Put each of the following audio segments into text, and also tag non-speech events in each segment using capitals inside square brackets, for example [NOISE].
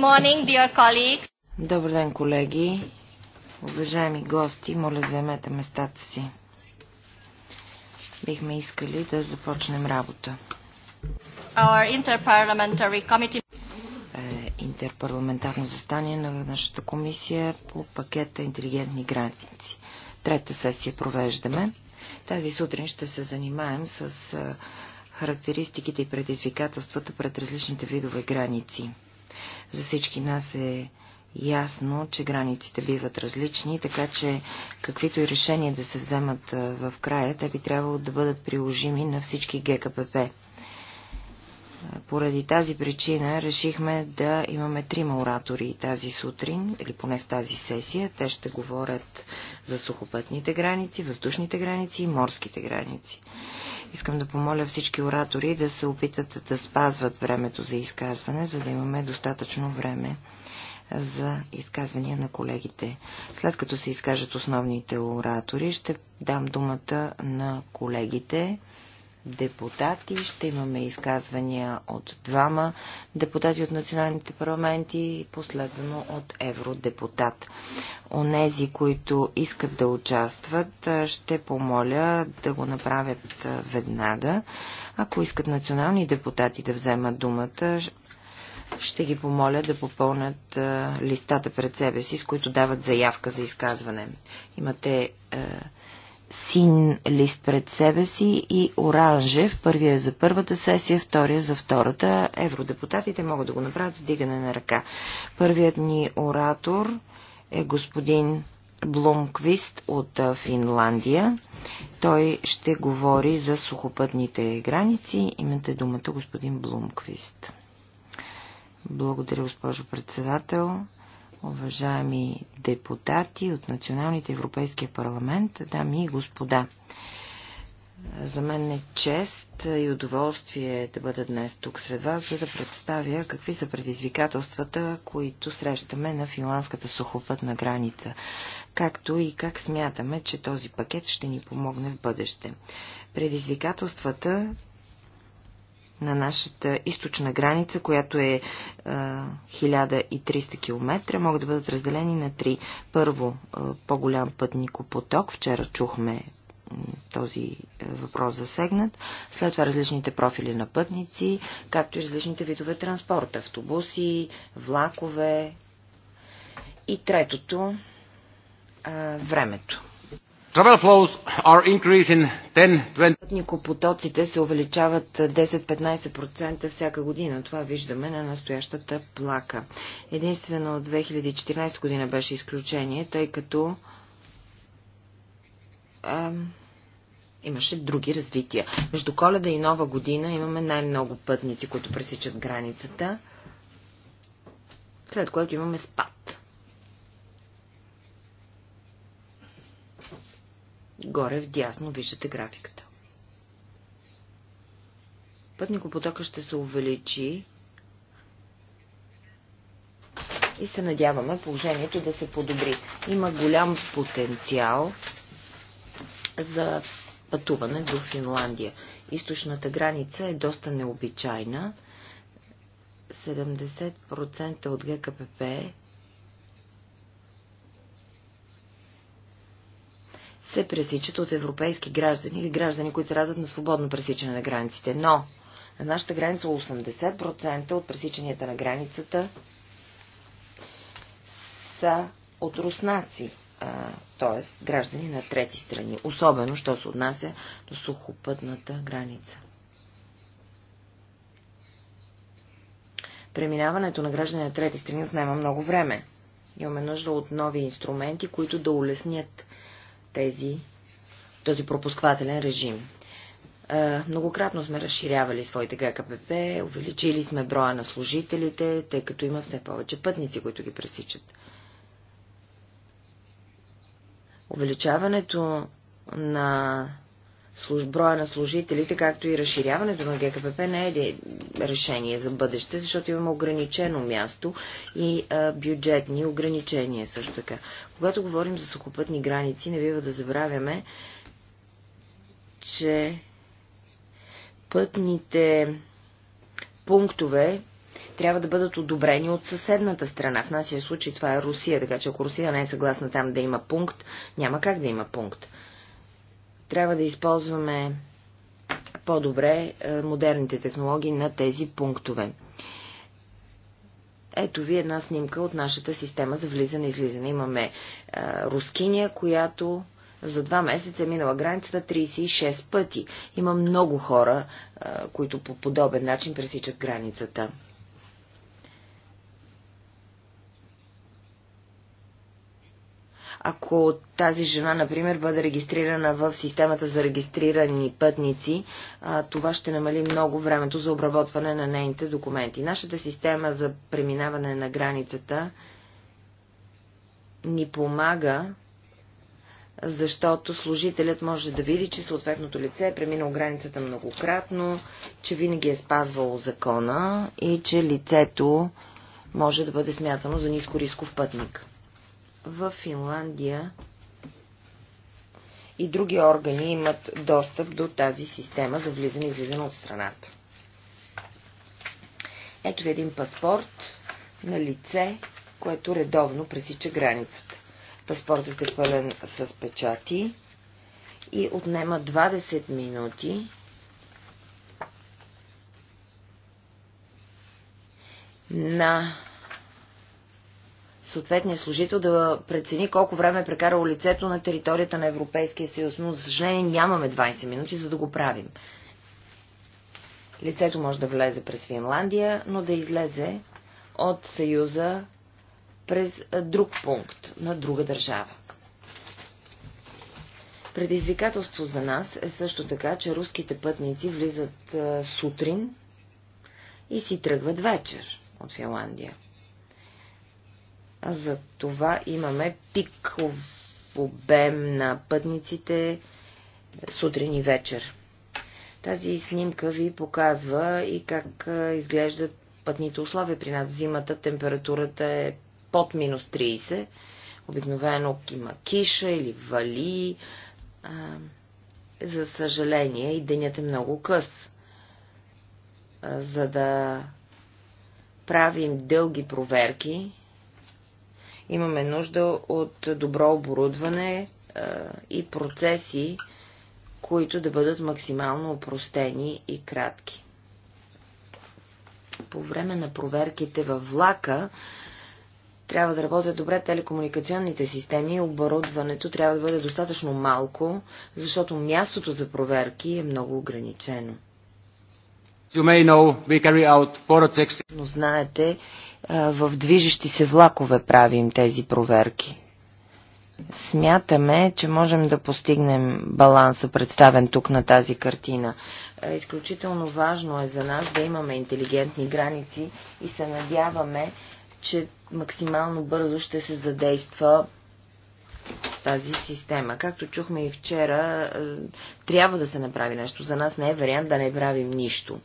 morning, dear colleagues. Добър ден, колеги. Уважаеми гости, моля заемете местата си. Бихме искали да започнем работа. Our interparliamentary committee е, интерпарламентарно застание на нашата комисия по пакета интелигентни граници. Трета сесия провеждаме. Тази сутрин ще се занимаем с е, характеристиките и предизвикателствата пред различните видове граници. За всички нас е ясно, че границите биват различни, така че каквито и решения да се вземат в края, те би трябвало да бъдат приложими на всички ГКПП. Поради тази причина решихме да имаме трима оратори тази сутрин, или поне в тази сесия. Те ще говорят за сухопътните граници, въздушните граници и морските граници. Искам да помоля всички оратори да се опитат да спазват времето за изказване, за да имаме достатъчно време за изказвания на колегите. След като се изкажат основните оратори, ще дам думата на колегите депутати. Ще имаме изказвания от двама депутати от националните парламенти, последвано от евродепутат. Онези, които искат да участват, ще помоля да го направят веднага. Ако искат национални депутати да вземат думата, ще ги помоля да попълнят листата пред себе си, с които дават заявка за изказване. Имате е, син лист пред себе си и оранжев. Първия е за първата сесия, втория за втората. Евродепутатите могат да го направят с дигане на ръка. Първият ни оратор е господин Блумквист от Финландия. Той ще говори за сухопътните граници. Имате думата господин Блумквист. Благодаря, госпожо председател уважаеми депутати от Националните Европейския парламент, дами и господа. За мен е чест и удоволствие да бъда днес тук сред вас, за да представя какви са предизвикателствата, които срещаме на финландската сухопътна граница, както и как смятаме, че този пакет ще ни помогне в бъдеще. Предизвикателствата на нашата източна граница, която е 1300 км, могат да бъдат разделени на три. Първо, по-голям пътникопоток. Вчера чухме този е, въпрос засегнат. След това различните профили на пътници, както и различните видове транспорт. Автобуси, влакове. И третото, времето. Пътникопотоците се увеличават 10-15% всяка година. Това виждаме на настоящата плака. Единствено от 2014 година беше изключение, тъй като ам, имаше други развития. Между коледа и нова година имаме най-много пътници, които пресичат границата, след което имаме спад. Горе в дясно виждате графиката. Пътникопотока ще се увеличи и се надяваме положението да се подобри. Има голям потенциал за пътуване до Финландия. Източната граница е доста необичайна. 70% от ГКПП е. се пресичат от европейски граждани или граждани, които се радват на свободно пресичане на границите. Но на нашата граница 80% от пресичанията на границата са от руснаци, т.е. граждани на трети страни, особено, що се отнася до сухопътната граница. Преминаването на граждани на трети страни отнема много време. Имаме нужда от нови инструменти, които да улеснят тези, този пропусквателен режим. Многократно сме разширявали своите ГКПП, увеличили сме броя на служителите, тъй като има все повече пътници, които ги пресичат. Увеличаването на броя на служителите, както и разширяването на ГКПП не е решение за бъдеще, защото имаме ограничено място и а, бюджетни ограничения също така. Когато говорим за сухопътни граници, не бива да забравяме, че пътните пунктове трябва да бъдат одобрени от съседната страна. В нашия случай това е Русия, така че ако Русия не е съгласна там да има пункт, няма как да има пункт. Трябва да използваме по-добре е, модерните технологии на тези пунктове. Ето ви една снимка от нашата система за влизане и излизане. Имаме а, е, рускиня, която за два месеца е минала границата 36 пъти. Има много хора, а, е, които по подобен начин пресичат границата. Ако тази жена, например, бъде регистрирана в системата за регистрирани пътници, това ще намали много времето за обработване на нейните документи. Нашата система за преминаване на границата ни помага защото служителят може да види, че съответното лице е преминало границата многократно, че винаги е спазвало закона и че лицето може да бъде смятано за нискорисков пътник в Финландия и други органи имат достъп до тази система за влизане и излизане от страната. Ето ви един паспорт на лице, което редовно пресича границата. Паспортът е пълен с печати и отнема 20 минути на съответния служител да прецени колко време е прекарало лицето на територията на Европейския съюз. Но, за съжаление, нямаме 20 минути, за да го правим. Лицето може да влезе през Финландия, но да излезе от Съюза през друг пункт на друга държава. Предизвикателство за нас е също така, че руските пътници влизат сутрин и си тръгват вечер от Финландия. За това имаме пиков обем на пътниците сутрин и вечер. Тази снимка ви показва и как изглеждат пътните условия при нас. Зимата температурата е под минус 30. Обикновено има киша или вали. за съжаление и денят е много къс. за да правим дълги проверки, Имаме нужда от добро оборудване е, и процеси, които да бъдат максимално опростени и кратки. По време на проверките във влака трябва да работят добре телекомуникационните системи и оборудването трябва да бъде достатъчно малко, защото мястото за проверки е много ограничено. Но знаете, в движещи се влакове правим тези проверки. Смятаме, че можем да постигнем баланса, представен тук на тази картина. Изключително важно е за нас да имаме интелигентни граници и се надяваме, че максимално бързо ще се задейства тази система. Както чухме и вчера, трябва да се направи нещо. За нас не е вариант да не правим нищо.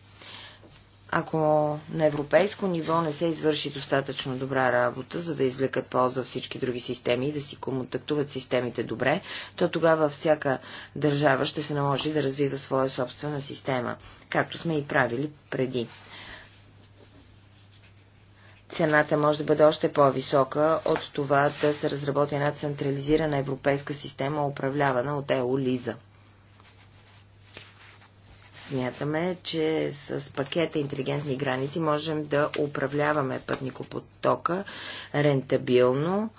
Ако на европейско ниво не се извърши достатъчно добра работа, за да извлекат полза всички други системи и да си контактуват системите добре, то тогава всяка държава ще се наложи да развива своя собствена система, както сме и правили преди цената може да бъде още по-висока от това да се разработи една централизирана европейска система, управлявана от ЕО Лиза. Смятаме, че с пакета интелигентни граници можем да управляваме пътникопотока рентабилно,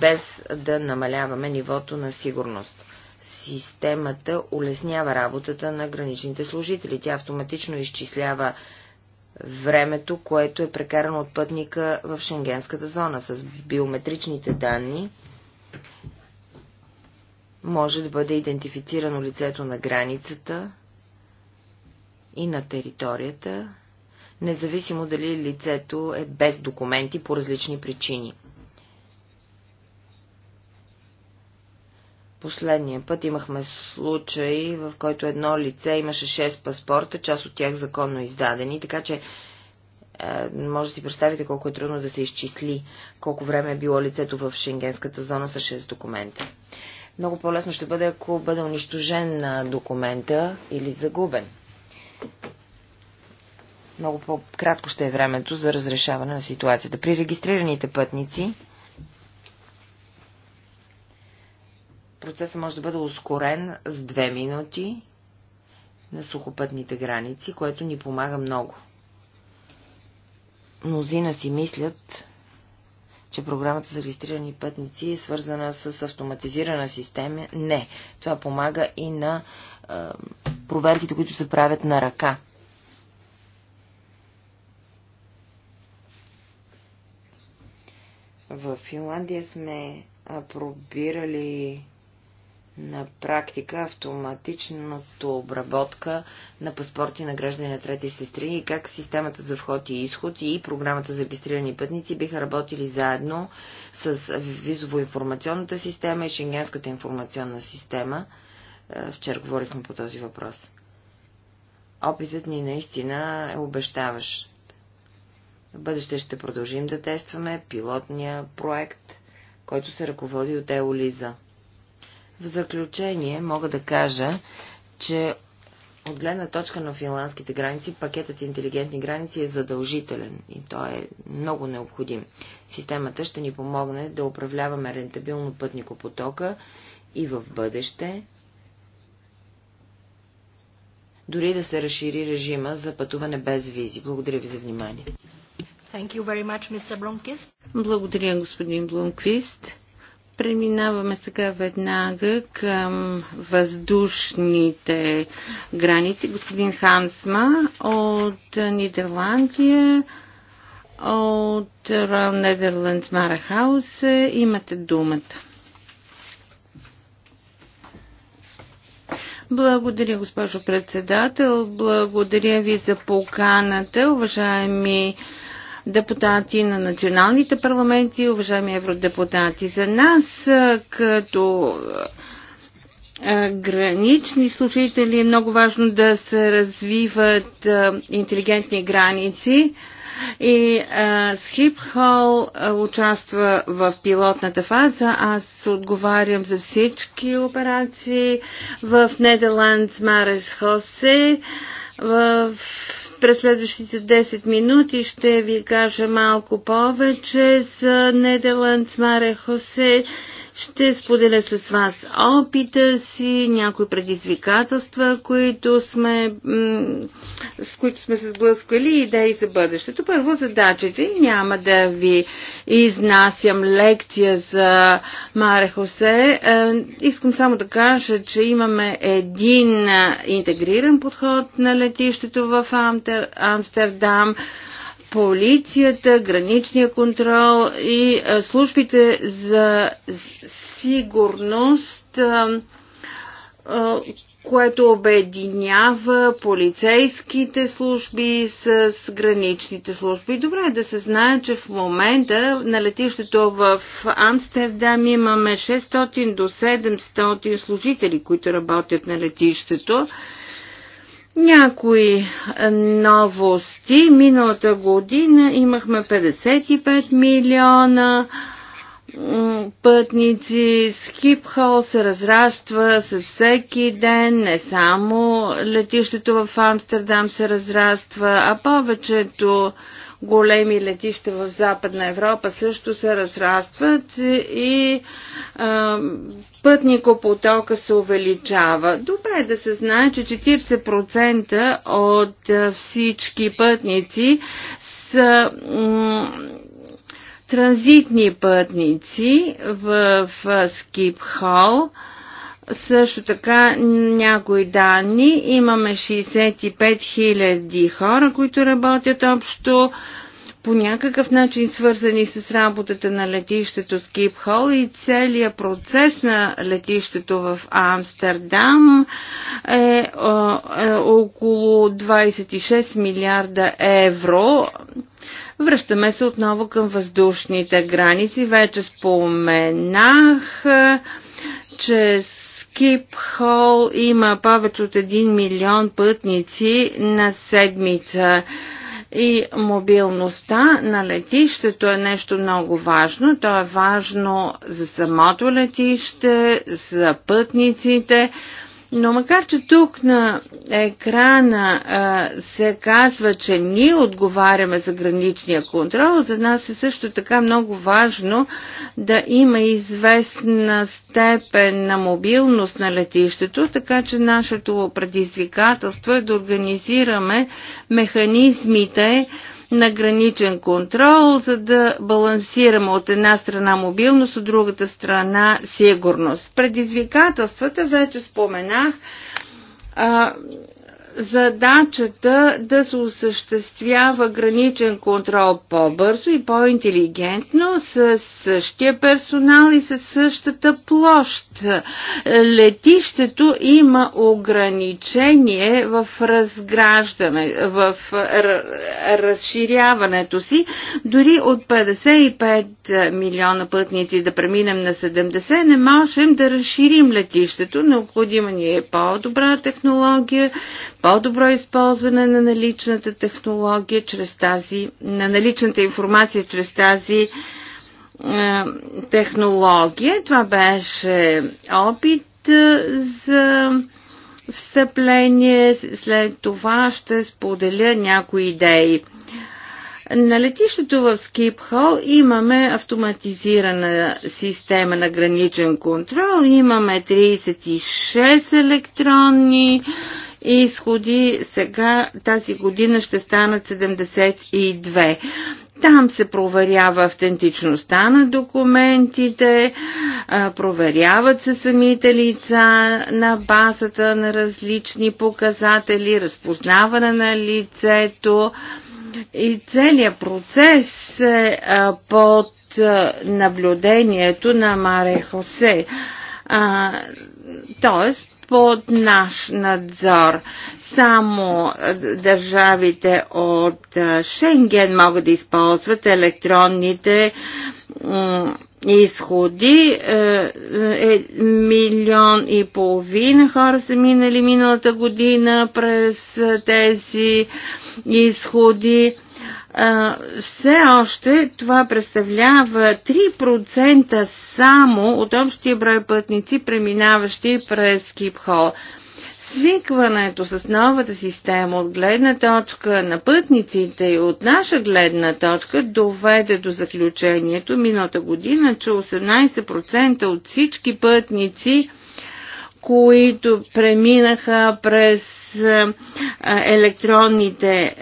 без да намаляваме нивото на сигурност. Системата улеснява работата на граничните служители. Тя автоматично изчислява времето, което е прекарано от пътника в шенгенската зона с биометричните данни може да бъде идентифицирано лицето на границата и на територията, независимо дали лицето е без документи по различни причини. Последния път имахме случай, в който едно лице имаше 6 паспорта, част от тях законно издадени, така че е, може да си представите колко е трудно да се изчисли колко време е било лицето в шенгенската зона с 6 документа. Много по-лесно ще бъде, ако бъде унищожен на документа или загубен. Много по-кратко ще е времето за разрешаване на ситуацията. При регистрираните пътници процесът може да бъде ускорен с две минути на сухопътните граници, което ни помага много. Мнозина си мислят, че програмата за регистрирани пътници е свързана с автоматизирана система. Не, това помага и на проверките, които се правят на ръка. В Финландия сме пробирали на практика автоматичното обработка на паспорти на граждани на трети сестри и как системата за вход и изход и програмата за регистрирани пътници биха работили заедно с визово-информационната система и шенгенската информационна система – е, вчера говорихме по този въпрос. Опитът ни наистина е обещаващ. В бъдеще ще продължим да тестваме пилотния проект, който се ръководи от Еолиза. В заключение мога да кажа, че от гледна точка на финландските граници, пакетът интелигентни граници е задължителен и той е много необходим. Системата ще ни помогне да управляваме рентабилно пътникопотока и в бъдеще, дори да се разшири режима за пътуване без визи. Благодаря ви за внимание. Much, Благодаря, господин Блумквист. Преминаваме сега веднага към въздушните граници. Господин Хансма от Нидерландия, от Netherlands Marahouse, имате думата. Благодаря, госпожо председател. Благодаря ви за поканата, уважаеми депутати на националните парламенти, уважаеми евродепутати. За нас като гранични служители е много важно да се развиват интелигентни граници. И а, Схип Хол участва в пилотната фаза. Аз отговарям за всички операции в Нидерландс Марес Хосе. В през следващите 10 минути ще ви кажа малко повече за Нидерландс Маре Хосе ще споделя с вас опита си, някои предизвикателства, които сме, с които сме се сблъсквали, и идеи за бъдещето. Първо задачите и няма да ви изнасям лекция за Маре Хосе. Е, искам само да кажа, че имаме един е, интегриран подход на летището в Амстердам полицията, граничния контрол и службите за сигурност, което обединява полицейските служби с граничните служби. Добре е да се знае, че в момента на летището в Амстердам имаме 600 до 700 служители, които работят на летището някои е, новости. Миналата година имахме 55 милиона пътници. Скипхол се разраства с всеки ден. Не само летището в Амстердам се разраства, а повечето големи летища в Западна Европа също се разрастват и а, пътникопотока се увеличава. Добре е да се знае, че 40% от всички пътници са транзитни пътници в Скип Хол. Също така някои данни. Имаме 65 000 хора, които работят общо по някакъв начин свързани с работата на летището Скипхол и целият процес на летището в Амстердам е, е, е около 26 милиарда евро. Връщаме се отново към въздушните граници. Вече споменах, че Кип хол има повече от 1 милион пътници на седмица и мобилността на летището е нещо много важно. То е важно за самото летище, за пътниците, но макар, че тук на екрана а, се казва, че ние отговаряме за граничния контрол, за нас е също така много важно да има известна степен на мобилност на летището, така че нашето предизвикателство е да организираме механизмите, на граничен контрол, за да балансираме от една страна мобилност, от другата страна сигурност. Предизвикателствата вече споменах. А, задачата да се осъществява граничен контрол по-бързо и по-интелигентно с същия персонал и с същата площ. Летището има ограничение в разграждане, в разширяването си, дори от 55 милиона пътници да преминем на 70, не можем да разширим летището. Необходима ни е по-добра технология, по-добро използване на наличната технология чрез тази, на наличната информация чрез тази е, технология. Това беше опит е, за встъпление. След това ще споделя някои идеи. На летището в Скипхол имаме автоматизирана система на граничен контрол. Имаме 36 електронни изходи. Сега тази година ще станат 72. Там се проверява автентичността на документите, проверяват се самите лица на базата на различни показатели, разпознаване на лицето и целият процес е под наблюдението на Маре Хосе. Тоест, под наш надзор. Само е, държавите от е, Шенген могат да използват електронните изходи. Е, е, милион и половина хора са минали миналата година през тези изходи все още това представлява 3% само от общия брой пътници, преминаващи през хол, Свикването с новата система от гледна точка на пътниците и от наша гледна точка доведе до заключението миналата година, че 18% от всички пътници които преминаха през електронните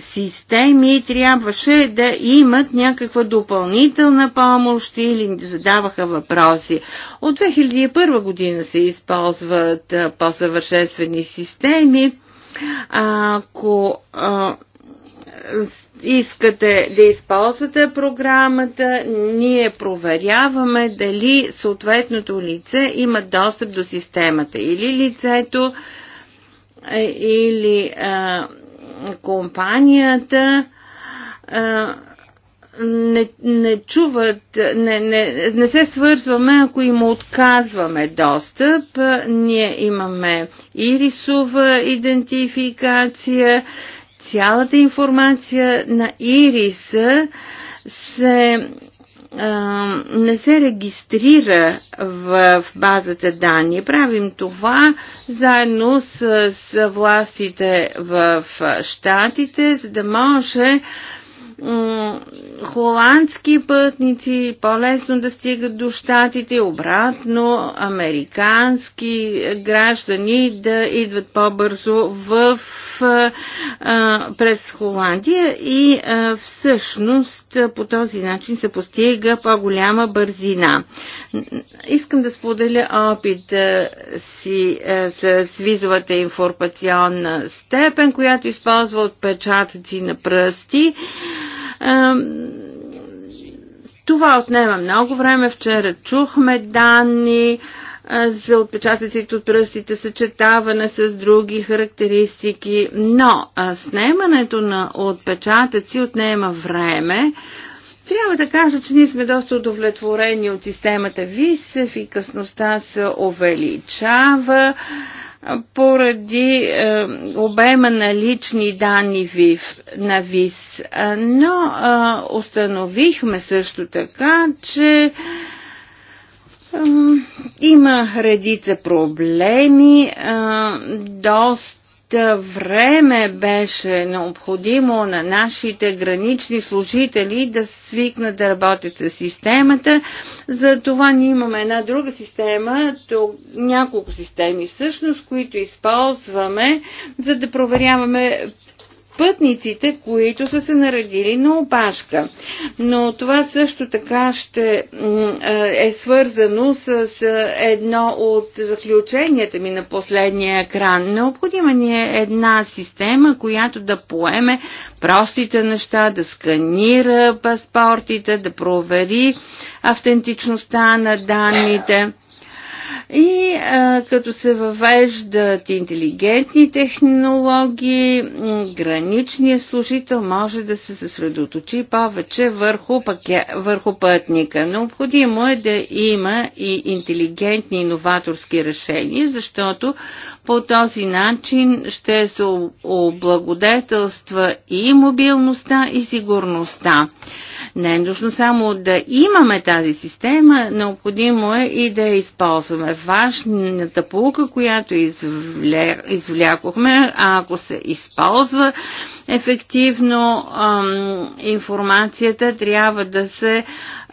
системи трябваше да имат някаква допълнителна помощ или ни задаваха въпроси. От 2001 година се използват по-съвършенствени системи. Ако искате да използвате програмата, ние проверяваме дали съответното лице има достъп до системата или лицето или а, компанията не, не чуват, не, не, не се свързваме, ако им отказваме достъп. Ние имаме ирисова идентификация, цялата информация на ириса се не се регистрира в базата данни. Правим това заедно с, с властите в Штатите, за да може холандски пътници по-лесно да стигат до щатите, обратно американски граждани да идват по-бързо в през Холандия и всъщност по този начин се постига по-голяма бързина. Искам да споделя опит си с визовата информационна степен, която използва отпечатъци на пръсти. това отнема много време. Вчера чухме данни за отпечатъците от пръстите, съчетаване с други характеристики, но снемането на отпечатъци отнема време. Трябва да кажа, че ние сме доста удовлетворени от системата ВИС, ефикасността се увеличава поради е, обема на лични данни ВИВ на ВИС. Но е, установихме също така, че е, има редица проблеми. Доста време беше необходимо на нашите гранични служители да свикнат да работят с системата. За това ние имаме една друга система, то, няколко системи всъщност, които използваме, за да проверяваме пътниците, които са се наредили на опашка. Но това също така ще е свързано с едно от заключенията ми на последния екран. Необходима ни е една система, която да поеме простите неща, да сканира паспортите, да провери автентичността на данните и а, като се въвеждат интелигентни технологии, граничният служител може да се съсредоточи повече върху, пакет, върху пътника. Необходимо е да има и интелигентни иноваторски решения, защото по този начин ще се облагодетелства и мобилността, и сигурността. Не е нужно само да имаме тази система, необходимо е и да я използваме. Важната полука, която извлякохме, ако се използва, ефективно ам, информацията, трябва да се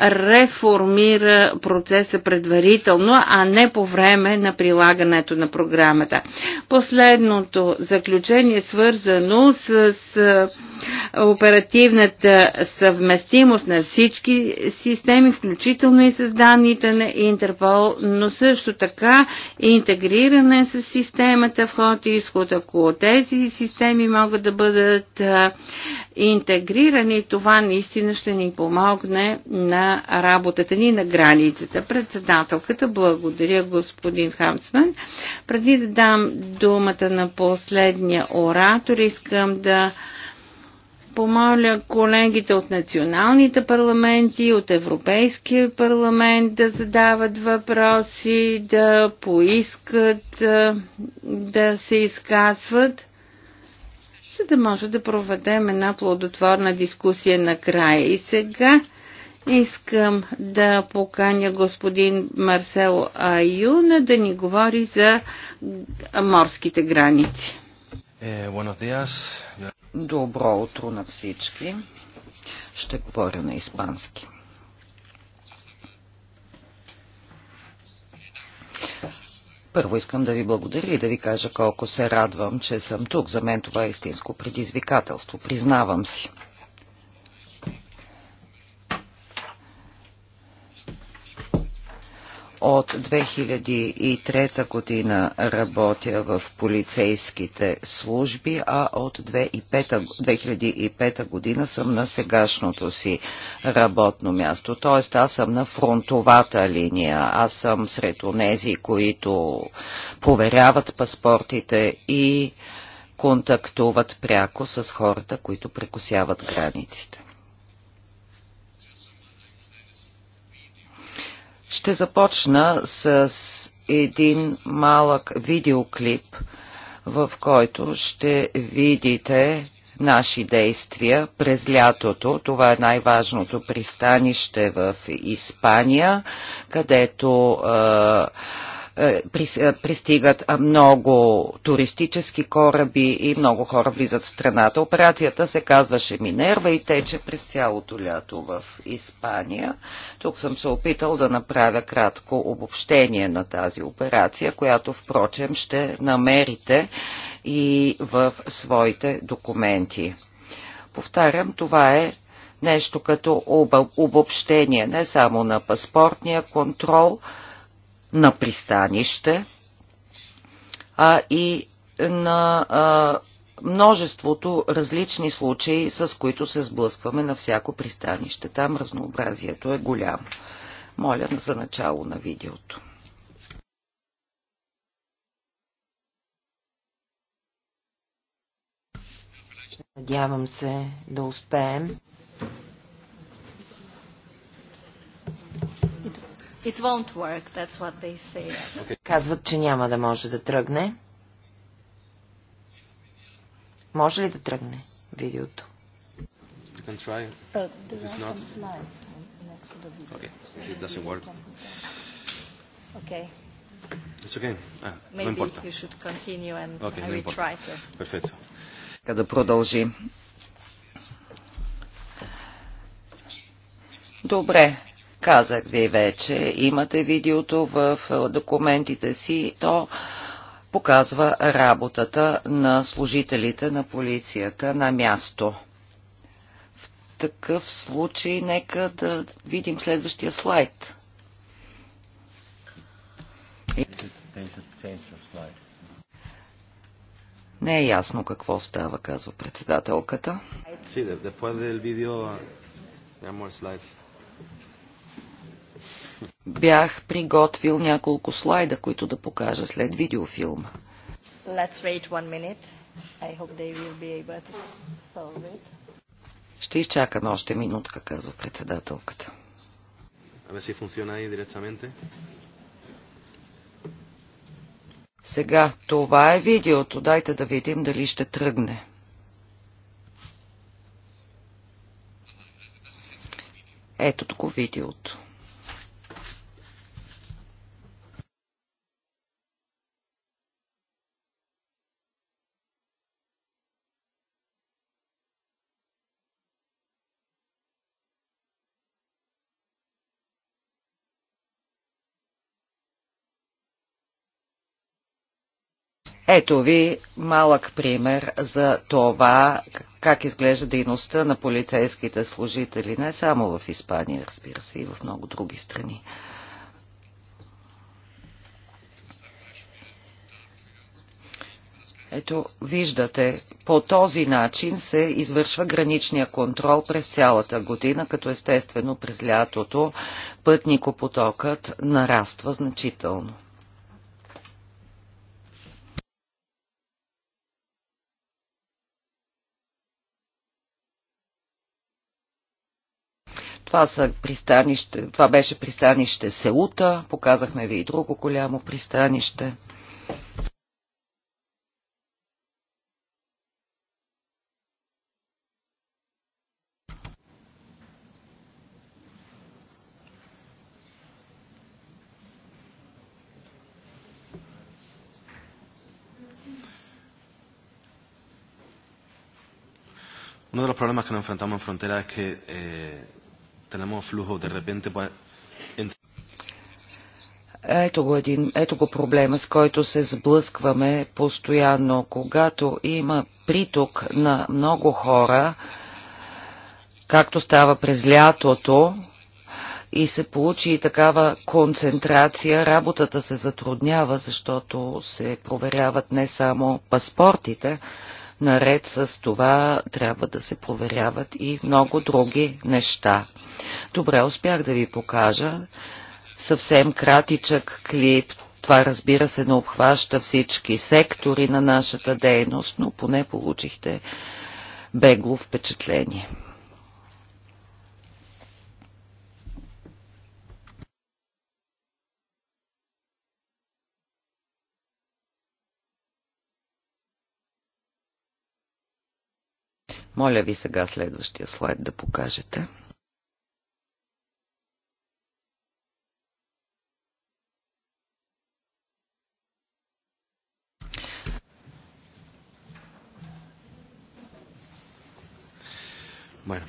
реформира процеса предварително, а не по време на прилагането на програмата. Последното заключение е свързано с, с оперативната съвместимост на всички системи, включително и с данните на Интерпол, но също така интегриране с системата вход и изход. Ако тези системи могат да бъдат бъдат интегрирани, това наистина ще ни помогне на работата ни на границата. Председателката, благодаря господин Хамсман. Преди да дам думата на последния оратор, искам да помоля колегите от националните парламенти, от Европейския парламент да задават въпроси, да поискат да се изказват за да може да проведем една плодотворна дискусия накрая. И сега искам да поканя господин Марсел Аюна да ни говори за морските граници. Е, Добро утро на всички. Ще говоря на испански. Първо искам да ви благодаря и да ви кажа колко се радвам, че съм тук. За мен това е истинско предизвикателство, признавам си. От 2003 година работя в полицейските служби, а от 2005, 2005 година съм на сегашното си работно място. Тоест аз съм на фронтовата линия. Аз съм сред онези, които поверяват паспортите и контактуват пряко с хората, които прекусяват границите. Ще започна с един малък видеоклип, в който ще видите наши действия през лятото. Това е най-важното пристанище в Испания, където е, е, е, пристигат много туристически кораби и много хора влизат в страната. Операцията се казваше Минерва и тече през цялото лято в Испания. Тук съм се опитал да направя кратко обобщение на тази операция, която впрочем ще намерите и в своите документи. Повтарям, това е нещо като обобщение не само на паспортния контрол, на пристанище, а и на а, множеството различни случаи, с които се сблъскваме на всяко пристанище. Там разнообразието е голямо. Моля за начало на видеото. Надявам се да успеем. It won't work, that's what they say. Okay. Казват, че няма да може да тръгне. Може ли да тръгне видеото? You can try. But there are not... some slides next to the video. Okay, if it doesn't work. Okay. It's okay. Ah, Maybe no importa. you should continue and okay, I will no try to. Perfecto. Да продължи. Добре, Казах ви вече, имате видеото в документите си, то показва работата на служителите на полицията на място. В такъв случай нека да видим следващия слайд. Не е ясно какво става, казва председателката. Бях приготвил няколко слайда, които да покажа след видеофилма. Ще изчакаме още минутка, казва председателката. Сега, това е видеото. Дайте да видим дали ще тръгне. Ето тук видеото. Ето ви малък пример за това как изглежда дейността на полицейските служители, не само в Испания, разбира се, и в много други страни. Ето, виждате, по този начин се извършва граничния контрол през цялата година, като естествено през лятото пътникопотокът нараства значително. Това, са пристанище, това беше пристанище Сеута, показахме ви и друго голямо пристанище. Uno de los problemas que nos enfrentamos en frontera es que eh, tenemos flujo de repente ето го, един, ето го проблема, с който се сблъскваме постоянно. Когато има приток на много хора, както става през лятото, и се получи такава концентрация, работата се затруднява, защото се проверяват не само паспортите, Наред с това трябва да се проверяват и много други неща. Добре, успях да ви покажа съвсем кратичък клип. Това разбира се не обхваща всички сектори на нашата дейност, но поне получихте бегло впечатление. Моля ви сега следващия слайд да покажете. Bueno.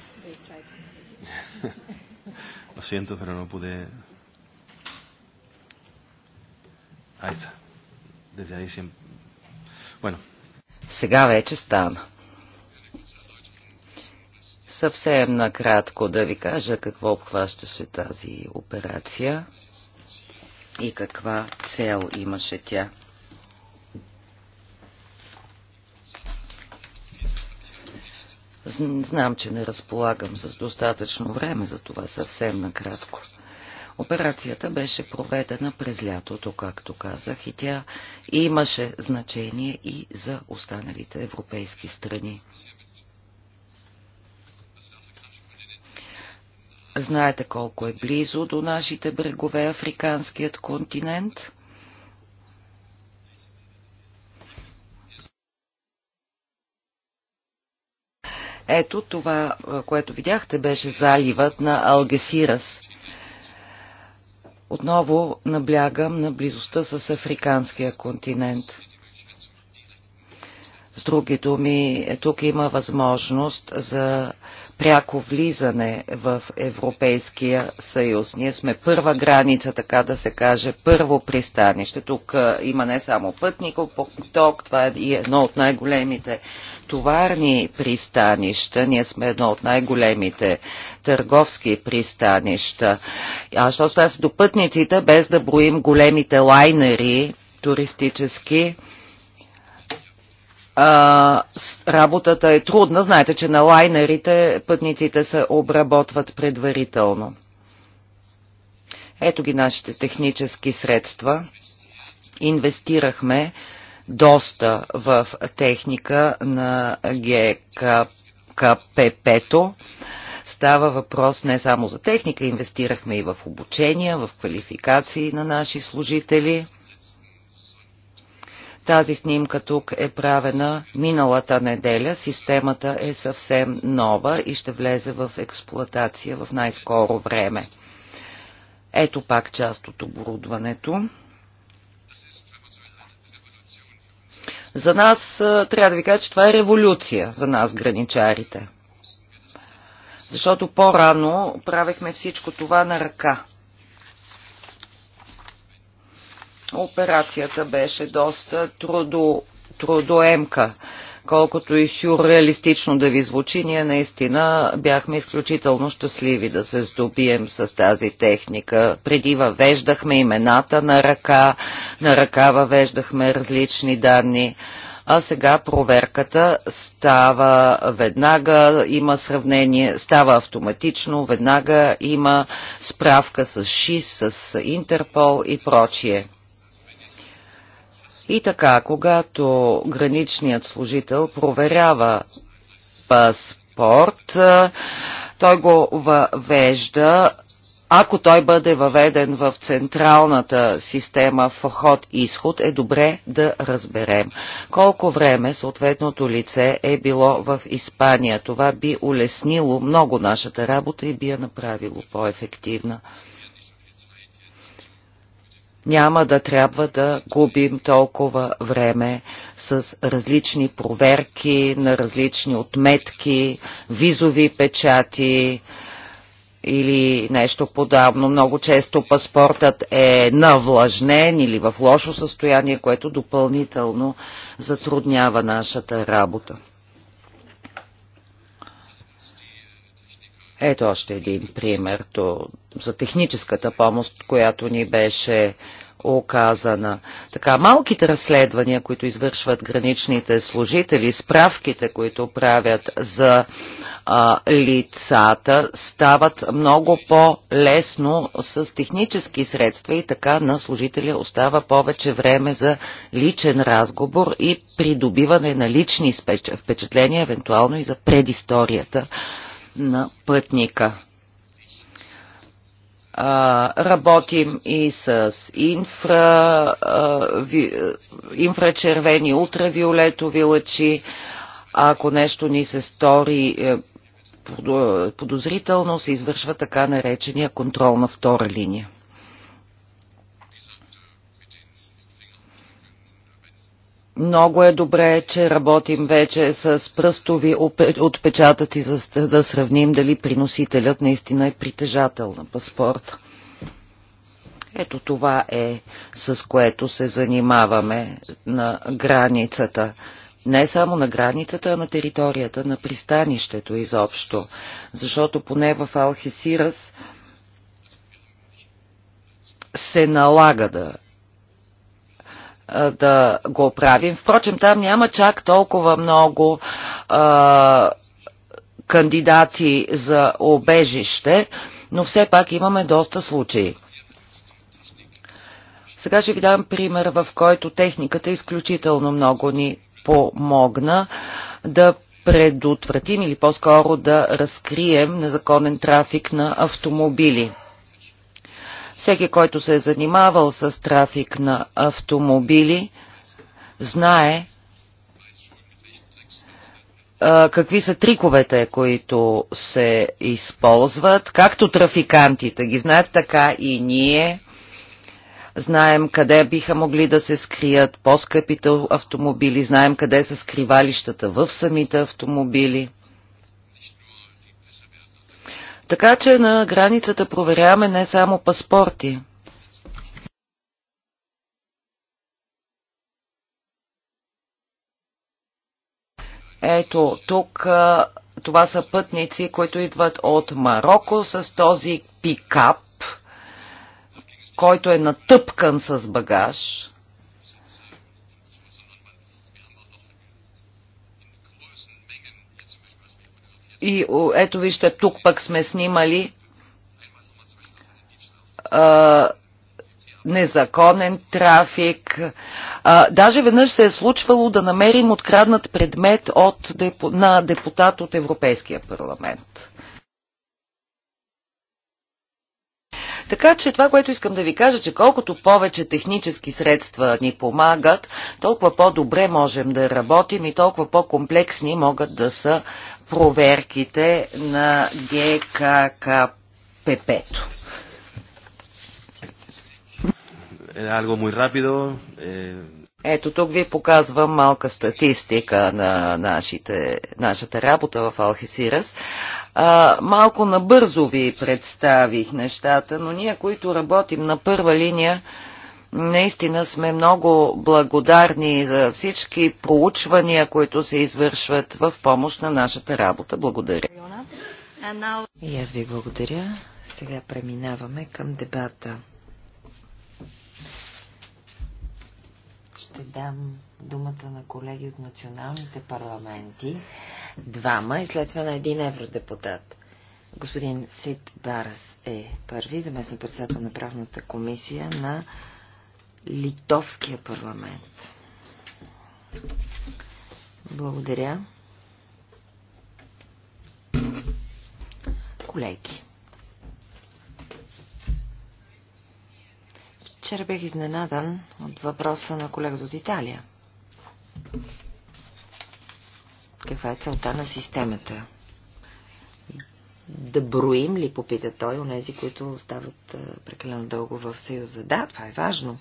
Lo siento, pero no pude. Ahí está. Desde ahí siempre. Bueno. Сега вече стана. Съвсем накратко да ви кажа какво обхващаше тази операция и каква цел имаше тя. Знам, че не разполагам с достатъчно време, за това съвсем накратко. Операцията беше проведена през лятото, както казах, и тя имаше значение и за останалите европейски страни. Знаете колко е близо до нашите брегове Африканският континент. Ето това, което видяхте, беше заливът на Алгесирас. Отново наблягам на близостта с африканския континент. С други думи, тук има възможност за пряко влизане в Европейския съюз. Ние сме първа граница, така да се каже, първо пристанище. Тук има не само пътников поток, това е едно от най-големите товарни пристанища. Ние сме едно от най-големите търговски пристанища. А що се до пътниците, без да броим големите лайнери туристически, а, работата е трудна. Знаете, че на лайнерите пътниците се обработват предварително. Ето ги нашите технически средства. Инвестирахме доста в техника на ГКПП-то. Става въпрос не само за техника, инвестирахме и в обучения, в квалификации на наши служители – тази снимка тук е правена миналата неделя. Системата е съвсем нова и ще влезе в експлоатация в най-скоро време. Ето пак част от оборудването. За нас, трябва да ви кажа, че това е революция за нас, граничарите. Защото по-рано правехме всичко това на ръка. Операцията беше доста трудо, трудоемка. Колкото и сюрреалистично да ви звучи, ние наистина бяхме изключително щастливи да се здобием с тази техника. Преди въвеждахме имената на ръка, на ръка въвеждахме различни данни а сега проверката става веднага, има сравнение, става автоматично, веднага има справка с ШИС, с Интерпол и прочие. И така, когато граничният служител проверява паспорт, той го въвежда ако той бъде въведен в централната система вход-изход, е добре да разберем колко време съответното лице е било в Испания. Това би улеснило много нашата работа и би я направило по-ефективна няма да трябва да губим толкова време с различни проверки на различни отметки, визови печати или нещо подобно. Много често паспортът е навлажнен или в лошо състояние, което допълнително затруднява нашата работа. Ето още един пример то, за техническата помощ, която ни беше оказана. Така, малките разследвания, които извършват граничните служители, справките, които правят за а, лицата, стават много по-лесно с технически средства и така на служителя остава повече време за личен разговор и придобиване на лични впечатления, евентуално и за предисторията на пътника. А, работим и с инфра, а, ви, инфрачервени, ултравиолетови лъчи. Ако нещо ни се стори е, подозрително, се извършва така наречения контрол на втора линия. Много е добре, че работим вече с пръстови отпечатъци, за да сравним дали приносителят наистина е притежател на паспорта. Ето това е с което се занимаваме на границата. Не само на границата, а на територията, на пристанището изобщо. Защото поне в Алхесирас се налага да да го правим. Впрочем, там няма чак толкова много а, кандидати за обежище, но все пак имаме доста случаи. Сега ще ви дам пример, в който техниката изключително много ни помогна да предотвратим или по-скоро да разкрием незаконен трафик на автомобили. Всеки, който се е занимавал с трафик на автомобили, знае а, какви са триковете, които се използват, както трафикантите ги знаят, така и ние знаем къде биха могли да се скрият по-скъпите автомобили, знаем къде са скривалищата в самите автомобили. Така че на границата проверяваме не само паспорти. Ето, тук това са пътници, които идват от Марокко с този пикап, който е натъпкан с багаж. И ето вижте, тук пък сме снимали а, незаконен трафик. А, даже веднъж се е случвало да намерим откраднат предмет от, на депутат от Европейския парламент. Така че това, което искам да ви кажа, че колкото повече технически средства ни помагат, толкова по-добре можем да работим и толкова по-комплексни могат да са проверките на ГККПП. Algo muy rápido. Eh... Ето тук ви показвам малка статистика на нашите, нашата работа в Алхесирас. А, малко набързо ви представих нещата, но ние, които работим на първа линия, наистина сме много благодарни за всички проучвания, които се извършват в помощ на нашата работа. Благодаря. И аз ви благодаря. Сега преминаваме към дебата. ще дам думата на колеги от националните парламенти, двама и след това на един евродепутат. Господин Сид Барас е първи, заместник председател на правната комисия на Литовския парламент. Благодаря. Колеги, Вчера бях изненадан от въпроса на колегата от Италия. Каква е целта на системата? Да броим ли, попита той, у нези, които остават прекалено дълго в Съюза? Да, това е важно.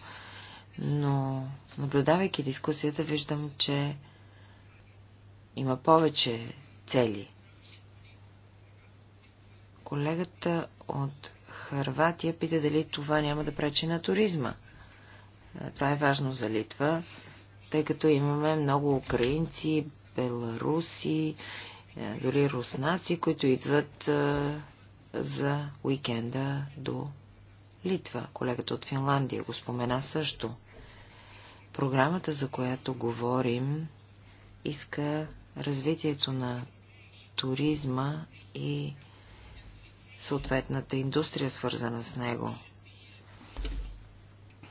Но, наблюдавайки дискусията, виждам, че има повече цели. Колегата от Харватия пита дали това няма да пречи на туризма. Това е важно за Литва, тъй като имаме много украинци, беларуси, дори руснаци, които идват за уикенда до Литва. Колегата от Финландия го спомена също. Програмата, за която говорим, иска развитието на туризма и съответната индустрия, свързана с него.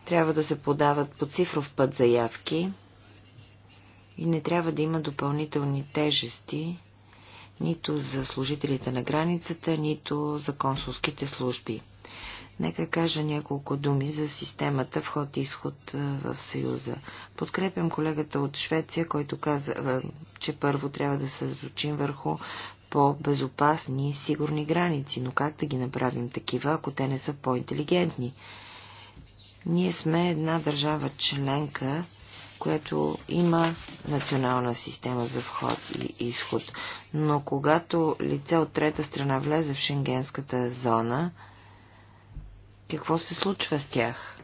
Трябва да се подават по цифров път заявки и не трябва да има допълнителни тежести нито за служителите на границата, нито за консулските служби. Нека кажа няколко думи за системата вход-изход в Съюза. Подкрепям колегата от Швеция, който каза, че първо трябва да се звучим върху по-безопасни и сигурни граници, но как да ги направим такива, ако те не са по-интелигентни? Ние сме една държава членка, която има национална система за вход и изход. Но когато лице от трета страна влезе в шенгенската зона, какво се случва с тях?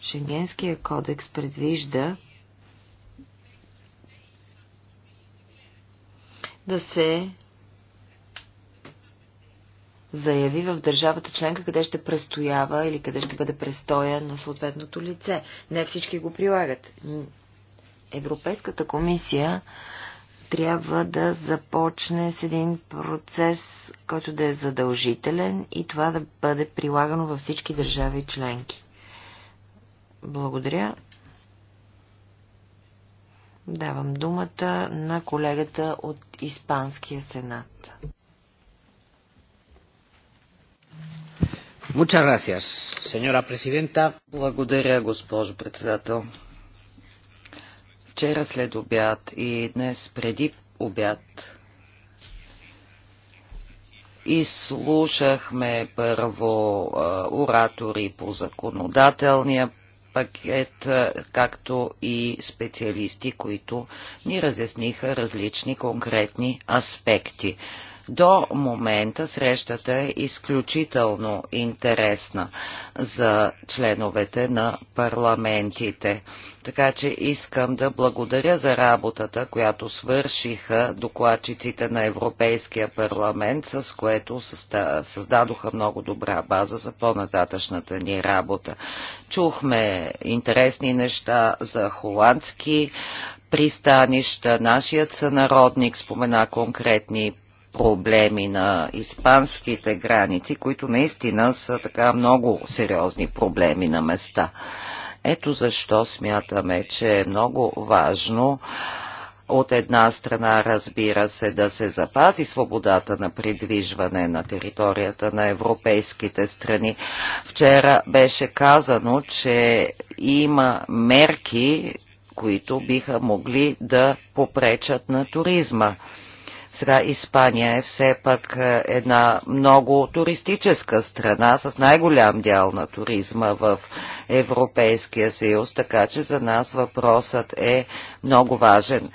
Шенгенския кодекс предвижда да се заяви в държавата членка, къде ще престоява или къде ще бъде престоя на съответното лице. Не всички го прилагат. Европейската комисия трябва да започне с един процес, който да е задължителен и това да бъде прилагано във всички държави членки. Благодаря. Давам думата на колегата от Испанския сенат. Muchas gracias, señora presidenta. Благодаря, госпожо председател. Вчера след обяд и днес преди обяд изслушахме първо оратори по законодателния пакет, както и специалисти, които ни разясниха различни конкретни аспекти. До момента срещата е изключително интересна за членовете на парламентите. Така че искам да благодаря за работата, която свършиха докладчиците на Европейския парламент, с което създадоха много добра база за по-нататъчната ни работа. Чухме интересни неща за холандски пристанища. Нашият сънародник спомена конкретни проблеми на испанските граници, които наистина са така много сериозни проблеми на места. Ето защо смятаме, че е много важно от една страна, разбира се, да се запази свободата на придвижване на територията на европейските страни. Вчера беше казано, че има мерки, които биха могли да попречат на туризма. Сега Испания е все пак е, една много туристическа страна с най-голям дял на туризма в Европейския съюз, така че за нас въпросът е много важен. Е,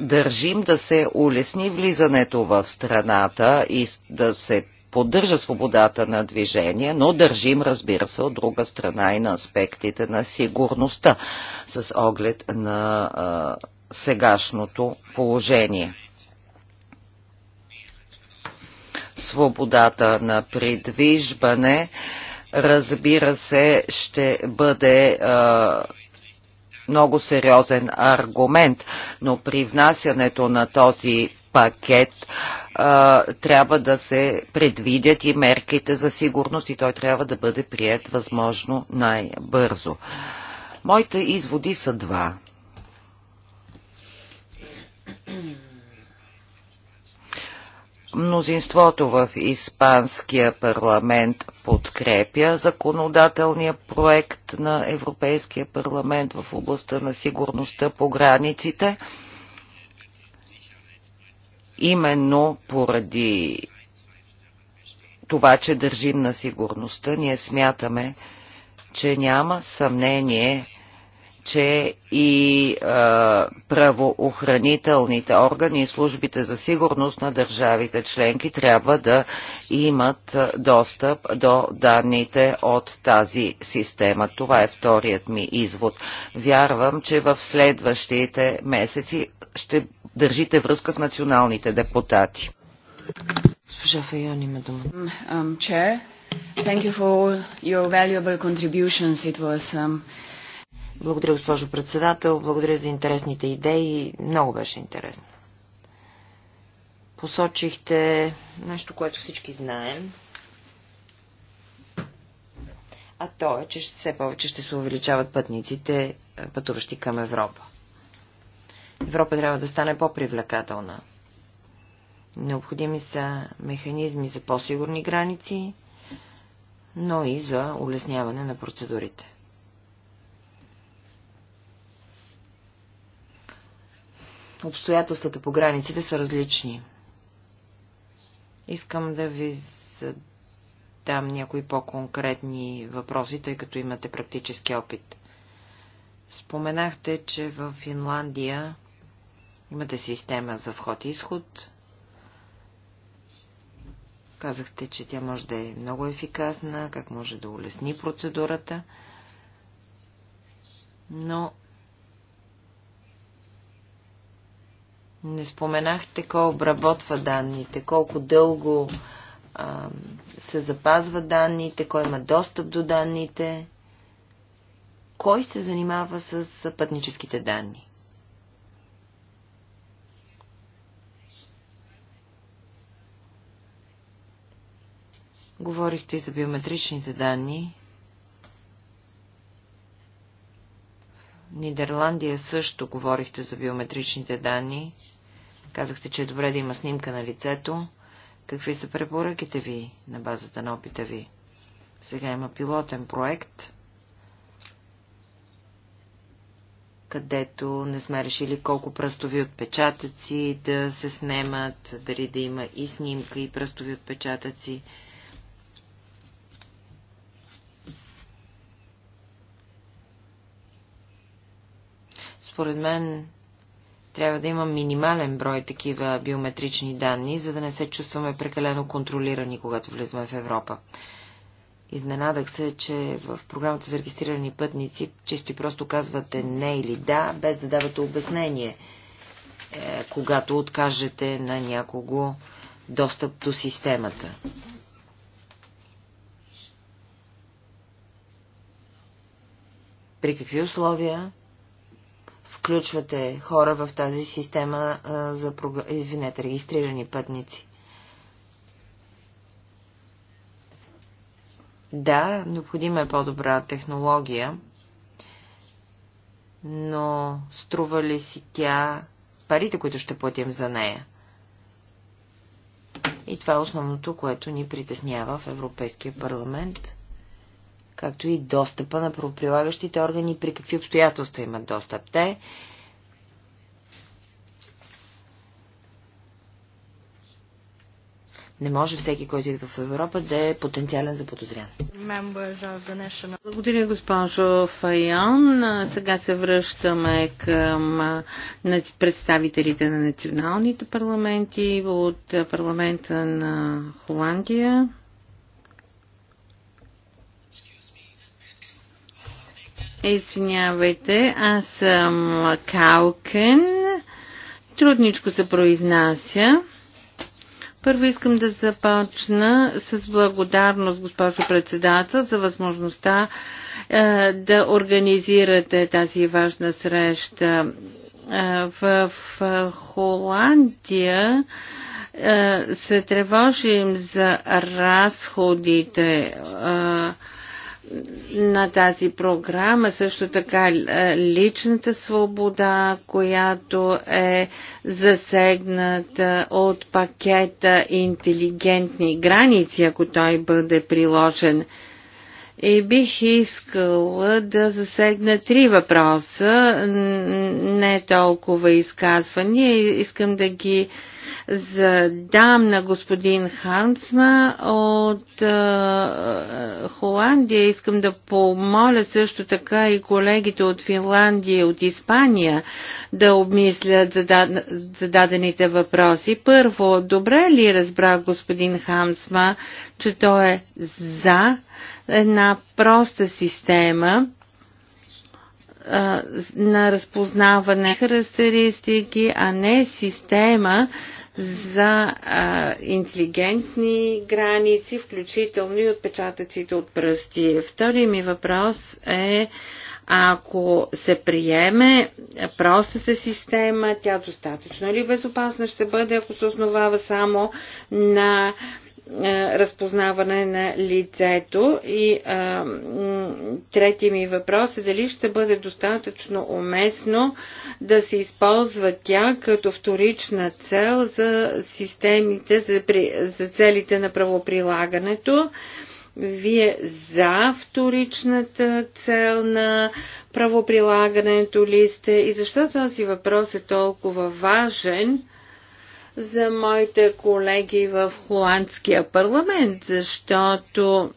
държим да се улесни влизането в страната и да се поддържа свободата на движение, но държим, разбира се, от друга страна и на аспектите на сигурността с оглед на а, е, сегашното положение свободата на придвижване, разбира се, ще бъде а, много сериозен аргумент, но при внасянето на този пакет а, трябва да се предвидят и мерките за сигурност и той трябва да бъде прият възможно най-бързо. Моите изводи са два. Мнозинството в Испанския парламент подкрепя законодателния проект на Европейския парламент в областта на сигурността по границите. Именно поради това, че държим на сигурността, ние смятаме, че няма съмнение, че и е, правоохранителните органи и службите за сигурност на държавите членки трябва да имат достъп до данните от тази система. Това е вторият ми извод. Вярвам, че в следващите месеци ще държите връзка с националните депутати. Госпожа Файон има дума. Um, um, благодаря, госпожо председател. Благодаря за интересните идеи. Много беше интересно. Посочихте нещо, което всички знаем. А то е, че все повече ще се увеличават пътниците, е, пътуващи към Европа. Европа трябва да стане по-привлекателна. Необходими са механизми за по-сигурни граници, но и за улесняване на процедурите. обстоятелствата по границите са различни. Искам да ви задам някои по-конкретни въпроси, тъй като имате практически опит. Споменахте, че в Финландия имате система за вход и изход. Казахте, че тя може да е много ефикасна, как може да улесни процедурата. Но Не споменахте кой обработва данните, колко дълго а, се запазва данните, кой има достъп до данните, кой се занимава с пътническите данни. Говорихте и за биометричните данни. Нидерландия също говорихте за биометричните данни. Казахте, че е добре да има снимка на лицето. Какви са препоръките ви на базата на опита ви? Сега има пилотен проект, където не сме решили колко пръстови отпечатъци да се снемат, дали да има и снимка, и пръстови отпечатъци. Според мен трябва да има минимален брой такива биометрични данни, за да не се чувстваме прекалено контролирани, когато влизаме в Европа. Изненадах се, че в програмата за регистрирани пътници чисто и просто казвате не или да, без да давате обяснение, е, когато откажете на някого достъп до системата. При какви условия включвате хора в тази система а, за извинете, регистрирани пътници. Да, необходима е по-добра технология, но струва ли си тя парите, които ще платим за нея? И това е основното, което ни притеснява в Европейския парламент – както и достъпа на правоприлагащите органи при какви обстоятелства имат достъп те. Не може всеки, който идва в Европа, да е потенциален за подозрян. Благодаря, госпожо Файон. Сега се връщаме към представителите на националните парламенти от парламента на Холандия. Извинявайте, аз съм Калкен. Трудничко се произнася. Първо искам да започна с благодарност, госпожо председател, за възможността е, да организирате тази важна среща. Е, в, в Холандия е, се тревожим за разходите. Е, на тази програма, също така е, личната свобода, която е засегната от пакета интелигентни граници, ако той бъде приложен. И бих искала да засегна три въпроса, не толкова изказвания, искам да ги за дам на господин Хармсма от е, Холандия. Искам да помоля също така и колегите от Финландия и от Испания да обмислят задад... зададените въпроси. Първо, добре ли разбрах господин Хансма, че той е за една проста система, на разпознаване характеристики, а не система, за а, интелигентни граници, включително и отпечатъците от пръсти. Вторият ми въпрос е ако се приеме простата система, тя достатъчно ли безопасна ще бъде, ако се основава само на разпознаване на лицето. И а, третия ми въпрос е дали ще бъде достатъчно уместно да се използва тя като вторична цел за системите, за, при, за целите на правоприлагането. Вие за вторичната цел на правоприлагането ли сте и защо този въпрос е толкова важен? за моите колеги в Холандския парламент, защото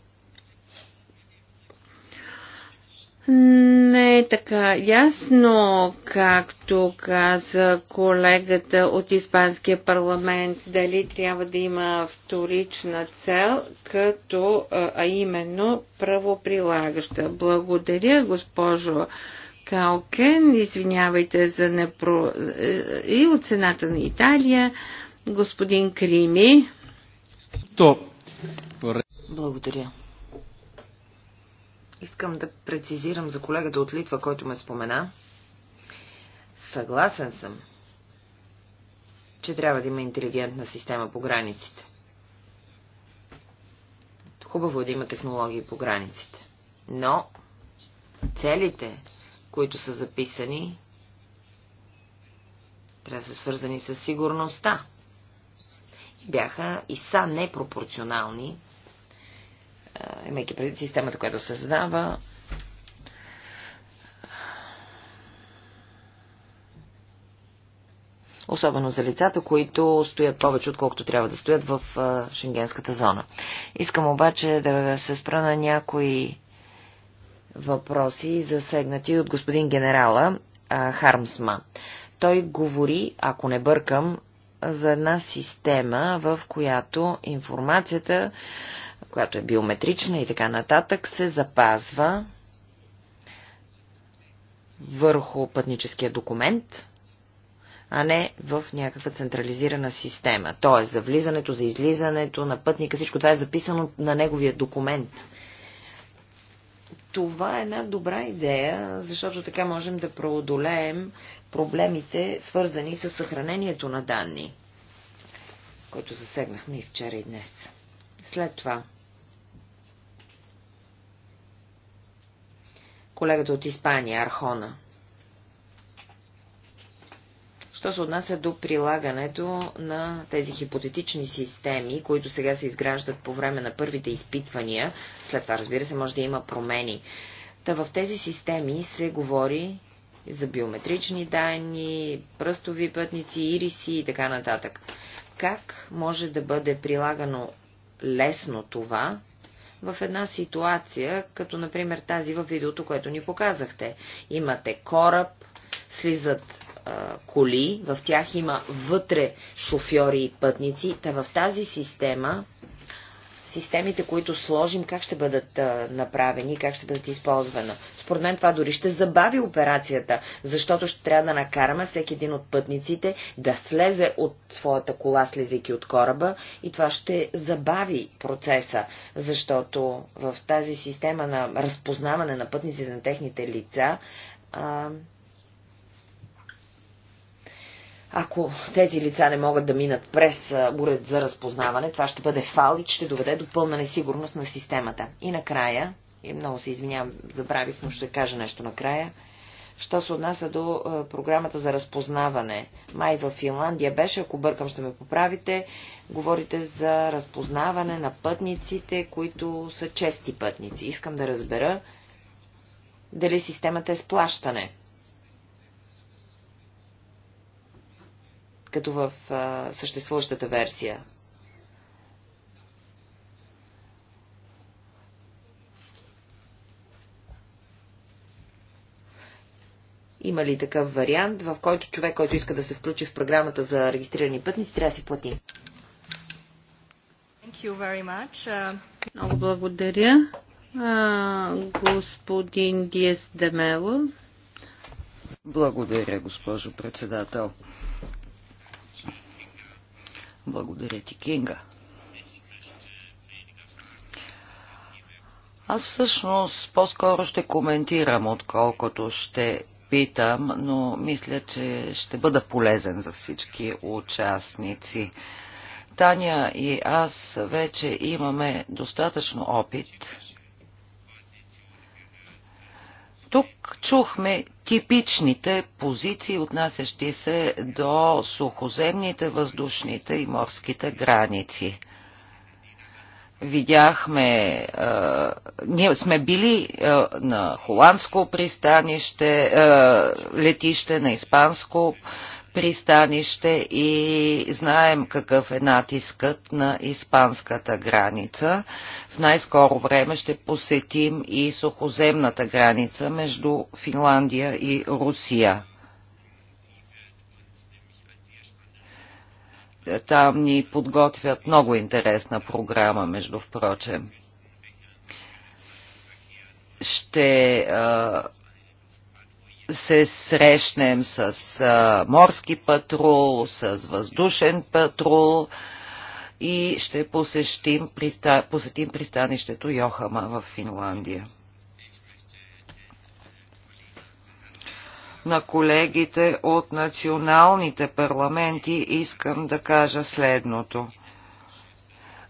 не е така ясно, както каза колегата от Испанския парламент, дали трябва да има вторична цел, като, а именно правоприлагаща. Благодаря, госпожо Калкен, извинявайте за непро... и от цената на Италия, господин Крими. То. Благодаря. Искам да прецизирам за колегата от Литва, който ме спомена. Съгласен съм, че трябва да има интелигентна система по границите. Хубаво е да има технологии по границите. Но целите които са записани, трябва да са свързани с сигурността. Бяха и са непропорционални, имайки преди системата, която създава. Особено за лицата, които стоят повече, отколкото трябва да стоят в шенгенската зона. Искам обаче да се спра на някои въпроси, засегнати от господин генерала а, Хармсма. Той говори, ако не бъркам, за една система, в която информацията, която е биометрична и така нататък, се запазва върху пътническия документ, а не в някаква централизирана система. Тоест, за влизането, за излизането на пътника, всичко това е записано на неговия документ – това е една добра идея, защото така можем да преодолеем проблемите, свързани с съхранението на данни, който засегнахме и вчера и днес. След това колегата от Испания, Архона. Що се отнася до прилагането на тези хипотетични системи, които сега се изграждат по време на първите изпитвания, след това разбира се може да има промени. Та в тези системи се говори за биометрични данни, пръстови пътници, ириси и така нататък. Как може да бъде прилагано лесно това в една ситуация, като например тази в видеото, което ни показахте? Имате кораб, слизат коли, в тях има вътре шофьори и пътници, та в тази система системите, които сложим, как ще бъдат а, направени, как ще бъдат използвана. Според мен това дори ще забави операцията, защото ще трябва да накараме всеки един от пътниците да слезе от своята кола, слизайки от кораба и това ще забави процеса, защото в тази система на разпознаване на пътниците, на техните лица, а, ако тези лица не могат да минат през уред за разпознаване, това ще бъде фал и ще доведе до пълна несигурност на системата. И накрая, и много се извинявам, забравих, но ще кажа нещо накрая, що се отнася до програмата за разпознаване. Май в Финландия беше, ако бъркам ще ме поправите, говорите за разпознаване на пътниците, които са чести пътници. Искам да разбера дали системата е сплащане. като в а, съществуващата версия. Има ли такъв вариант, в който човек, който иска да се включи в програмата за регистрирани пътници, трябва да си плати? Uh... Много благодаря. Uh, господин Диес Демело. Благодаря, госпожо председател. Благодаря ти, Кинга. Аз всъщност по-скоро ще коментирам, отколкото ще питам, но мисля, че ще бъда полезен за всички участници. Таня и аз вече имаме достатъчно опит тук чухме типичните позиции, отнасящи се до сухоземните, въздушните и морските граници. Видяхме, е, ние сме били е, на холандско пристанище, е, летище, на испанско пристанище, пристанище и знаем какъв е натискът на испанската граница. В най-скоро време ще посетим и сухоземната граница между Финландия и Русия. Там ни подготвят много интересна програма, между впрочем. Ще а, се срещнем с а, морски патрул, с въздушен патрул и ще посещим, приста, посетим пристанището Йохама в Финландия. На колегите от националните парламенти искам да кажа следното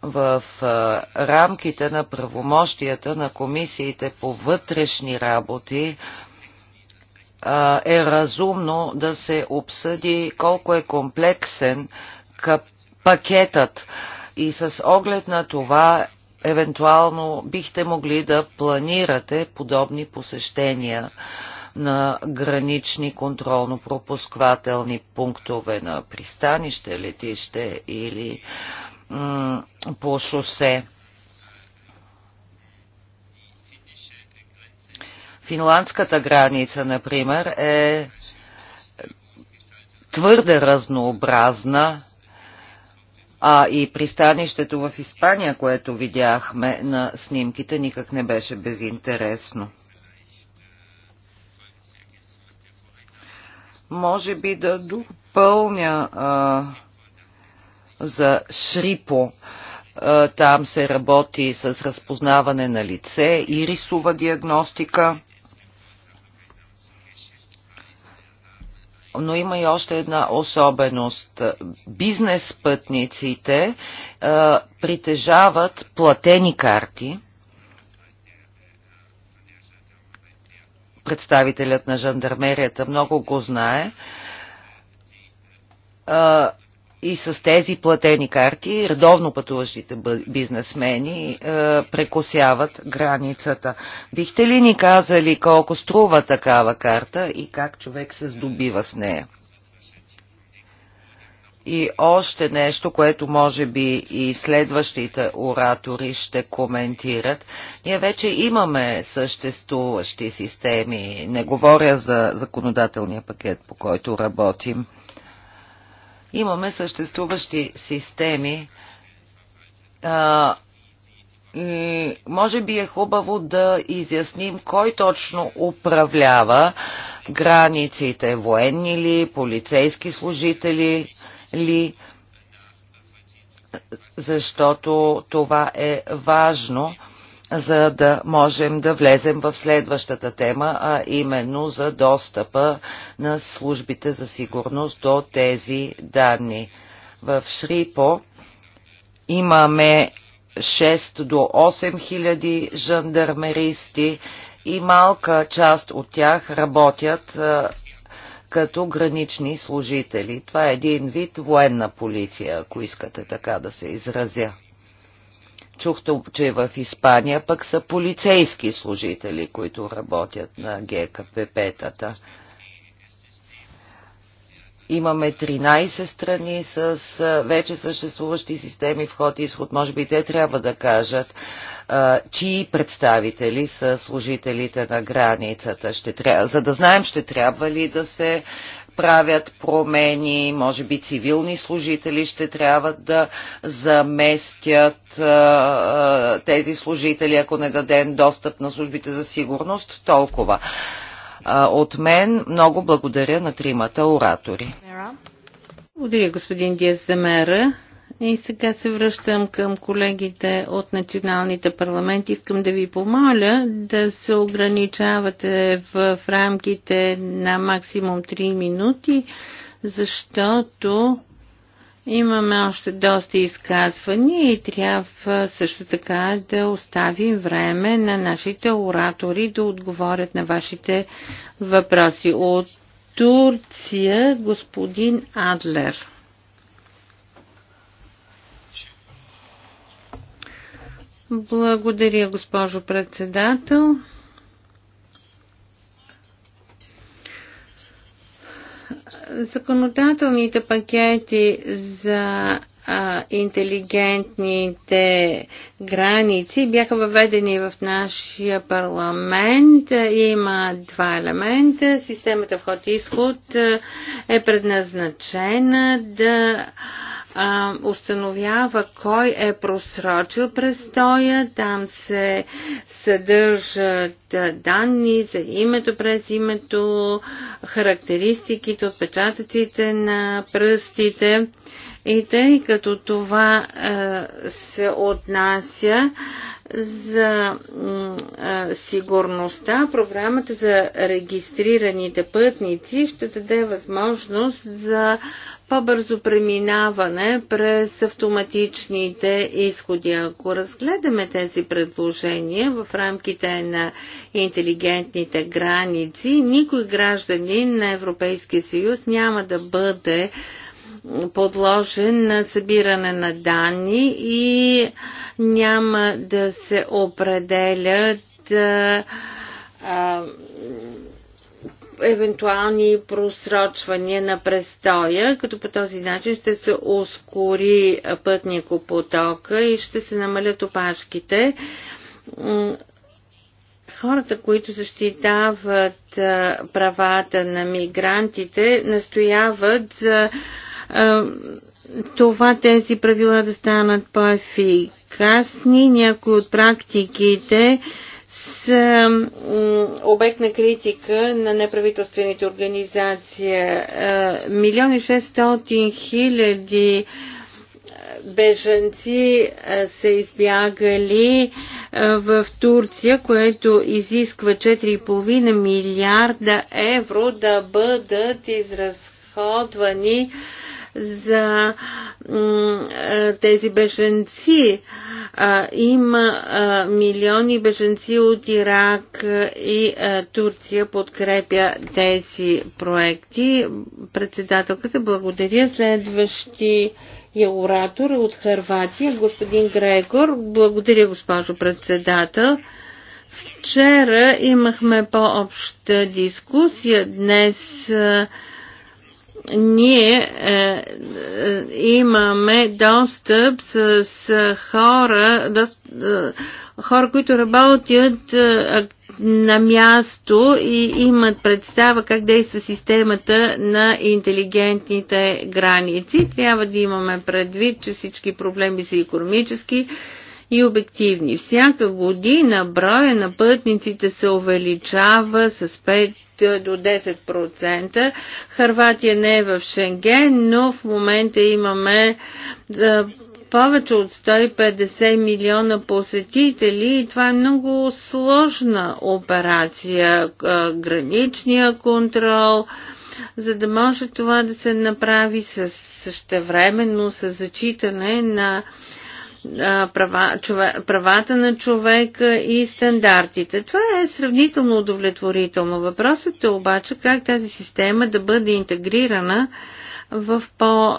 в а, рамките на правомощията на комисиите по вътрешни работи е разумно да се обсъди колко е комплексен пакетът и с оглед на това евентуално бихте могли да планирате подобни посещения на гранични контролно-пропусквателни пунктове на пристанище, летище или по шосе. Финландската граница, например, е твърде разнообразна, а и пристанището в Испания, което видяхме на снимките, никак не беше безинтересно. Може би да допълня а, за Шрипо. А, там се работи с разпознаване на лице и рисува диагностика. но има и още една особеност. Бизнес пътниците а, е, притежават платени карти. Представителят на жандармерията много го знае. А, е, и с тези платени карти редовно пътуващите бизнесмени е, прекосяват границата. Бихте ли ни казали колко струва такава карта и как човек се здобива с нея? И още нещо, което може би и следващите оратори ще коментират. Ние вече имаме съществуващи системи. Не говоря за законодателния пакет, по който работим. Имаме съществуващи системи а, и може би е хубаво да изясним кой точно управлява границите, военни ли, полицейски служители ли, защото това е важно – за да можем да влезем в следващата тема, а именно за достъпа на службите за сигурност до тези данни. В Шрипо имаме 6 до 8 хиляди жандармеристи и малка част от тях работят като гранични служители. Това е един вид военна полиция, ако искате така да се изразя. Чухте, че в Испания пък са полицейски служители, които работят на ГКПП-тата. Имаме 13 страни с вече съществуващи системи вход и изход. Може би те трябва да кажат, чии представители са служителите на границата. Ще трябва, за да знаем, ще трябва ли да се правят промени, може би цивилни служители ще трябва да заместят а, тези служители, ако не дадем достъп на службите за сигурност, толкова. А, от мен много благодаря на тримата оратори. Благодаря, господин Диез Демера. И сега се връщам към колегите от националните парламенти. Искам да ви помоля да се ограничавате в, рамките на максимум 3 минути, защото имаме още доста изказвания и трябва също така да оставим време на нашите оратори да отговорят на вашите въпроси. От Турция господин Адлер. Благодаря, госпожо председател. Законодателните пакети за а, интелигентните граници бяха въведени в нашия парламент. Има два елемента. Системата вход-изход е предназначена да а, установява кой е просрочил престоя. Там се съдържат данни за името през името, характеристиките, отпечатъците на пръстите. И тъй като това се отнася за сигурността, програмата за регистрираните пътници ще даде възможност за по-бързо преминаване през автоматичните изходи. Ако разгледаме тези предложения в рамките на интелигентните граници, никой гражданин на Европейския съюз няма да бъде подложен на събиране на данни и няма да се определят евентуални просрочвания на престоя, като по този начин ще се ускори потока и ще се намалят опашките. Хората, които защитават правата на мигрантите, настояват за това тези правила да станат по-ефикасни. Някои от практиките, с обект на критика на неправителствените организации. Милиони 600 хиляди бежанци са избягали в Турция, което изисква 4,5 милиарда евро да бъдат изразходвани за е, тези беженци. Има милиони беженци от Ирак и Турция подкрепя тези проекти. Председателката благодаря. Следващи е оратор от Харватия, господин Грегор. Благодаря, госпожо председател. Вчера имахме по-обща дискусия, днес ние е, е, имаме достъп с, с хора, до, е, хора, които работят е, на място и имат представа как действа системата на интелигентните граници. Трябва да имаме предвид, че всички проблеми са економически, и обективни. Всяка година броя на пътниците се увеличава с 5 е, до 10%. Харватия не е в Шенген, но в момента имаме е, повече от 150 милиона посетители и това е много сложна операция. Е, граничния контрол, за да може това да се направи с същевременно с зачитане на права, чове, правата на човека и стандартите. Това е сравнително удовлетворително. Въпросът е обаче как тази система да бъде интегрирана в по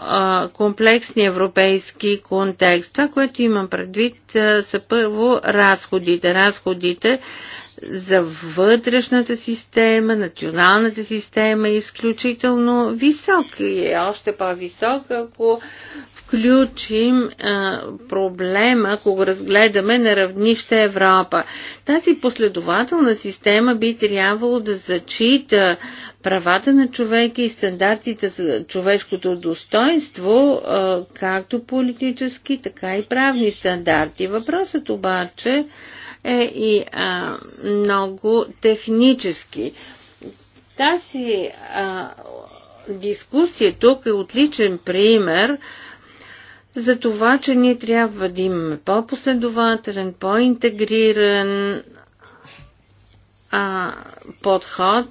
комплексни европейски контекст. Това, което имам предвид, са първо разходите. Разходите за вътрешната система, националната система е изключително висок и е още по-висок, ако изключим а, проблема, ако го разгледаме на равнище Европа. Тази последователна система би трябвало да зачита правата на човека и стандартите за човешкото достоинство, а, както политически, така и правни стандарти. Въпросът обаче е и а, много технически. Тази а, дискусия тук е отличен пример за това, че ние трябва да имаме по-последователен, по-интегриран а, подход,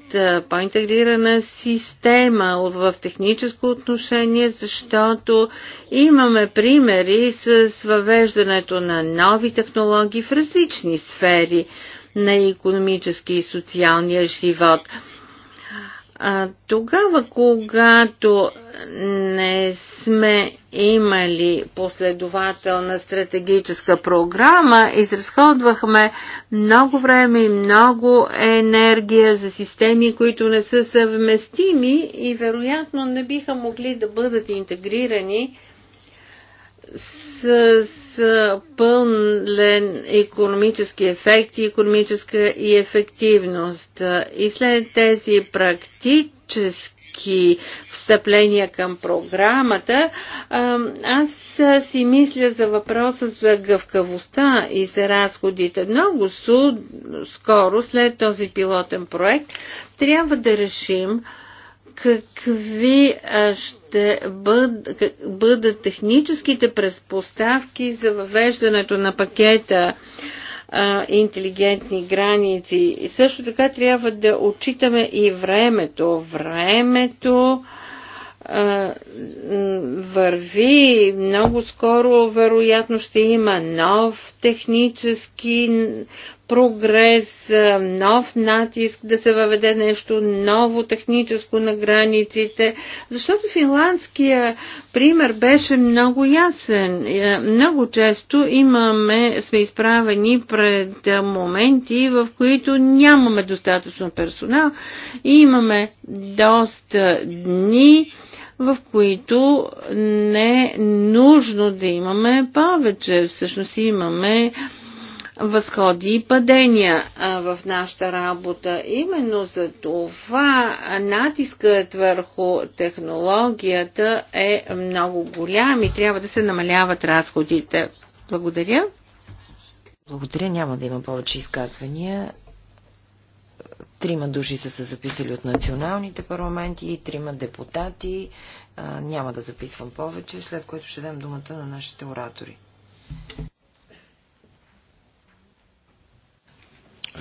по-интегрирана система в техническо отношение, защото имаме примери с въвеждането на нови технологии в различни сфери на економически и социалния живот. А, тогава, когато не сме имали последователна стратегическа програма, изразходвахме много време и много енергия за системи, които не са съвместими и вероятно не биха могли да бъдат интегрирани с, с пълнен економически ефект и економическа и ефективност. И след тези практически встъпления към програмата, аз си мисля за въпроса за гъвкавостта и за разходите. Много су, скоро, след този пилотен проект, трябва да решим, какви ще бъд, бъдат техническите предпоставки за въвеждането на пакета а, интелигентни граници. И също така трябва да отчитаме и времето. Времето а, върви много скоро, вероятно ще има нов технически прогрес, нов натиск да се въведе нещо ново техническо на границите, защото финландския пример беше много ясен. Е, много често имаме, сме изправени пред моменти, в които нямаме достатъчно персонал и имаме доста дни, в които не е нужно да имаме повече. Всъщност имаме възходи и падения в нашата работа. Именно за това натискът върху технологията е много голям и трябва да се намаляват разходите. Благодаря. Благодаря. Няма да има повече изказвания. Трима души са се записали от националните парламенти, трима депутати. няма да записвам повече, след което ще дам думата на нашите оратори.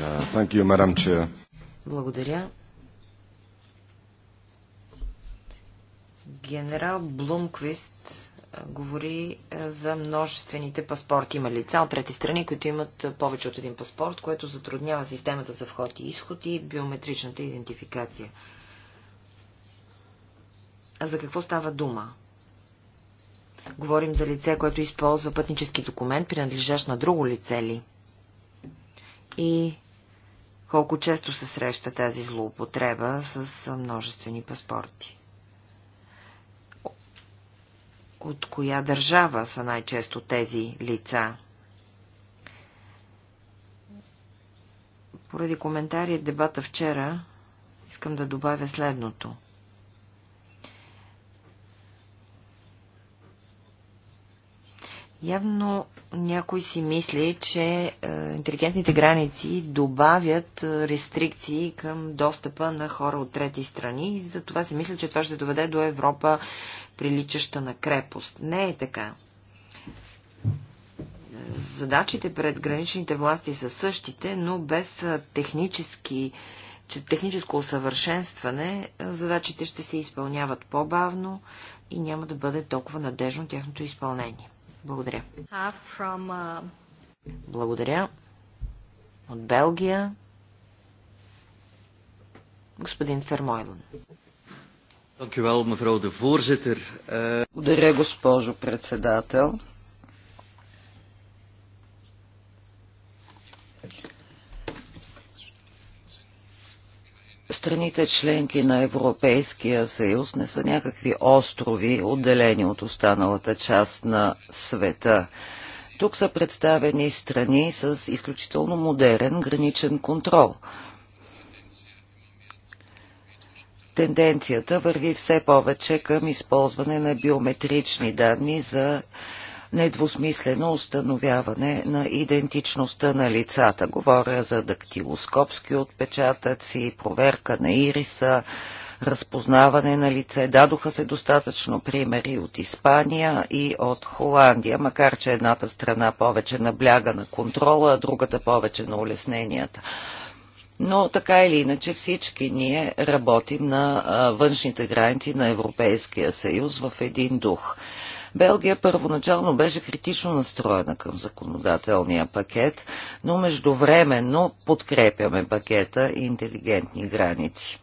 Uh, you, Благодаря. Генерал Блумквист говори за множествените паспорти. Има лица от трети страни, които имат повече от един паспорт, което затруднява системата за вход и изход и биометричната идентификация. А за какво става дума? Говорим за лице, което използва пътнически документ, принадлежащ на друго лице ли? И колко често се среща тази злоупотреба с множествени паспорти. От коя държава са най-често тези лица? Поради коментари дебата вчера, искам да добавя следното – Явно някой си мисли, че е, интелигентните граници добавят е, рестрикции към достъпа на хора от трети страни и за това си мисля, че това ще доведе до Европа приличаща на крепост. Не е така. Задачите пред граничните власти са същите, но без е, технически, техническо усъвършенстване задачите ще се изпълняват по-бавно и няма да бъде толкова надежно тяхното изпълнение. Благодаря. From, uh... Благодаря. От Белгия. Господин Фермойлен. Благодаря, госпожо председател. страните членки на Европейския съюз не са някакви острови, отделени от останалата част на света. Тук са представени страни с изключително модерен граничен контрол. Тенденцията върви все повече към използване на биометрични данни за недвусмислено установяване на идентичността на лицата. Говоря за дактилоскопски отпечатъци, проверка на ириса, разпознаване на лице. Дадоха се достатъчно примери от Испания и от Холандия, макар че едната страна повече набляга на контрола, а другата повече на улесненията. Но така или иначе всички ние работим на външните граници на Европейския съюз в един дух. Белгия първоначално беше критично настроена към законодателния пакет, но междувременно подкрепяме пакета и интелигентни граници.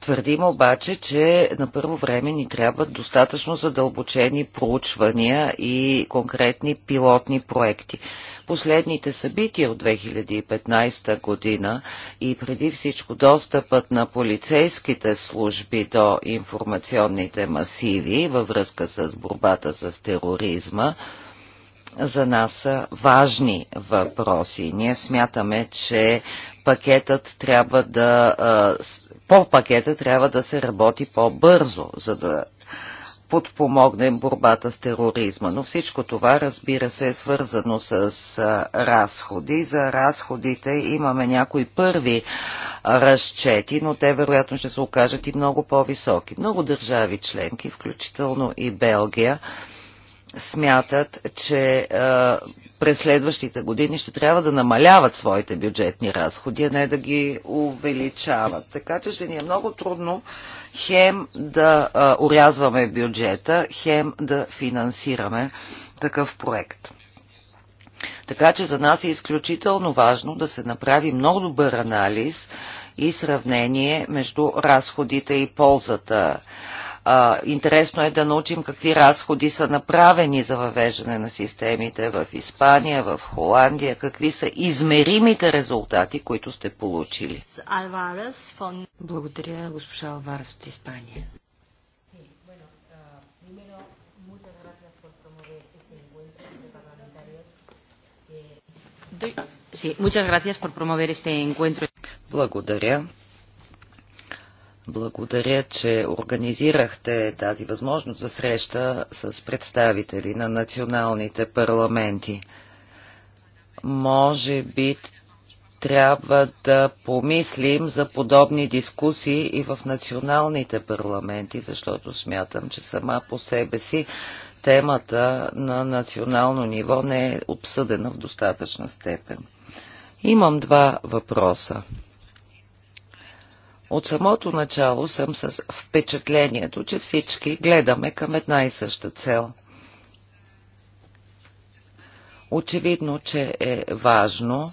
Твърдим обаче, че на първо време ни трябват достатъчно задълбочени проучвания и конкретни пилотни проекти последните събития от 2015 година и преди всичко достъпът на полицейските служби до информационните масиви във връзка с борбата с тероризма, за нас са важни въпроси. Ние смятаме, че пакетът трябва да, по пакета трябва да се работи по-бързо, за да подпомогнем борбата с тероризма. Но всичко това, разбира се, е свързано с разходи. За разходите имаме някои първи разчети, но те вероятно ще се окажат и много по-високи. Много държави членки, включително и Белгия, смятат, че а, през следващите години ще трябва да намаляват своите бюджетни разходи, а не да ги увеличават. Така че ще ни е много трудно хем да а, урязваме бюджета, хем да финансираме такъв проект. Така че за нас е изключително важно да се направи много добър анализ и сравнение между разходите и ползата. А, интересно е да научим какви разходи са направени за въвеждане на системите в Испания, в Холандия, какви са измеримите резултати, които сте получили. Благодаря, госпожа Алварес от Испания. Благодаря благодаря, че организирахте тази възможност за среща с представители на националните парламенти. Може би трябва да помислим за подобни дискусии и в националните парламенти, защото смятам, че сама по себе си темата на национално ниво не е обсъдена в достатъчна степен. Имам два въпроса. От самото начало съм с впечатлението, че всички гледаме към една и съща цел. Очевидно, че е важно,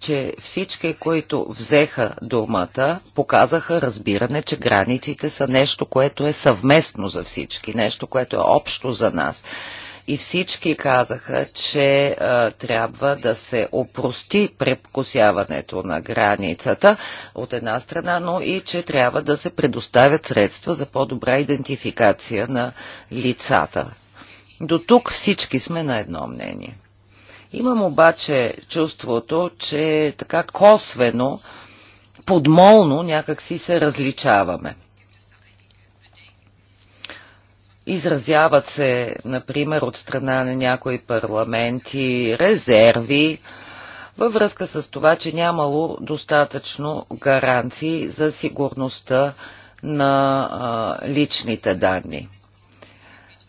че всички, които взеха думата, показаха разбиране, че границите са нещо, което е съвместно за всички, нещо, което е общо за нас и всички казаха, че а, трябва да се опрости прекусяването на границата от една страна, но и че трябва да се предоставят средства за по-добра идентификация на лицата. До тук всички сме на едно мнение. Имам обаче чувството, че така косвено, подмолно някакси се различаваме. Изразяват се, например, от страна на някои парламенти резерви във връзка с това, че нямало достатъчно гаранции за сигурността на а, личните данни,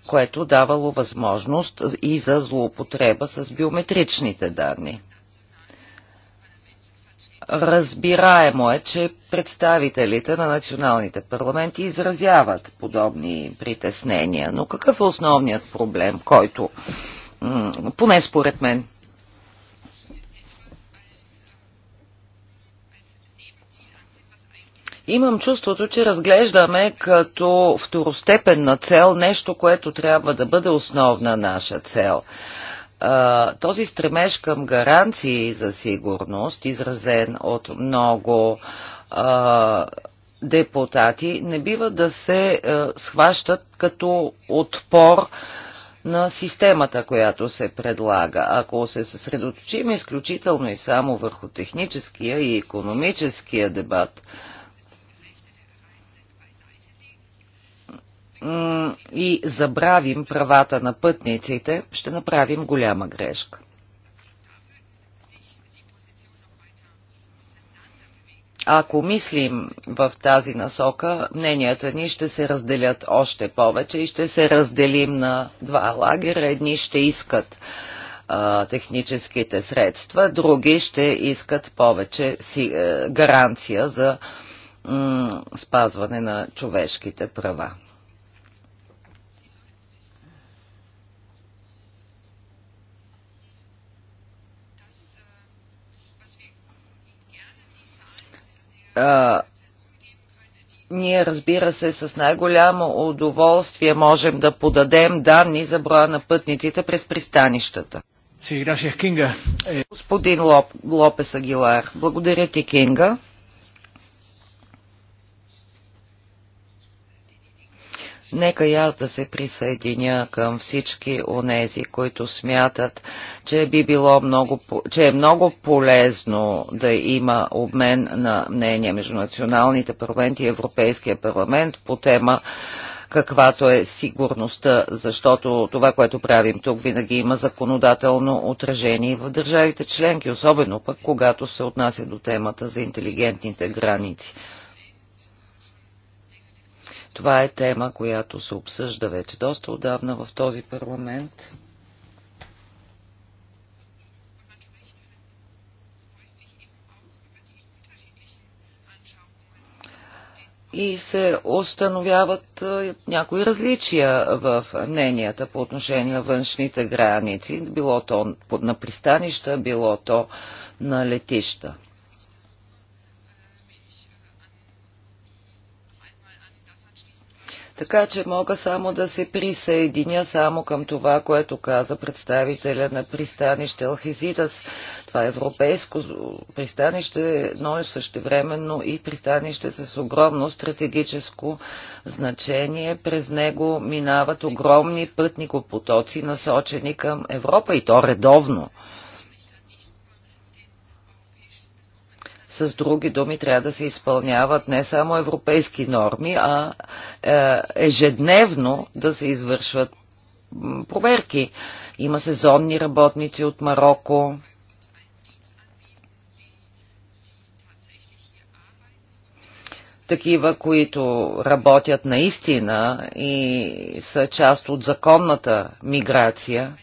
което давало възможност и за злоупотреба с биометричните данни. Разбираемо е, че представителите на националните парламенти изразяват подобни притеснения, но какъв е основният проблем, който, поне според мен, Имам чувството, че разглеждаме като второстепенна цел нещо, което трябва да бъде основна наша цел този стремеж към гаранции за сигурност, изразен от много а, депутати, не бива да се а, схващат като отпор на системата, която се предлага. Ако се съсредоточим изключително и само върху техническия и економическия дебат, и забравим правата на пътниците, ще направим голяма грешка. Ако мислим в тази насока, мненията ни ще се разделят още повече и ще се разделим на два лагера. Едни ще искат а, техническите средства, други ще искат повече си, а, е, гаранция за м, спазване на човешките права. а, ние, разбира се, с най-голямо удоволствие можем да подадем данни за броя на пътниците през пристанищата. Sí, gracias, Господин Лоп, Лопес Агилар, благодаря ти, Кинга. Нека и аз да се присъединя към всички онези, които смятат, че, би било много, че е много полезно да има обмен на мнения между националните парламенти и Европейския парламент по тема каквато е сигурността, защото това, което правим тук, винаги има законодателно отражение в държавите членки, особено пък когато се отнася до темата за интелигентните граници. Това е тема, която се обсъжда вече доста отдавна в този парламент. и се установяват някои различия в мненията по отношение на външните граници, било то на пристанища, било то на летища. Така че мога само да се присъединя само към това, което каза представителя на пристанище Алхезидас. Това е европейско пристанище, но и е същевременно и пристанище с огромно стратегическо значение. През него минават огромни пътникопотоци, насочени към Европа и то редовно. С други думи, трябва да се изпълняват не само европейски норми, а е, ежедневно да се извършват проверки. Има сезонни работници от Марокко. Такива, които работят наистина и са част от законната миграция.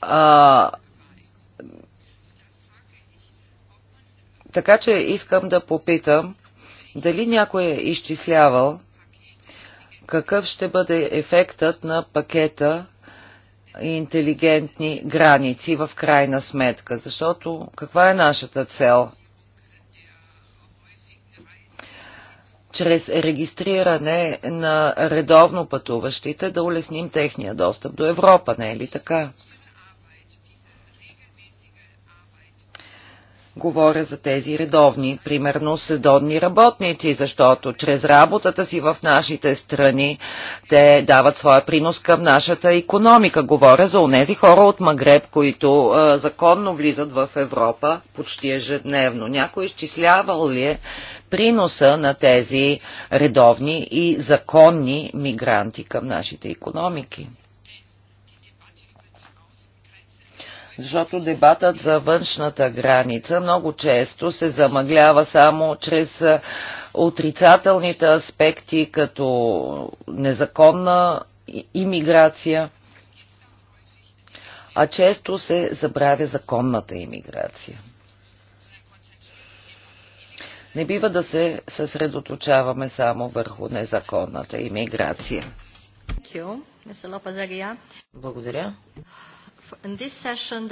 А, Така че искам да попитам дали някой е изчислявал какъв ще бъде ефектът на пакета интелигентни граници в крайна сметка. Защото каква е нашата цел? Чрез регистриране на редовно пътуващите да улесним техния достъп до Европа, не е ли така? Говоря за тези редовни, примерно седодни работници, защото чрез работата си в нашите страни те дават своя принос към нашата економика. Говоря за онези хора от Магреб, които а, законно влизат в Европа почти ежедневно. Някой изчислявал ли е приноса на тези редовни и законни мигранти към нашите економики? защото дебатът за външната граница много често се замъглява само чрез отрицателните аспекти, като незаконна имиграция, а често се забравя законната имиграция. Не бива да се съсредоточаваме само върху незаконната имиграция. Благодаря. Session,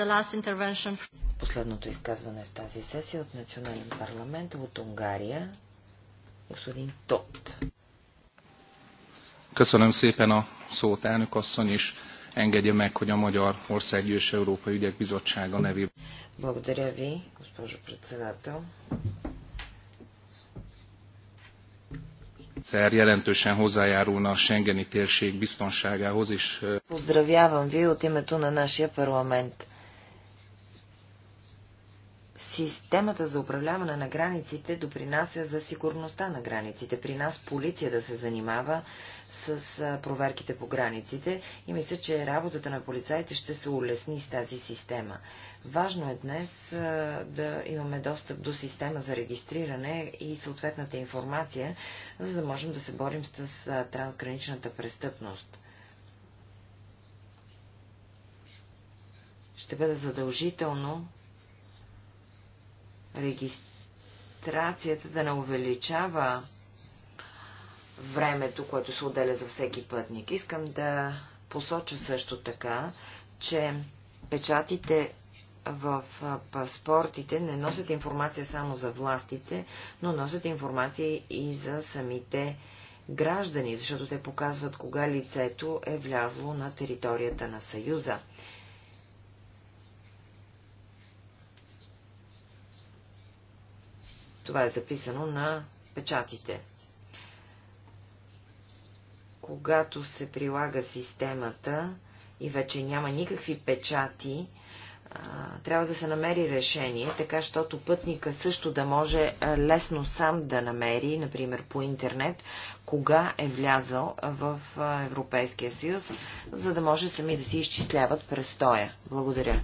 Последното изказване в тази сесия от Национален парламент от Унгария, господин Тот. Köszönöm szépen a szót, elnök asszony, és engedje meg, hogy a Magyar Országgyűlés Európai Ügyek Bizottsága nevében. Благодаря ви, госпожо председател. rendszer jelentősen hozzájárulna a Schengeni térség biztonságához is. Поздравявам ви от името на нашия парламент. Системата за управляване на границите допринася за сигурността на границите. При нас полиция да се занимава с проверките по границите и мисля, че работата на полицаите ще се улесни с тази система. Важно е днес да имаме достъп до система за регистриране и съответната информация, за да можем да се борим с трансграничната престъпност. Ще бъде задължително регистрацията да не увеличава времето, което се отделя за всеки пътник. Искам да посоча също така, че печатите в паспортите не носят информация само за властите, но носят информация и за самите граждани, защото те показват кога лицето е влязло на територията на Съюза. Това е записано на печатите. Когато се прилага системата и вече няма никакви печати, трябва да се намери решение, така щото пътника също да може лесно сам да намери, например по интернет, кога е влязал в Европейския съюз, за да може сами да си изчисляват престоя. Благодаря.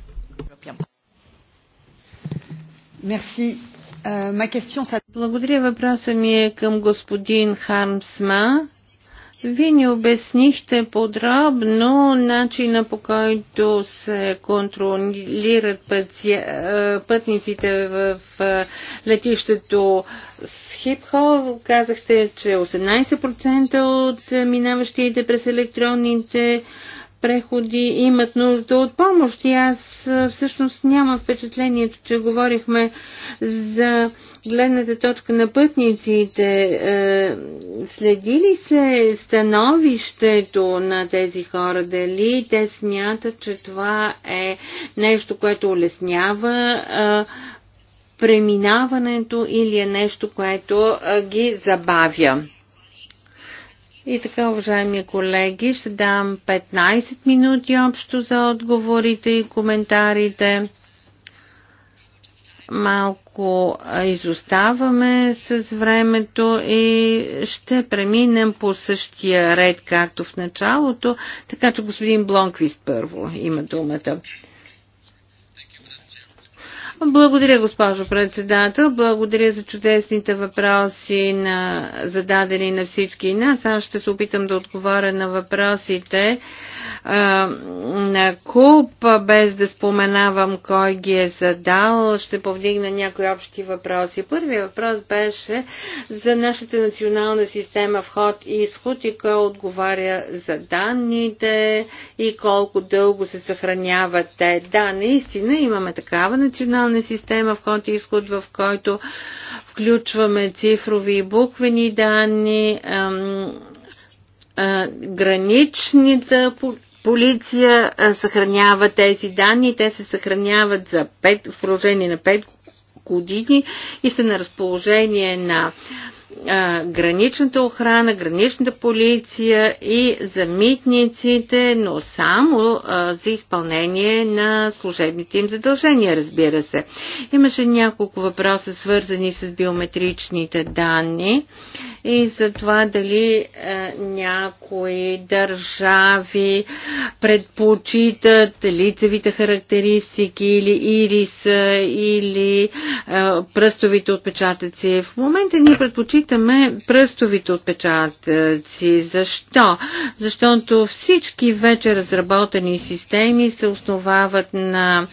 Merci. Е, Благодаря. Въпросът ми е към господин Хармсма. Вие ни обяснихте подробно начина по който се контролират е, пътниците в е, летището с Хипхол. Казахте, че 18% от минаващите през електронните преходи имат нужда от помощ. И аз всъщност нямам впечатлението, че говорихме за гледната точка на пътниците. Е, следи ли се становището на тези хора? Дали те смятат, че това е нещо, което улеснява е, преминаването или е нещо, което е, ги забавя? И така, уважаеми колеги, ще дам 15 минути общо за отговорите и коментарите. Малко изоставаме с времето и ще преминем по същия ред, както в началото. Така че господин Блонквист първо има думата. Благодаря, госпожо председател. Благодаря за чудесните въпроси, на, зададени на всички нас. Аз ще се опитам да отговоря на въпросите на клуб, без да споменавам кой ги е задал, ще повдигна някои общи въпроси. Първият въпрос беше за нашата национална система вход-изход и и, кой отговаря за данните и колко дълго се съхраняват те. Да, наистина имаме такава национална система вход-изход, и в който включваме цифрови и буквени данни, граничната полиция съхранява тези данни. Те се съхраняват за 5, в продължение на 5 години и са на разположение на граничната охрана, граничната полиция и за митниците, но само за изпълнение на служебните им задължения, разбира се. Имаше няколко въпроса, свързани с биометричните данни и за това дали някои държави предпочитат лицевите характеристики или ириса или пръстовите отпечатъци. В момента ние предпочитаме питаме пръстовите отпечатъци. Защо? Защото всички вече разработени системи се основават на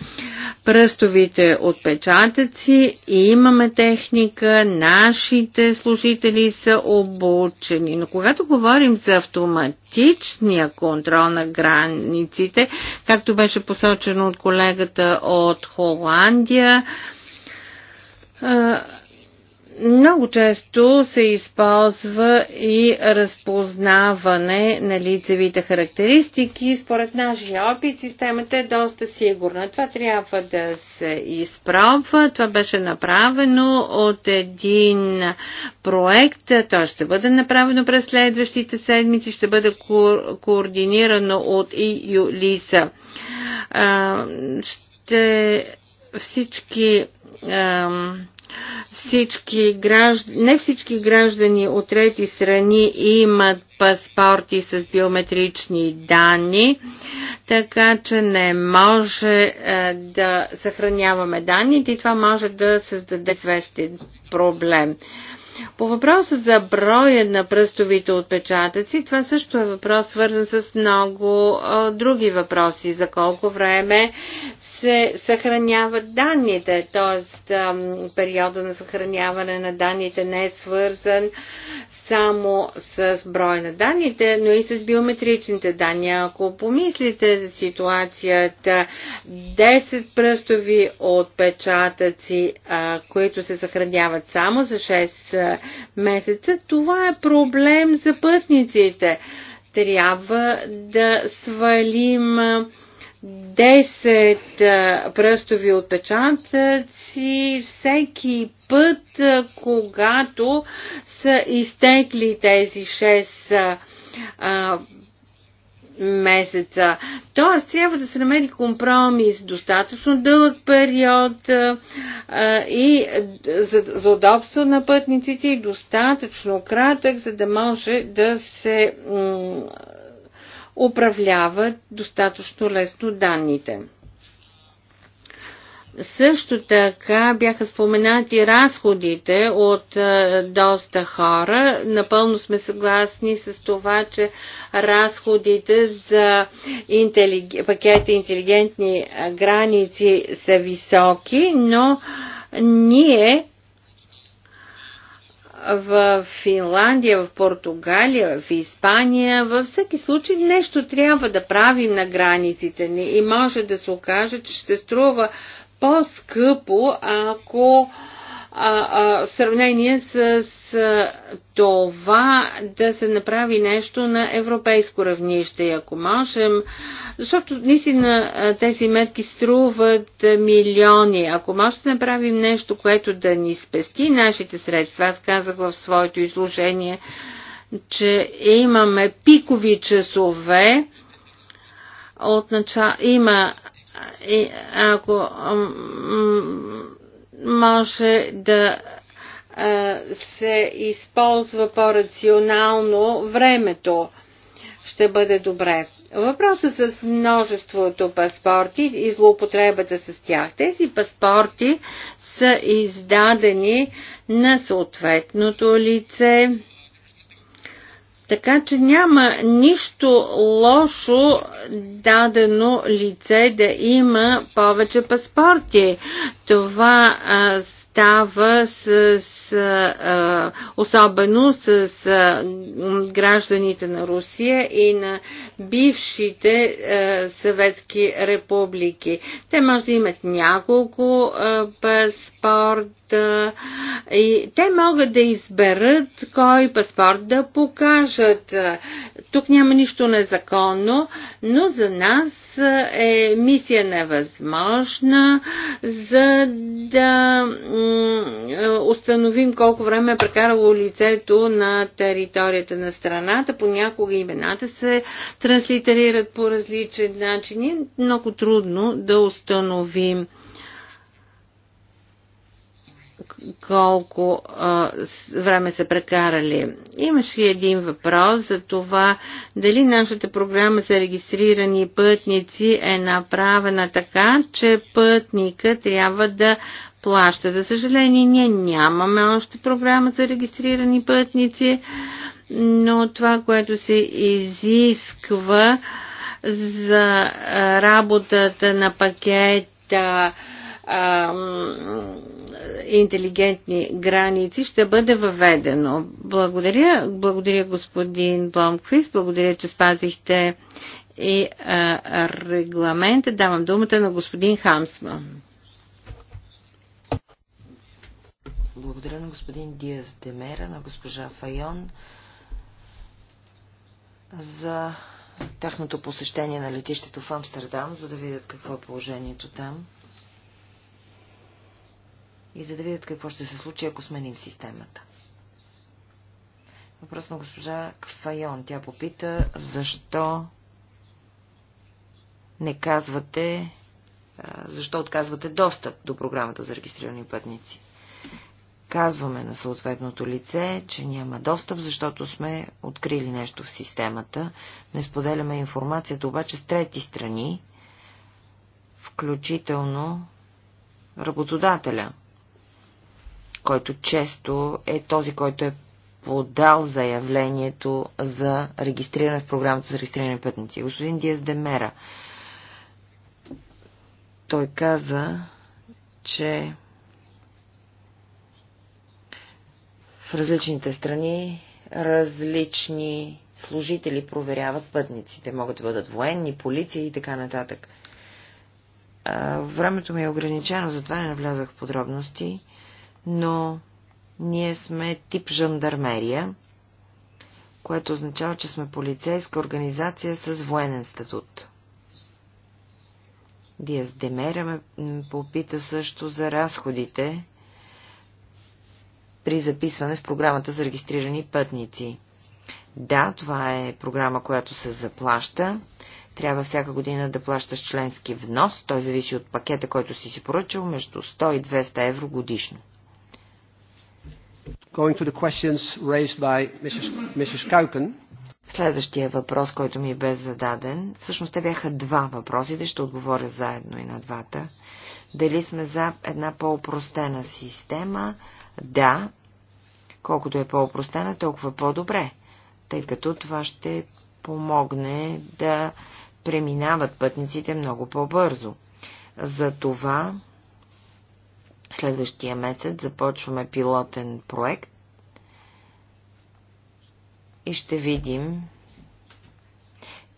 пръстовите отпечатъци и имаме техника, нашите служители са обучени. Но когато говорим за автоматичния контрол на границите, както беше посочено от колегата от Холандия, много често се използва и разпознаване на лицевите характеристики. Според нашия опит системата е доста сигурна. Това трябва да се изпробва. Това беше направено от един проект. Той ще бъде направено през следващите седмици. Ще бъде ко- координирано от ИЮЛИСА. Ще всички всички граждани, не всички граждани от трети страни имат паспорти с биометрични данни, така че не може е, да съхраняваме данните и това може да създаде свестен проблем. По въпроса за броя на пръстовите отпечатъци, това също е въпрос свързан с много а, други въпроси. За колко време се съхраняват данните, т.е. периода на съхраняване на данните не е свързан само с брой на данните, но и с биометричните данни. Ако помислите за ситуацията 10 пръстови отпечатъци, а, които се съхраняват само за 6 месеца. Това е проблем за пътниците. Трябва да свалим 10 пръстови отпечатъци всеки път, когато са изтекли тези 6 месеца. Тоест, трябва да се намери компромис, достатъчно дълъг период а, и за, за удобство на пътниците и достатъчно кратък, за да може да се управляват достатъчно лесно данните. Също така бяха споменати разходите от е, доста хора. Напълно сме съгласни с това, че разходите за интелиг... пакета интелигентни граници са високи, но ние в Финландия, в Португалия, в Испания, във всеки случай нещо трябва да правим на границите ни и може да се окаже, че ще струва по-скъпо, ако а, а, в сравнение с, с това да се направи нещо на европейско равнище. И ако можем, защото наистина тези метки струват милиони, ако може да направим нещо, което да ни спести нашите средства, аз казах в своето изложение, че имаме пикови часове, от начало, има и ако може да се използва по-рационално времето, ще бъде добре. Въпросът с множеството паспорти и злоупотребата с тях. Тези паспорти са издадени на съответното лице така че няма нищо лошо дадено лице да има повече паспорти. Това а, става с, с а, особено с а, гражданите на Русия и на бившите а, съветски републики. Те може да имат няколко а, паспорт и те могат да изберат кой паспорт да покажат. Тук няма нищо незаконно, но за нас е мисия невъзможна, за да установим колко време е прекарало лицето на територията на страната. Понякога имената се транслитерират по различен начин и е много трудно да установим колко а, време са прекарали. Имаше един въпрос за това дали нашата програма за регистрирани пътници е направена така, че пътника трябва да плаща. За съжаление, ние нямаме още програма за регистрирани пътници, но това, което се изисква за работата на пакета интелигентни граници ще бъде въведено. Благодаря, благодаря господин Бломквист, благодаря, че спазихте и а, регламента. Давам думата на господин Хамсма. Благодаря на господин Диас Демера, на госпожа Файон за тяхното посещение на летището в Амстердам, за да видят какво е положението там и за да видят какво ще се случи, ако сменим системата. Въпрос на госпожа Кфайон. Тя попита, защо не казвате, защо отказвате достъп до програмата за регистрирани пътници. Казваме на съответното лице, че няма достъп, защото сме открили нещо в системата. Не споделяме информацията обаче с трети страни, включително работодателя, който често е този, който е подал заявлението за регистриране в програмата за регистриране пътници. Господин Диас Демера, той каза, че в различните страни различни служители проверяват пътниците. Могат да бъдат военни, полиция и така нататък. Времето ми е ограничено, затова не навлязах в подробности но ние сме тип жандармерия, което означава, че сме полицейска организация с военен статут. Диас Демера ме попита също за разходите при записване в програмата за регистрирани пътници. Да, това е програма, която се заплаща. Трябва всяка година да плащаш членски внос. Той зависи от пакета, който си си поръчал, между 100 и 200 евро годишно. Going to the questions raised by Mrs. Mrs. Следващия въпрос, който ми бе зададен, всъщност те бяха два въпросите, ще отговоря заедно и на двата. Дали сме за една по-опростена система? Да. Колкото е по упростена толкова по-добре, тъй като това ще помогне да преминават пътниците много по-бързо. За това Следващия месец започваме пилотен проект и ще видим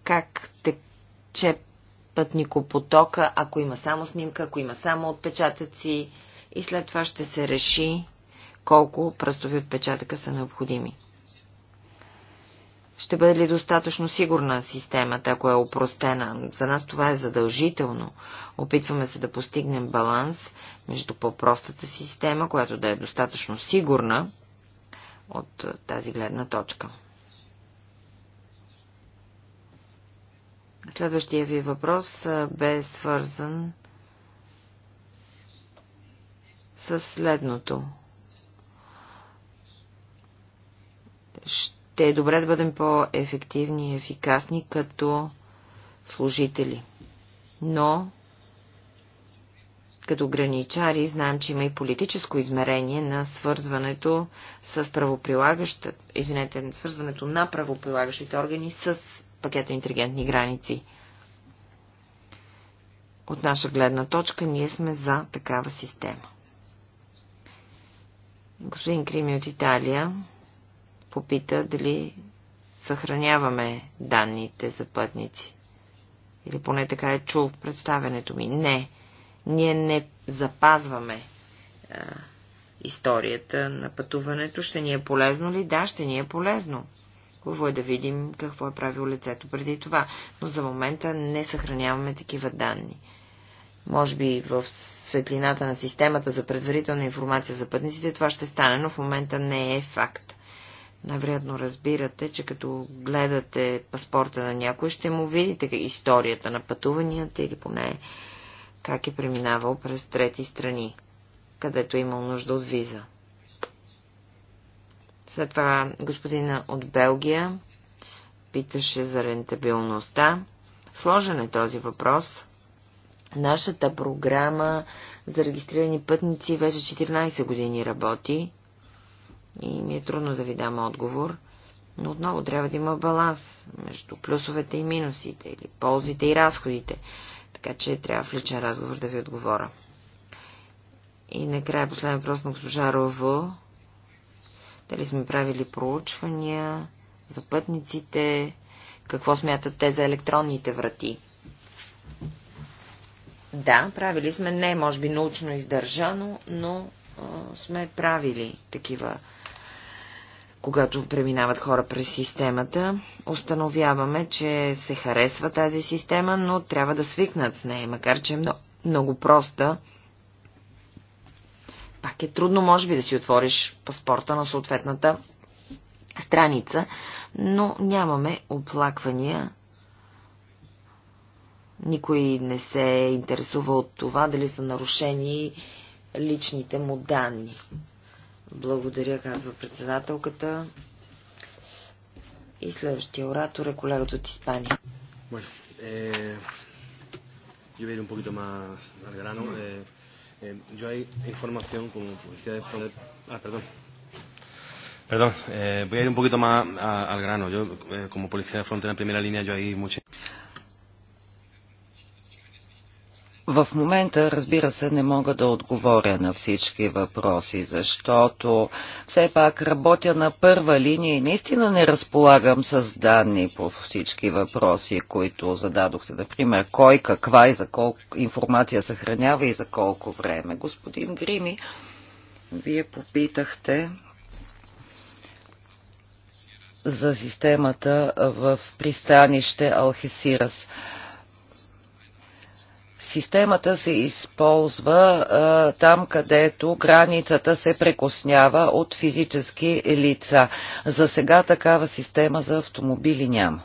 как тече пътникопотока, ако има само снимка, ако има само отпечатъци и след това ще се реши колко пръстови отпечатъка са необходими. Ще бъде ли достатъчно сигурна системата, ако е опростена? За нас това е задължително. Опитваме се да постигнем баланс между по-простата система, която да е достатъчно сигурна от тази гледна точка. Следващия ви въпрос бе свързан с следното. Ще ще е добре да бъдем по-ефективни и ефикасни като служители. Но като граничари знаем, че има и политическо измерение на свързването с правоприлагащата, извинете, свързването на правоприлагащите органи с пакета интелигентни граници. От наша гледна точка ние сме за такава система. Господин Крими от Италия попита дали съхраняваме данните за пътници. Или поне така е чул в представенето ми. Не, ние не запазваме а, историята на пътуването. Ще ни е полезно ли? Да, ще ни е полезно. Хубаво е да видим какво е правило лицето преди това, но за момента не съхраняваме такива данни. Може би в светлината на системата за предварителна информация за пътниците това ще стане, но в момента не е факт. Най-вероятно разбирате, че като гледате паспорта на някой, ще му видите историята на пътуванията или поне как е преминавал през трети страни, където е имал нужда от виза. След това господина от Белгия питаше за рентабилността. Сложен е този въпрос. Нашата програма за регистрирани пътници вече 14 години работи и ми е трудно да ви дам отговор, но отново трябва да има баланс между плюсовете и минусите, или ползите и разходите, така че трябва в личен разговор да ви отговоря. И накрая последен въпрос на госпожа Рово. Дали сме правили проучвания за пътниците, какво смятат те за електронните врати? Да, правили сме, не може би научно издържано, но а, сме правили такива когато преминават хора през системата. Установяваме, че се харесва тази система, но трябва да свикнат с нея, макар че е много, много проста. Пак е трудно, може би, да си отвориш паспорта на съответната страница, но нямаме оплаквания. Никой не се интересува от това дали са нарушени личните му данни. Благодаря, казва председателката. И следващия оратор е колегата от Испания. Bueno, eh, yo voy a ir un poquito más al grano. Eh, eh, yo hay información como publicidad de fraude. Ah, perdón. Perdón, eh, voy a ir un poquito más a, al grano. Yo, eh, como policía de frontera en primera línea, yo hay mucha В момента, разбира се, не мога да отговоря на всички въпроси, защото все пак работя на първа линия и наистина не разполагам с данни по всички въпроси, които зададохте. Например, кой, каква и за колко информация съхранява и за колко време. Господин Грими, вие попитахте за системата в пристанище Алхесирас. Алхесирас Системата се използва а, там, където границата се прекоснява от физически лица. За сега такава система за автомобили няма.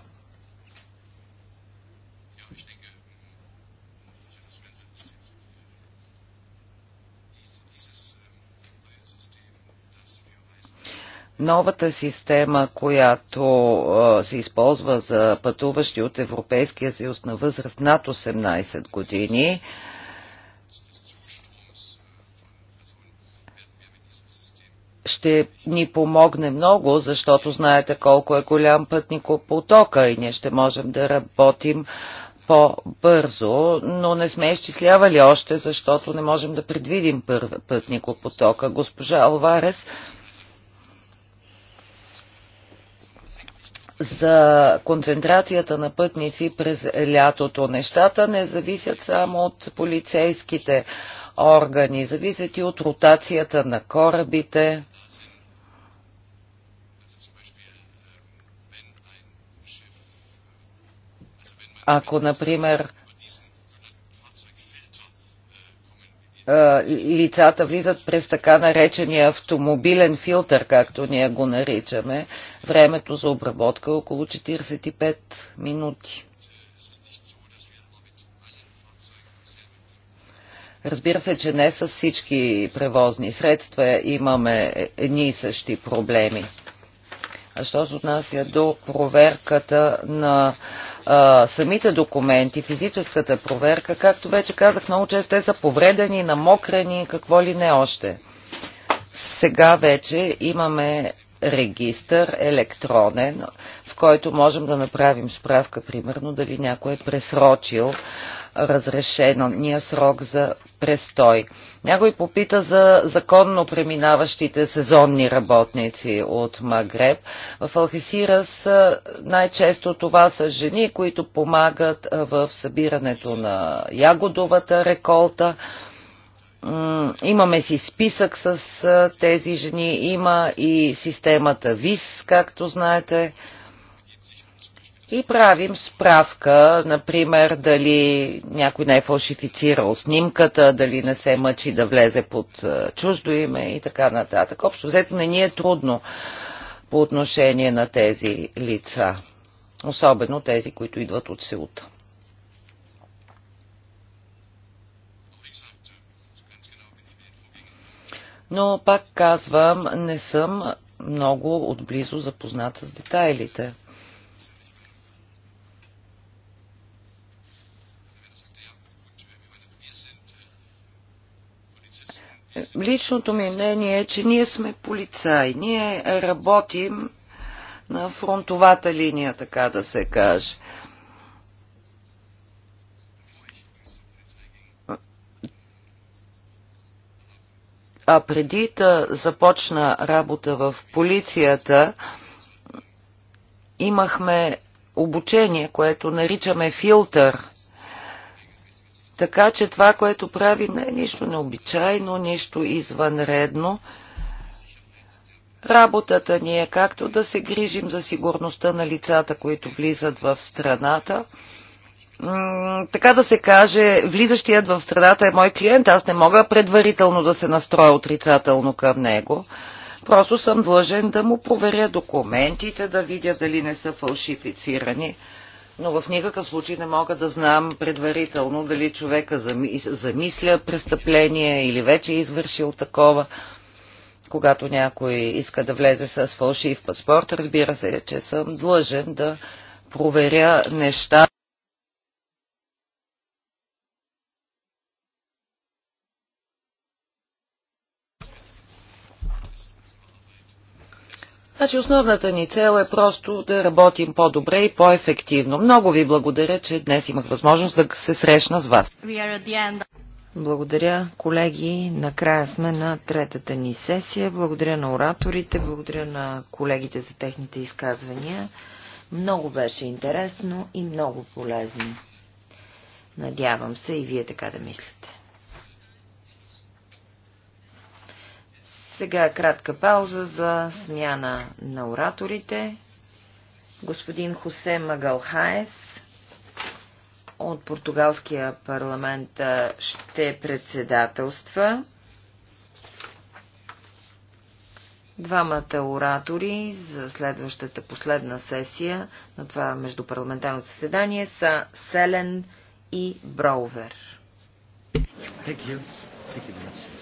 новата система, която се използва за пътуващи от Европейския съюз на възраст над 18 години, ще ни помогне много, защото знаете колко е голям потока и ние ще можем да работим по-бързо, но не сме изчислявали още, защото не можем да предвидим потока. Госпожа Алварес за концентрацията на пътници през лятото. Нещата не зависят само от полицейските органи, зависят и от ротацията на корабите. Ако, например, лицата влизат през така наречения автомобилен филтър, както ние го наричаме. Времето за обработка е около 45 минути. Разбира се, че не с всички превозни средства имаме едни и същи проблеми. Що се отнася до проверката на а, самите документи, физическата проверка, както вече казах, много често те са повредени, намокрени, какво ли не още. Сега вече имаме регистър, електронен, в който можем да направим справка, примерно, дали някой е пресрочил разрешения срок за престой. Някой попита за законно преминаващите сезонни работници от Магреб. В Алхесирас най-често това са жени, които помагат в събирането на ягодовата реколта имаме си списък с тези жени, има и системата ВИС, както знаете, и правим справка, например, дали някой не е фалшифицирал снимката, дали не се мъчи да влезе под чуждо име и така нататък. Общо взето не ни е трудно по отношение на тези лица, особено тези, които идват от Сеута. но пак казвам, не съм много отблизо запознат с детайлите. Личното ми мнение е, че ние сме полицаи. Ние работим на фронтовата линия, така да се каже. А преди да започна работа в полицията, имахме обучение, което наричаме филтър. Така че това, което правим, не е нищо необичайно, нищо извънредно. Работата ни е както да се грижим за сигурността на лицата, които влизат в страната, така да се каже, влизащият в страната е мой клиент, аз не мога предварително да се настроя отрицателно към него. Просто съм длъжен да му проверя документите, да видя дали не са фалшифицирани, но в никакъв случай не мога да знам предварително дали човека замисля престъпление или вече е извършил такова. Когато някой иска да влезе с фалшив паспорт, разбира се, че съм длъжен да проверя неща. Значи основната ни цел е просто да работим по-добре и по-ефективно. Много ви благодаря, че днес имах възможност да се срещна с вас. Благодаря, колеги. Накрая сме на третата ни сесия. Благодаря на ораторите, благодаря на колегите за техните изказвания. Много беше интересно и много полезно. Надявам се и вие така да мислите. Сега е кратка пауза за смяна на ораторите. Господин Хосе Магалхаес от португалския парламент ще председателства. Двамата оратори за следващата последна сесия на това междупарламентарно заседание са Селен и Броувер. Thank you. Thank you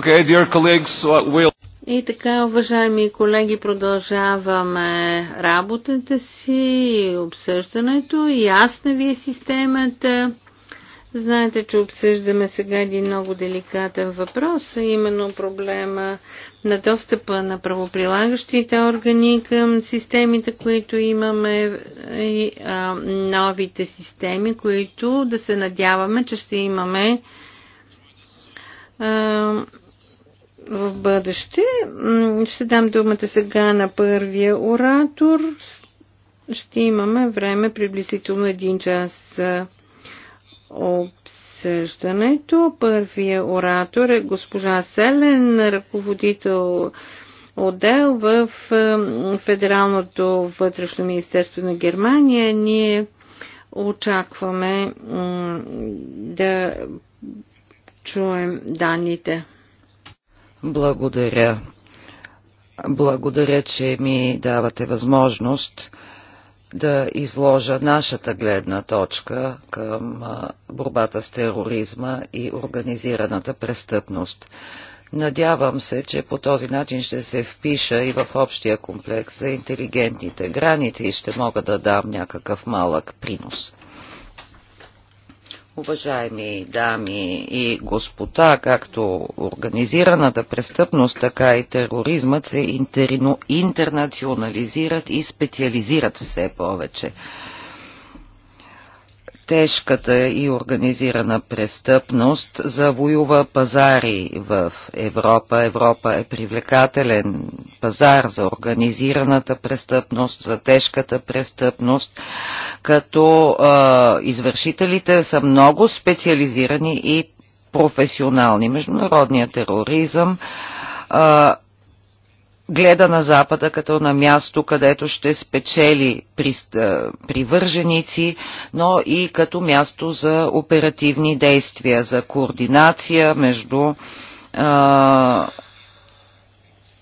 Okay, dear colleagues, we'll... И така, уважаеми колеги, продължаваме работата си, обсъждането. аз на вие системата. Знаете, че обсъждаме сега един много деликатен въпрос, а именно проблема на достъпа на правоприлагащите органи към системите, които имаме и а, новите системи, които да се надяваме, че ще имаме а, в бъдеще. Ще дам думата сега на първия оратор. Ще имаме време приблизително един час за обсъждането. Първия оратор е госпожа Селен, ръководител отдел в Федералното вътрешно министерство на Германия. Ние очакваме да чуем данните. Благодаря. Благодаря, че ми давате възможност да изложа нашата гледна точка към борбата с тероризма и организираната престъпност. Надявам се, че по този начин ще се впиша и в общия комплекс за интелигентните граници и ще мога да дам някакъв малък принос. Уважаеми дами и господа, както организираната престъпност, така и тероризмът се интерно, интернационализират и специализират все повече тежката и организирана престъпност завоюва пазари в Европа. Европа е привлекателен пазар за организираната престъпност, за тежката престъпност, като а, извършителите са много специализирани и професионални. Международният тероризъм а, гледа на Запада като на място, където ще спечели привърженици, но и като място за оперативни действия, за координация между а,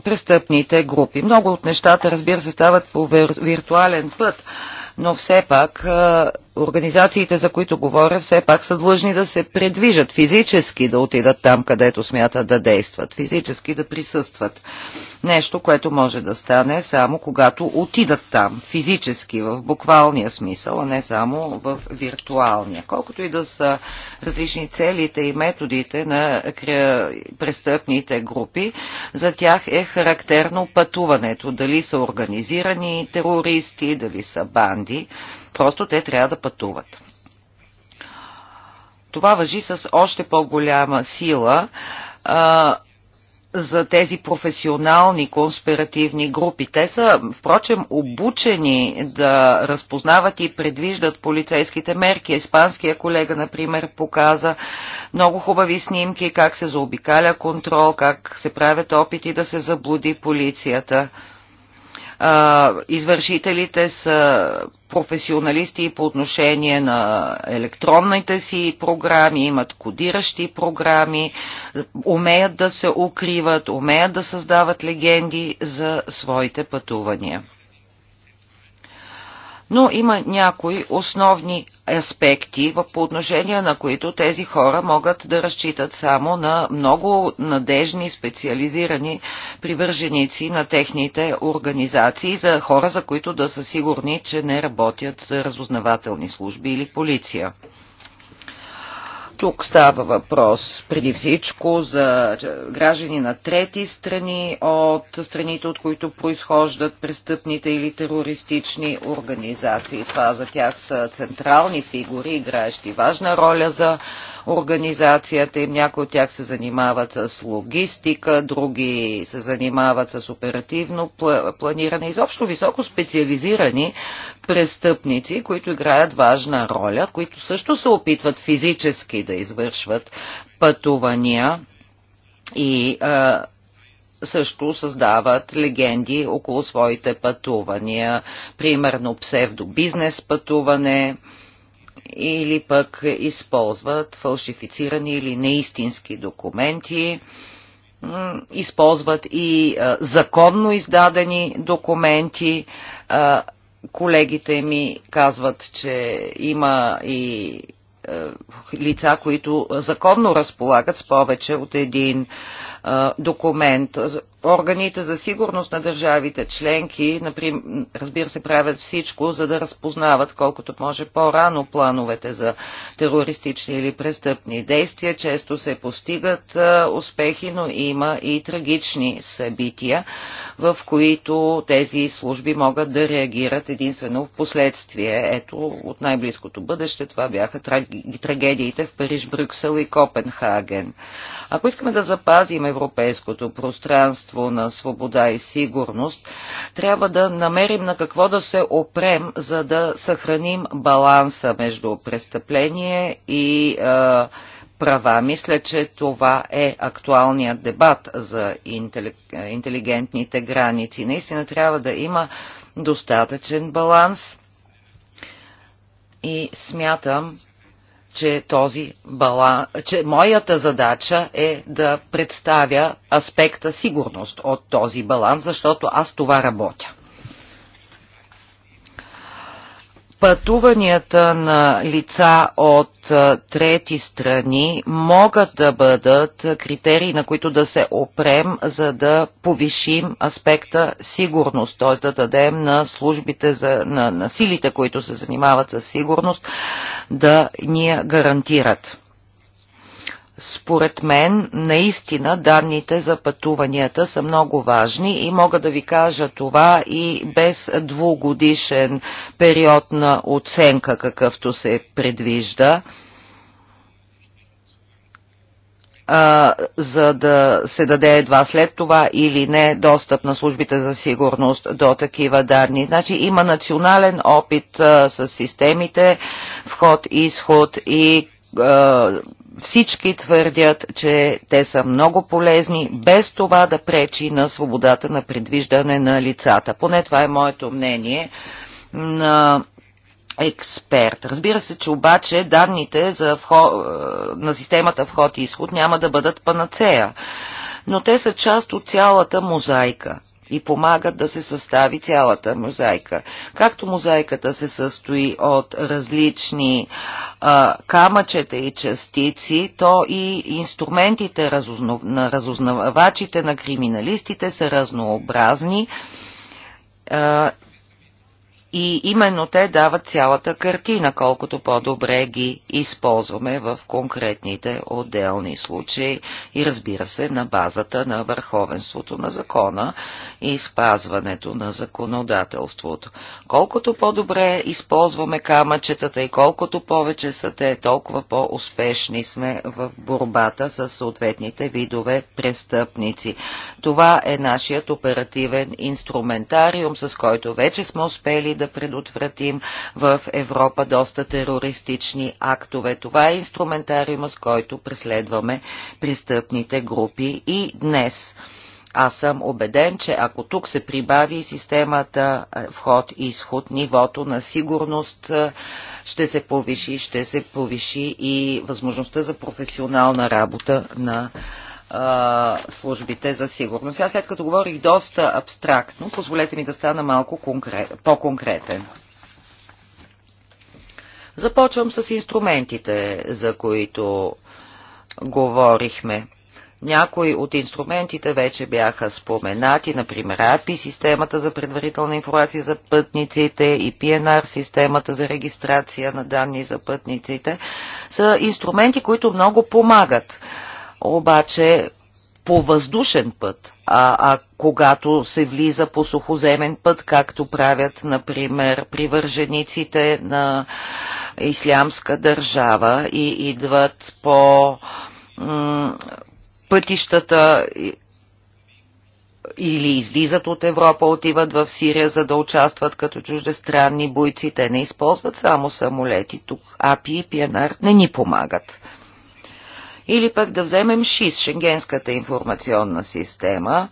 престъпните групи. Много от нещата, разбира се, стават по виртуален път, но все пак а, организациите, за които говоря, все пак са длъжни да се предвижат физически, да отидат там, където смятат да действат, физически да присъстват. Нещо, което може да стане само когато отидат там, физически, в буквалния смисъл, а не само в виртуалния. Колкото и да са различни целите и методите на престъпните групи, за тях е характерно пътуването. Дали са организирани терористи, дали са банди Просто те трябва да пътуват. Това въжи с още по-голяма сила а, за тези професионални конспиративни групи. Те са, впрочем, обучени да разпознават и предвиждат полицейските мерки. Испанския колега, например, показа много хубави снимки, как се заобикаля контрол, как се правят опити да се заблуди полицията а, извършителите са професионалисти по отношение на електронните си програми, имат кодиращи програми, умеят да се укриват, умеят да създават легенди за своите пътувания но има някои основни аспекти, по отношение на които тези хора могат да разчитат само на много надежни, специализирани привърженици на техните организации, за хора, за които да са сигурни, че не работят за разузнавателни служби или полиция. Тук става въпрос преди всичко за граждани на трети страни от страните, от които произхождат престъпните или терористични организации. Това за тях са централни фигури, играещи важна роля за организацията им. Някои от тях се занимават с логистика, други се занимават с оперативно планиране. Изобщо високо специализирани престъпници, които играят важна роля, които също се опитват физически да извършват пътувания и също създават легенди около своите пътувания, примерно псевдобизнес пътуване, или пък използват фалшифицирани или неистински документи, използват и законно издадени документи. Колегите ми казват, че има и лица, които законно разполагат с повече от един документ. Органите за сигурност на държавите членки, например, разбира се, правят всичко, за да разпознават колкото може по-рано плановете за терористични или престъпни действия. Често се постигат успехи, но има и трагични събития, в които тези служби могат да реагират единствено в последствие. Ето, от най-близкото бъдеще това бяха трагедиите в Париж, Брюксел и Копенхаген. Ако искаме да запазим европейското пространство на свобода и сигурност, трябва да намерим на какво да се опрем, за да съхраним баланса между престъпление и е, права. Мисля, че това е актуалният дебат за интелигентните граници. Наистина трябва да има достатъчен баланс и смятам, че, този бала, че моята задача е да представя аспекта сигурност от този баланс, защото аз това работя. пътуванията на лица от трети страни могат да бъдат критерии, на които да се опрем, за да повишим аспекта сигурност, т.е. да дадем на службите, за, на, на силите, които се занимават с сигурност, да ни я гарантират. Според мен, наистина, данните за пътуванията са много важни и мога да ви кажа това и без двугодишен период на оценка, какъвто се предвижда а, за да се даде едва след това или не достъп на службите за сигурност до такива данни. Значи има национален опит а, с системите вход-изход и всички твърдят, че те са много полезни, без това да пречи на свободата на предвиждане на лицата. Поне това е моето мнение на експерт. Разбира се, че обаче данните за вход, на системата вход и изход няма да бъдат панацея, но те са част от цялата мозайка и помагат да се състави цялата мозайка. Както мозайката се състои от различни а, камъчета и частици, то и инструментите разузнав... на разузнавачите, на криминалистите са разнообразни и именно те дават цялата картина, колкото по-добре ги използваме в конкретните отделни случаи и разбира се на базата на върховенството на закона и спазването на законодателството. Колкото по-добре използваме камъчетата и колкото повече са те, толкова по-успешни сме в борбата с съответните видове престъпници. Това е нашият оперативен инструментариум, с който вече сме успели да предотвратим в Европа доста терористични актове. Това е инструментариума, с който преследваме престъпните групи и днес. Аз съм убеден, че ако тук се прибави системата е, вход-изход, и нивото на сигурност е, ще се повиши, ще се повиши и възможността за професионална работа на а, службите за сигурност. Аз след като говорих доста абстрактно, позволете ми да стана малко конкрет, по-конкретен. Започвам с инструментите, за които говорихме. Някои от инструментите вече бяха споменати, например API, системата за предварителна информация за пътниците и PNR, системата за регистрация на данни за пътниците, са инструменти, които много помагат обаче по въздушен път, а, а когато се влиза по сухоземен път, както правят, например, привържениците на ислямска държава и идват по пътищата или излизат от Европа, отиват в Сирия, за да участват като чуждестранни бойци. Те не използват само самолети. Тук АПИ и ПНР не ни помагат. Или пък да вземем ШИС, Шенгенската информационна система.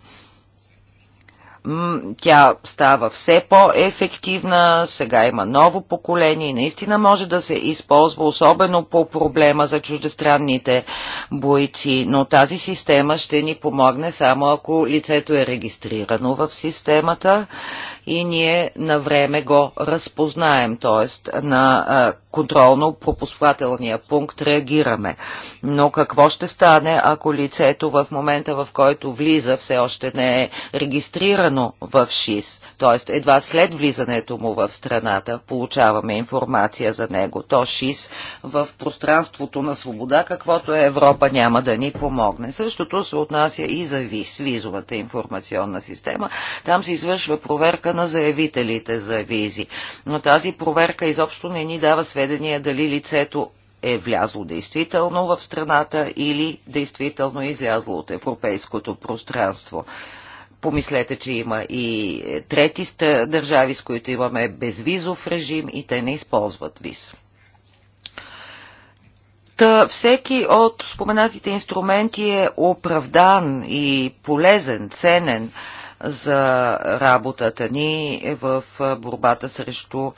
Тя става все по-ефективна, сега има ново поколение и наистина може да се използва, особено по проблема за чуждестранните бойци, но тази система ще ни помогне само ако лицето е регистрирано в системата и ние на време го разпознаем, т.е. на контролно-пропускателния пункт реагираме. Но какво ще стане, ако лицето в момента, в който влиза, все още не е регистрирано в ШИС, т.е. едва след влизането му в страната получаваме информация за него, то ШИС в пространството на свобода, каквото е Европа, няма да ни помогне. Същото се отнася и за ВИС, визовата информационна система. Там се извършва проверка на заявителите за визи. Но тази проверка изобщо не ни дава сведения дали лицето е влязло действително в страната или действително излязло от европейското пространство. Помислете, че има и е, трети държави, с които имаме безвизов режим и те не използват виз. Та всеки от споменатите инструменти е оправдан и полезен, ценен за работата ни в борбата срещу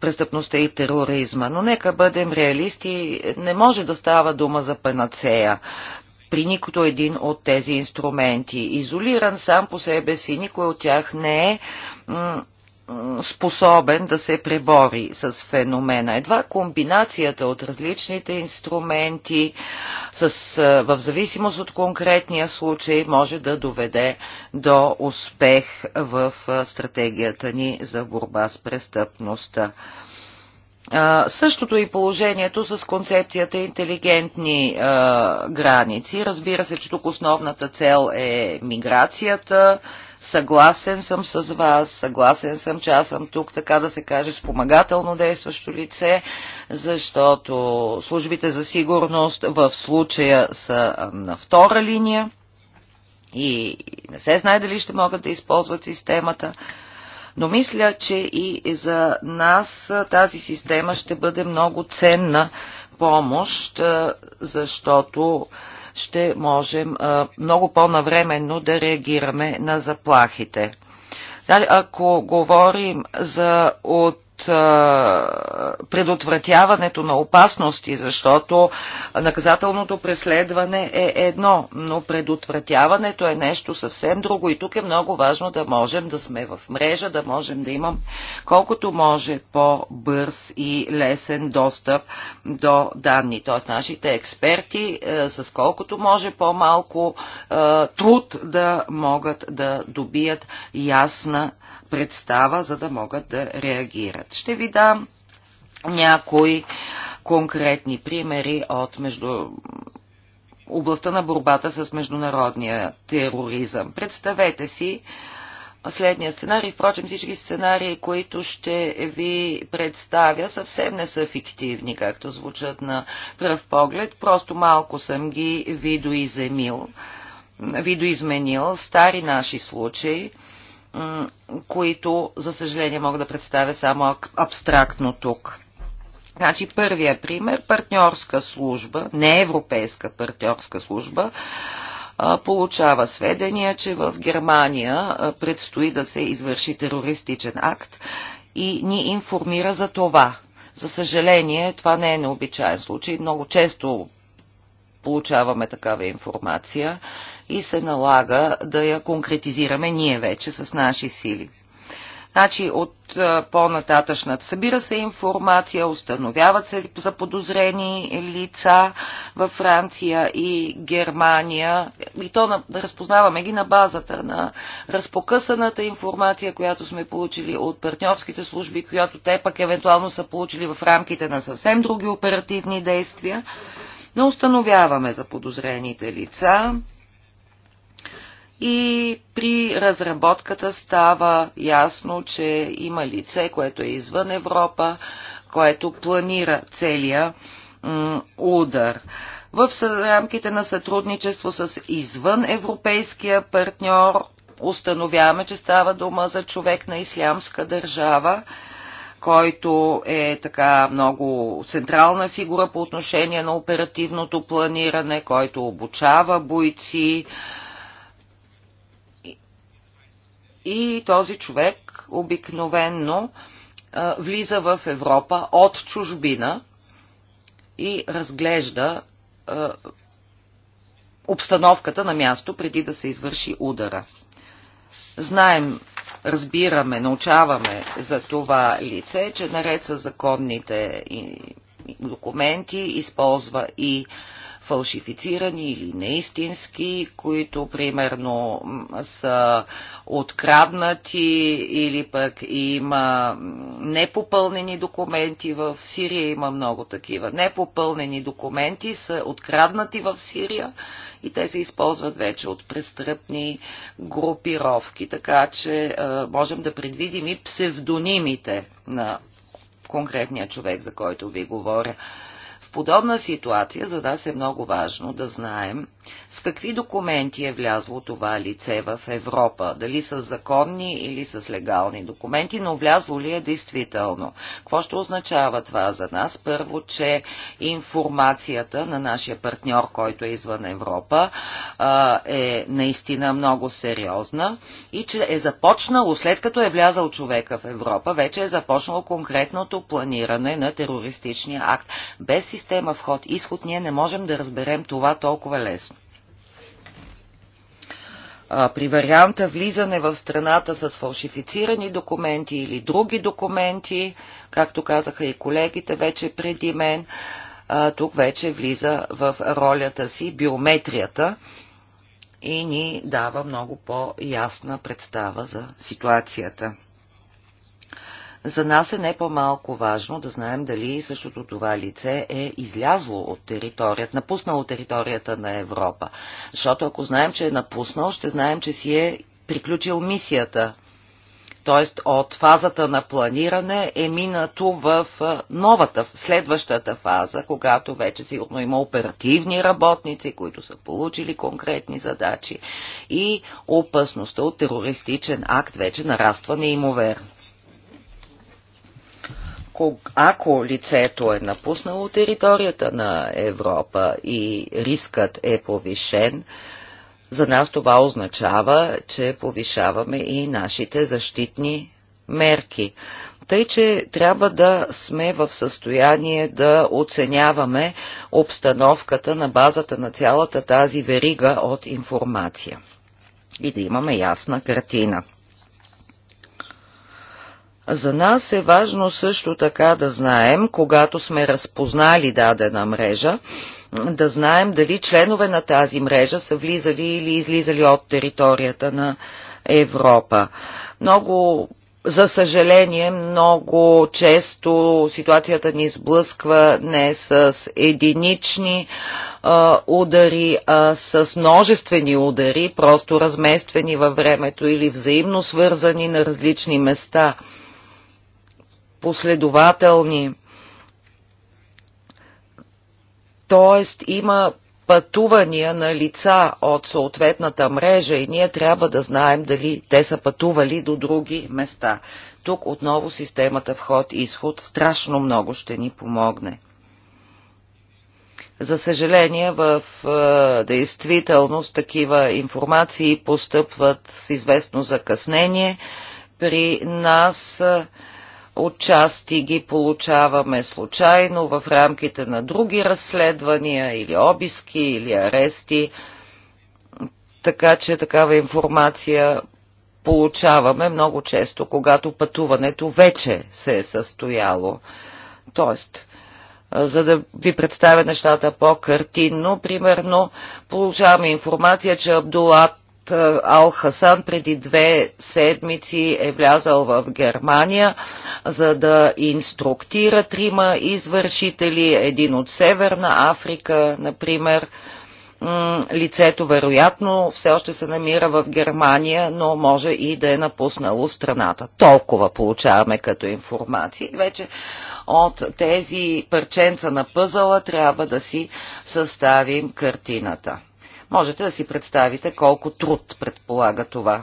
престъпността и тероризма. Но нека бъдем реалисти, не може да става дума за панацея при никото един от тези инструменти. Изолиран сам по себе си, никой от тях не е способен да се пребори с феномена. Едва комбинацията от различните инструменти с, в зависимост от конкретния случай може да доведе до успех в стратегията ни за борба с престъпността. Същото и положението с концепцията интелигентни а, граници. Разбира се, че тук основната цел е миграцията. Съгласен съм с вас, съгласен съм, че аз съм тук, така да се каже, спомагателно действащо лице, защото службите за сигурност в случая са на втора линия и не се знае дали ще могат да използват системата. Но мисля, че и за нас тази система ще бъде много ценна помощ, защото ще можем много по-навременно да реагираме на заплахите. Нали, ако говорим за от предотвратяването на опасности, защото наказателното преследване е едно, но предотвратяването е нещо съвсем друго и тук е много важно да можем да сме в мрежа, да можем да имам колкото може по-бърз и лесен достъп до данни. Т.е. нашите експерти е, с колкото може по-малко е, труд да могат да добият ясна представа, за да могат да реагират. Ще ви дам някои конкретни примери от между областта на борбата с международния тероризъм. Представете си следния сценарий. Впрочем, всички сценарии, които ще ви представя, съвсем не са фиктивни, както звучат на пръв поглед. Просто малко съм ги видоиземил, видоизменил. Стари наши случаи които, за съжаление, мога да представя само абстрактно тук. Значи първия пример, партньорска служба, не европейска партньорска служба, получава сведения, че в Германия предстои да се извърши терористичен акт и ни информира за това. За съжаление, това не е необичайен случай. Много често получаваме такава информация и се налага да я конкретизираме ние вече с наши сили. Значи от по-нататъчната събира се информация, установяват се заподозрени лица във Франция и Германия и то да разпознаваме ги на базата на разпокъсаната информация, която сме получили от партньорските служби, която те пък евентуално са получили в рамките на съвсем други оперативни действия. Но установяваме заподозрените лица, и при разработката става ясно, че има лице, което е извън Европа, което планира целия удар. В рамките на сътрудничество с извън европейския партньор установяваме, че става дума за човек на ислямска държава, който е така много централна фигура по отношение на оперативното планиране, който обучава бойци, и този човек обикновенно влиза в Европа от чужбина и разглежда обстановката на място преди да се извърши удара. Знаем, разбираме, научаваме за това лице, че наред с законните документи използва и фалшифицирани или неистински, които примерно са откраднати или пък има непопълнени документи в Сирия, има много такива. Непопълнени документи са откраднати в Сирия и те се използват вече от престъпни групировки, така че е, можем да предвидим и псевдонимите на конкретния човек, за който ви говоря подобна ситуация за нас е много важно да знаем с какви документи е влязло това лице в Европа, дали с законни или с легални документи, но влязло ли е действително. Какво ще означава това за нас? Първо, че информацията на нашия партньор, който е извън Европа, е наистина много сериозна и че е започнало, след като е влязал човека в Европа, вече е започнало конкретното планиране на терористичния акт. Без система вход-изход, ние не можем да разберем това толкова лесно. При варианта влизане в страната с фалшифицирани документи или други документи, както казаха и колегите вече преди мен, тук вече влиза в ролята си биометрията и ни дава много по-ясна представа за ситуацията. За нас е не по-малко важно да знаем дали същото това лице е излязло от територията, напуснало територията на Европа. Защото ако знаем, че е напуснал, ще знаем, че си е приключил мисията. Тоест от фазата на планиране е минато в новата, в следващата фаза, когато вече сигурно има оперативни работници, които са получили конкретни задачи и опасността от терористичен акт вече нараства неимоверно ако лицето е напуснало територията на Европа и рискът е повишен, за нас това означава, че повишаваме и нашите защитни мерки. Тъй, че трябва да сме в състояние да оценяваме обстановката на базата на цялата тази верига от информация и да имаме ясна картина. За нас е важно също така да знаем, когато сме разпознали дадена мрежа, да знаем дали членове на тази мрежа са влизали или излизали от територията на Европа. Много за съжаление, много често ситуацията ни сблъсква не с единични а, удари, а с множествени удари, просто разместени във времето или взаимно свързани на различни места – последователни. Тоест има пътувания на лица от съответната мрежа и ние трябва да знаем дали те са пътували до други места. Тук отново системата вход-изход страшно много ще ни помогне. За съжаление, в е, действителност такива информации постъпват с известно закъснение. При нас е, отчасти ги получаваме случайно в рамките на други разследвания или обиски или арести, така че такава информация получаваме много често, когато пътуването вече се е състояло. Тоест, за да ви представя нещата по-картинно. Примерно, получаваме информация, че Абдулат Ал Хасан преди две седмици е влязал в Германия, за да инструктира трима извършители, един от Северна Африка, например. Лицето вероятно все още се намира в Германия, но може и да е напуснало страната. Толкова получаваме като информация. Вече от тези парченца на пъзала трябва да си съставим картината. Можете да си представите колко труд предполага това.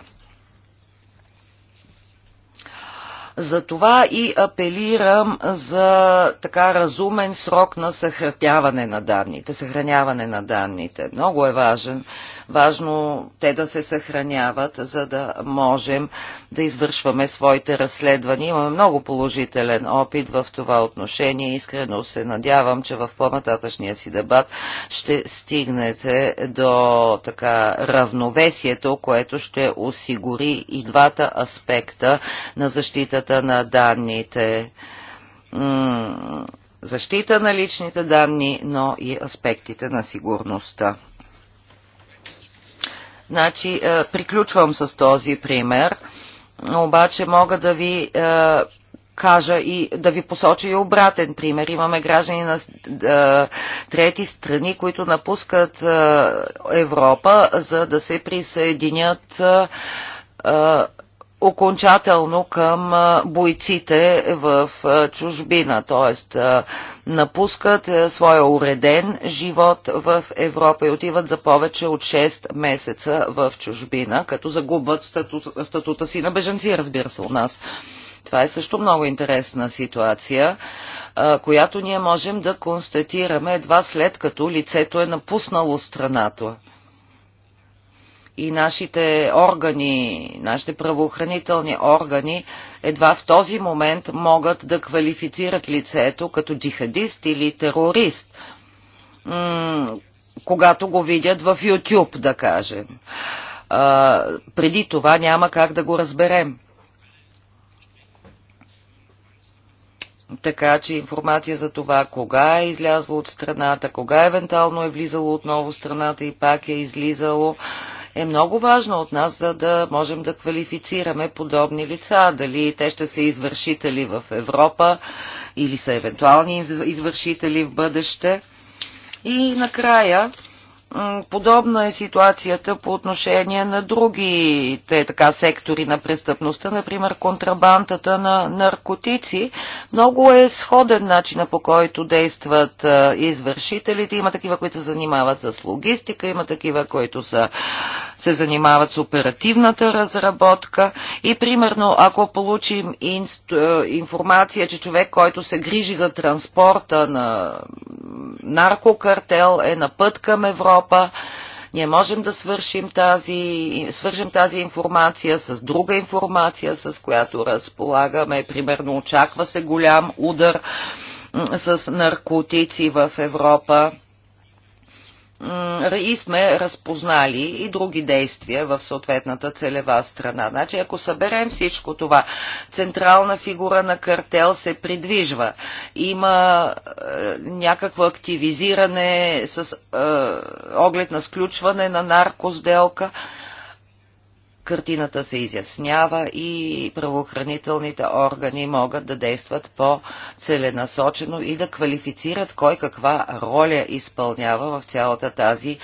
Затова и апелирам за така разумен срок на съхраняване на данните. Съхраняване на данните. Много е важен Важно те да се съхраняват, за да можем да извършваме своите разследвания. Имаме много положителен опит в това отношение. Искрено се надявам, че в по-нататъчния си дебат ще стигнете до така равновесието, което ще осигури и двата аспекта на защитата на данните защита на личните данни, но и аспектите на сигурността. Значи, е, приключвам с този пример, обаче мога да ви е, кажа и да ви посоча и обратен пример. Имаме граждани на е, трети страни, които напускат Европа, за да се присъединят окончателно към бойците в чужбина, т.е. напускат своя уреден живот в Европа и отиват за повече от 6 месеца в чужбина, като загубват статута, статута си на бежанци, разбира се, у нас. Това е също много интересна ситуация, която ние можем да констатираме едва след като лицето е напуснало страната и нашите органи, нашите правоохранителни органи едва в този момент могат да квалифицират лицето като джихадист или терорист, когато го видят в YouTube, да кажем. А, преди това няма как да го разберем. така че информация за това кога е излязло от страната, кога евентуално е влизало отново в страната и пак е излизало, е много важно от нас, за да можем да квалифицираме подобни лица. Дали те ще са извършители в Европа или са евентуални извършители в бъдеще. И накрая Подобна е ситуацията по отношение на другите така, сектори на престъпността, например контрабандата на наркотици. Много е сходен начина по който действат извършителите. Има такива, които се занимават с логистика, има такива, които са, се занимават с оперативната разработка. И примерно, ако получим инст, информация, че човек, който се грижи за транспорта на наркокартел е на път към Европа, Европа. Ние можем да свършим тази, свържем тази информация с друга информация, с която разполагаме. Примерно очаква се голям удар с наркотици в Европа и сме разпознали и други действия в съответната целева страна. Значи, ако съберем всичко това, централна фигура на картел се придвижва, има е, някакво активизиране с е, оглед на сключване на наркосделка, картината се изяснява и правоохранителните органи могат да действат по-целенасочено и да квалифицират кой каква роля изпълнява в цялата тази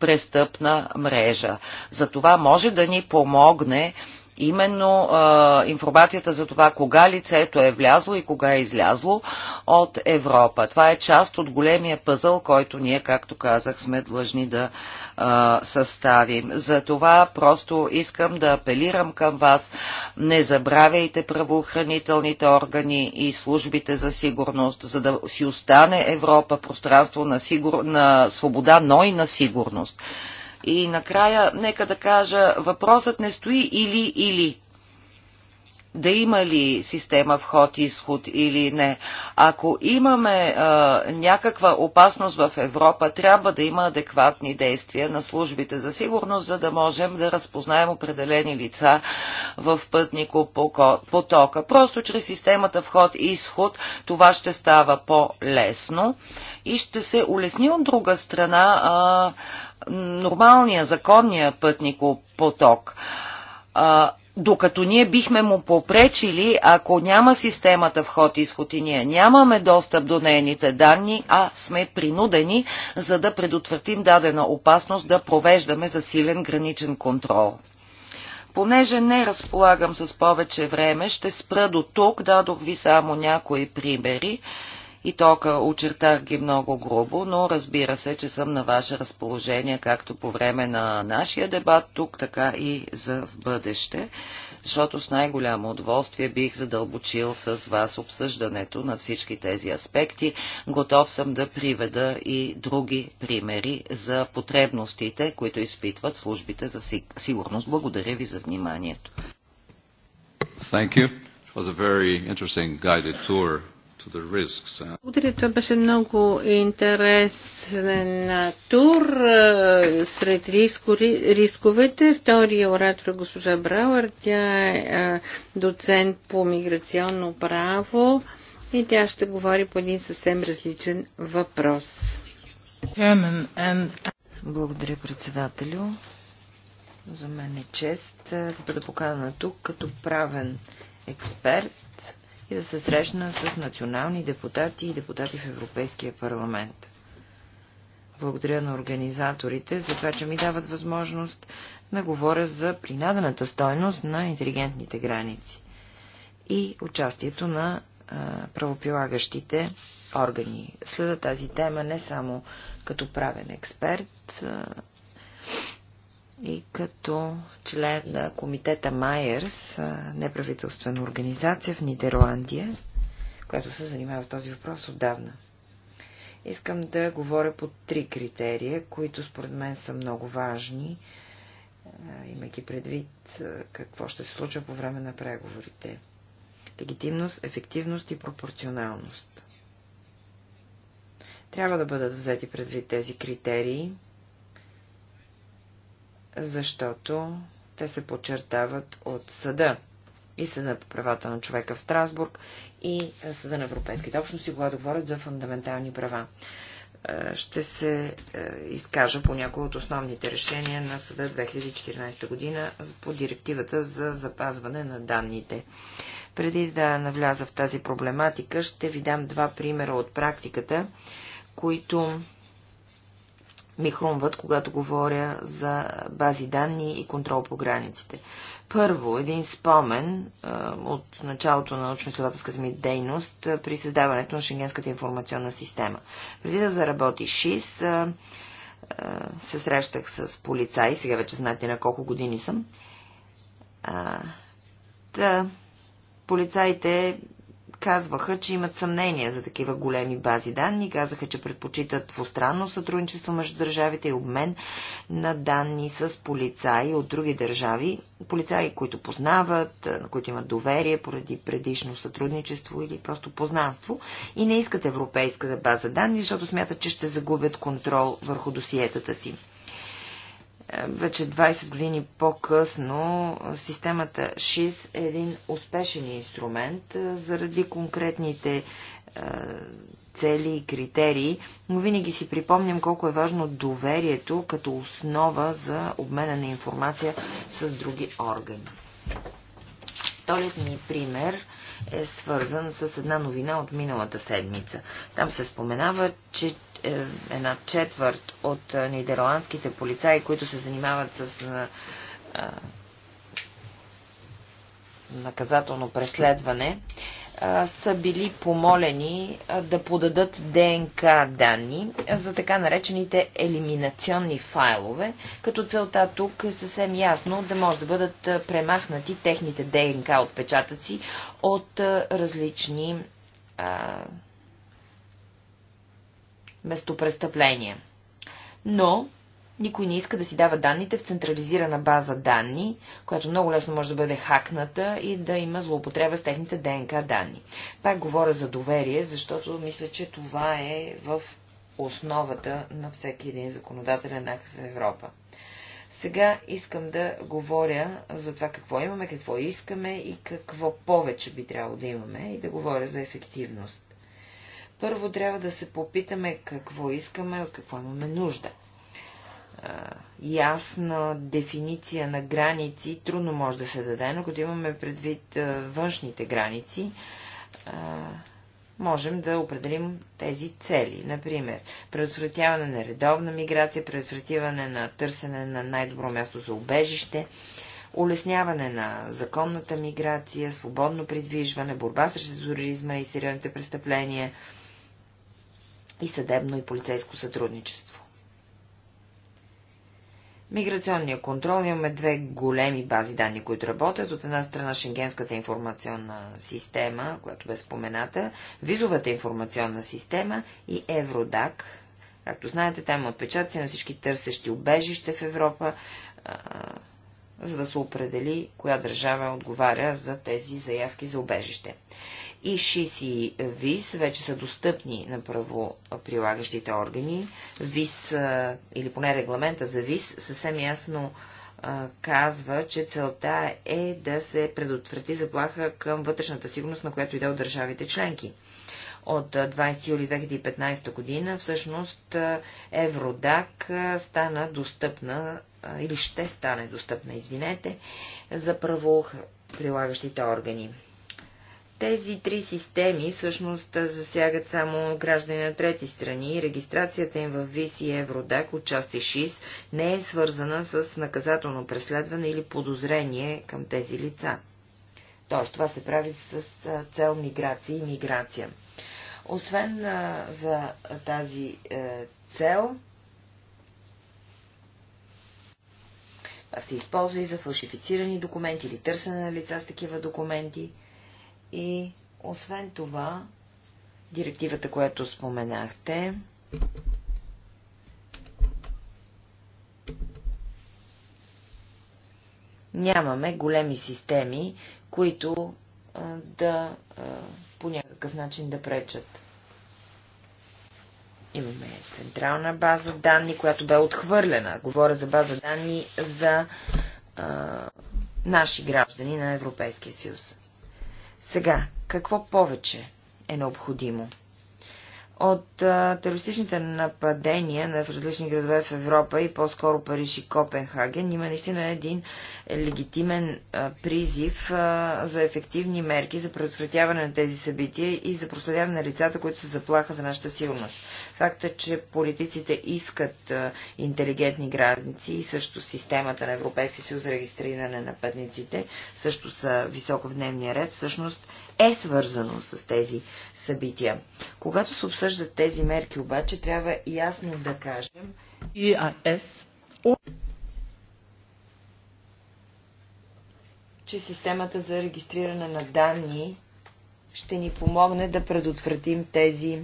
престъпна мрежа. За това може да ни помогне именно а, информацията за това кога лицето е влязло и кога е излязло от Европа. Това е част от големия пъзъл, който ние, както казах, сме длъжни да а, съставим. За това просто искам да апелирам към вас. Не забравяйте правоохранителните органи и службите за сигурност, за да си остане Европа пространство на, сигур... на свобода, но и на сигурност. И накрая, нека да кажа, въпросът не стои или-или да има ли система вход-изход или не. Ако имаме а, някаква опасност в Европа, трябва да има адекватни действия на службите за сигурност, за да можем да разпознаем определени лица в пътнико потока. Просто чрез системата вход-изход това ще става по-лесно и ще се улесни от друга страна а, нормалния, законния пътнико поток. А, докато ние бихме му попречили, ако няма системата вход и изход и ние нямаме достъп до нейните данни, а сме принудени, за да предотвратим дадена опасност да провеждаме засилен граничен контрол. Понеже не разполагам с повече време, ще спра до тук, дадох ви само някои примери и тока очертах ги много грубо, но разбира се, че съм на ваше разположение както по време на нашия дебат тук, така и за в бъдеще, защото с най-голямо удоволствие бих задълбочил с вас обсъждането на всички тези аспекти. Готов съм да приведа и други примери за потребностите, които изпитват службите за сигурност. Благодаря ви за вниманието. Thank you. It was a very interesting guided tour Eh? Благодаря, това беше много интересен тур сред рисковете. Втория оратор е госпожа Брауър. Тя е доцент по миграционно право и тя ще говори по един съвсем различен въпрос. Благодаря, председателю. За мен е чест да бъда поканена тук като правен експерт и да се срещна с национални депутати и депутати в Европейския парламент. Благодаря на организаторите за това, че ми дават възможност да говоря за принадената стойност на интелигентните граници и участието на а, правоприлагащите органи. Следа тази тема не само като правен експерт, а, и като член на комитета Майерс, неправителствена организация в Нидерландия, която се занимава с този въпрос отдавна. Искам да говоря по три критерия, които според мен са много важни, имайки предвид какво ще се случва по време на преговорите. Легитимност, ефективност и пропорционалност. Трябва да бъдат взети предвид тези критерии – защото те се подчертават от съда и Съда по правата на човека в Страсбург и Съда на Европейските общности, когато говорят за фундаментални права. Е, ще се е, изкажа по някои от основните решения на Съда 2014 година по директивата за запазване на данните. Преди да навляза в тази проблематика, ще ви дам два примера от практиката, които ми хрумват, когато говоря за бази данни и контрол по границите. Първо, един спомен от началото на научно-изследователската ми дейност при създаването на Шенгенската информационна система. Преди да заработи ШИС, се срещах с полицаи, сега вече знаете на колко години съм. Та, полицаите казваха, че имат съмнения за такива големи бази данни, казаха, че предпочитат двустранно сътрудничество между държавите и обмен на данни с полицаи от други държави, полицаи, които познават, на които имат доверие поради предишно сътрудничество или просто познанство и не искат европейската база данни, защото смятат, че ще загубят контрол върху досиетата си вече 20 години по-късно системата ШИС е един успешен инструмент заради конкретните цели и критерии, но винаги си припомням колко е важно доверието като основа за обмена на информация с други органи. Вторият ми пример е свързан с една новина от миналата седмица. Там се споменава, че е, една четвърт от е, нидерландските полицаи, които се занимават с е, наказателно преследване, са били помолени да подадат ДНК данни за така наречените елиминационни файлове, като целта тук е съвсем ясно да може да бъдат премахнати техните ДНК отпечатъци от различни местопрестъпления. Но никой не иска да си дава данните в централизирана база данни, която много лесно може да бъде хакната и да има злоупотреба с техните ДНК данни. Пак говоря за доверие, защото мисля, че това е в основата на всеки един законодателен акт в Европа. Сега искам да говоря за това какво имаме, какво искаме и какво повече би трябвало да имаме и да говоря за ефективност. Първо трябва да се попитаме какво искаме, от какво имаме нужда. Ясна дефиниция на граници трудно може да се даде, но като имаме предвид външните граници, можем да определим тези цели. Например, предотвратяване на редовна миграция, предотвратяване на търсене на най-добро място за убежище, улесняване на законната миграция, свободно придвижване, борба срещу туризма и сериозните престъпления – и съдебно и полицейско сътрудничество. Миграционния контрол имаме две големи бази данни, които работят. От една страна Шенгенската информационна система, която бе спомената, визовата информационна система и Евродак. Както знаете, там има отпечатъци на всички търсещи убежище в Европа, а, за да се определи коя държава отговаря за тези заявки за убежище и ШИС и ВИС вече са достъпни на правоприлагащите органи. ВИС или поне регламента за ВИС съвсем ясно казва, че целта е да се предотврати заплаха към вътрешната сигурност, на която иде от държавите членки. От 20 юли 2015 година всъщност Евродак стана достъпна или ще стане достъпна, извинете, за правоприлагащите органи. Тези три системи всъщност засягат само граждани на трети страни и регистрацията им в ВИС и Евродак от части 6 не е свързана с наказателно преследване или подозрение към тези лица. Тоест, това се прави с цел миграция и миграция. Освен за тази е, цел, се използва и за фалшифицирани документи или търсене на лица с такива документи – и освен това, директивата, която споменахте, нямаме големи системи, които а, да а, по някакъв начин да пречат. Имаме централна база данни, която бе отхвърлена. Говоря за база данни за а, наши граждани на Европейския съюз. Сега, какво повече е необходимо? от а, терористичните нападения на в различни градове в Европа и по-скоро Париж и Копенхаген има наистина един легитимен а, призив а, за ефективни мерки за предотвратяване на тези събития и за проследяване на лицата, които се заплаха за нашата сигурност. Факта, е, че политиците искат а, интелигентни граници и също системата на Европейския съюз за регистриране на пътниците също са високо в дневния ред, всъщност е свързано с тези събития. Когато се обсъждат тези мерки, обаче, трябва ясно да кажем. ИАС. Че системата за регистриране на данни ще ни помогне да предотвратим тези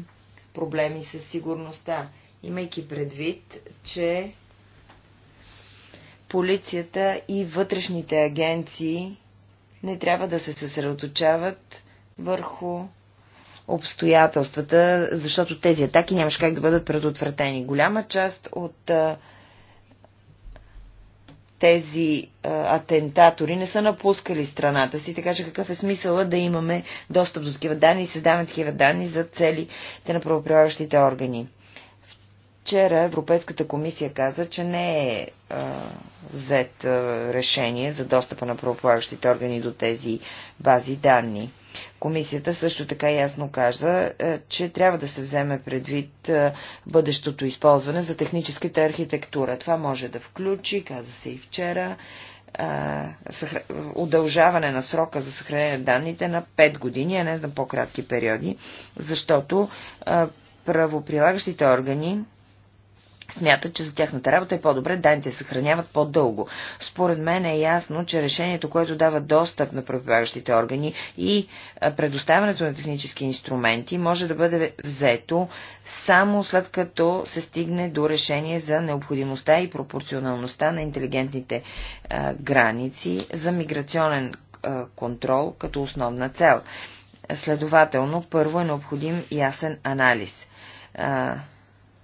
проблеми с сигурността, имайки предвид, че полицията и вътрешните агенции не трябва да се съсредоточават върху обстоятелствата, защото тези атаки нямаше как да бъдат предотвратени. Голяма част от а, тези а, атентатори не са напускали страната си, така че какъв е смисълът да имаме достъп до такива данни и създаваме такива данни за целите на правоприлагащите органи. Вчера Европейската комисия каза, че не е взет решение за достъпа на правополагащите органи до тези бази данни. Комисията също така ясно каза, че трябва да се вземе предвид бъдещото използване за техническата архитектура. Това може да включи, каза се и вчера, удължаване на срока за съхранение на данните на 5 години, а не за по-кратки периоди, защото правоприлагащите органи смятат, че за тяхната работа е по-добре данните съхраняват по-дълго. Според мен е ясно, че решението, което дава достъп на правоприлагащите органи и предоставянето на технически инструменти може да бъде взето само след като се стигне до решение за необходимостта и пропорционалността на интелигентните а, граници за миграционен а, контрол като основна цел. Следователно, първо е необходим ясен анализ. А,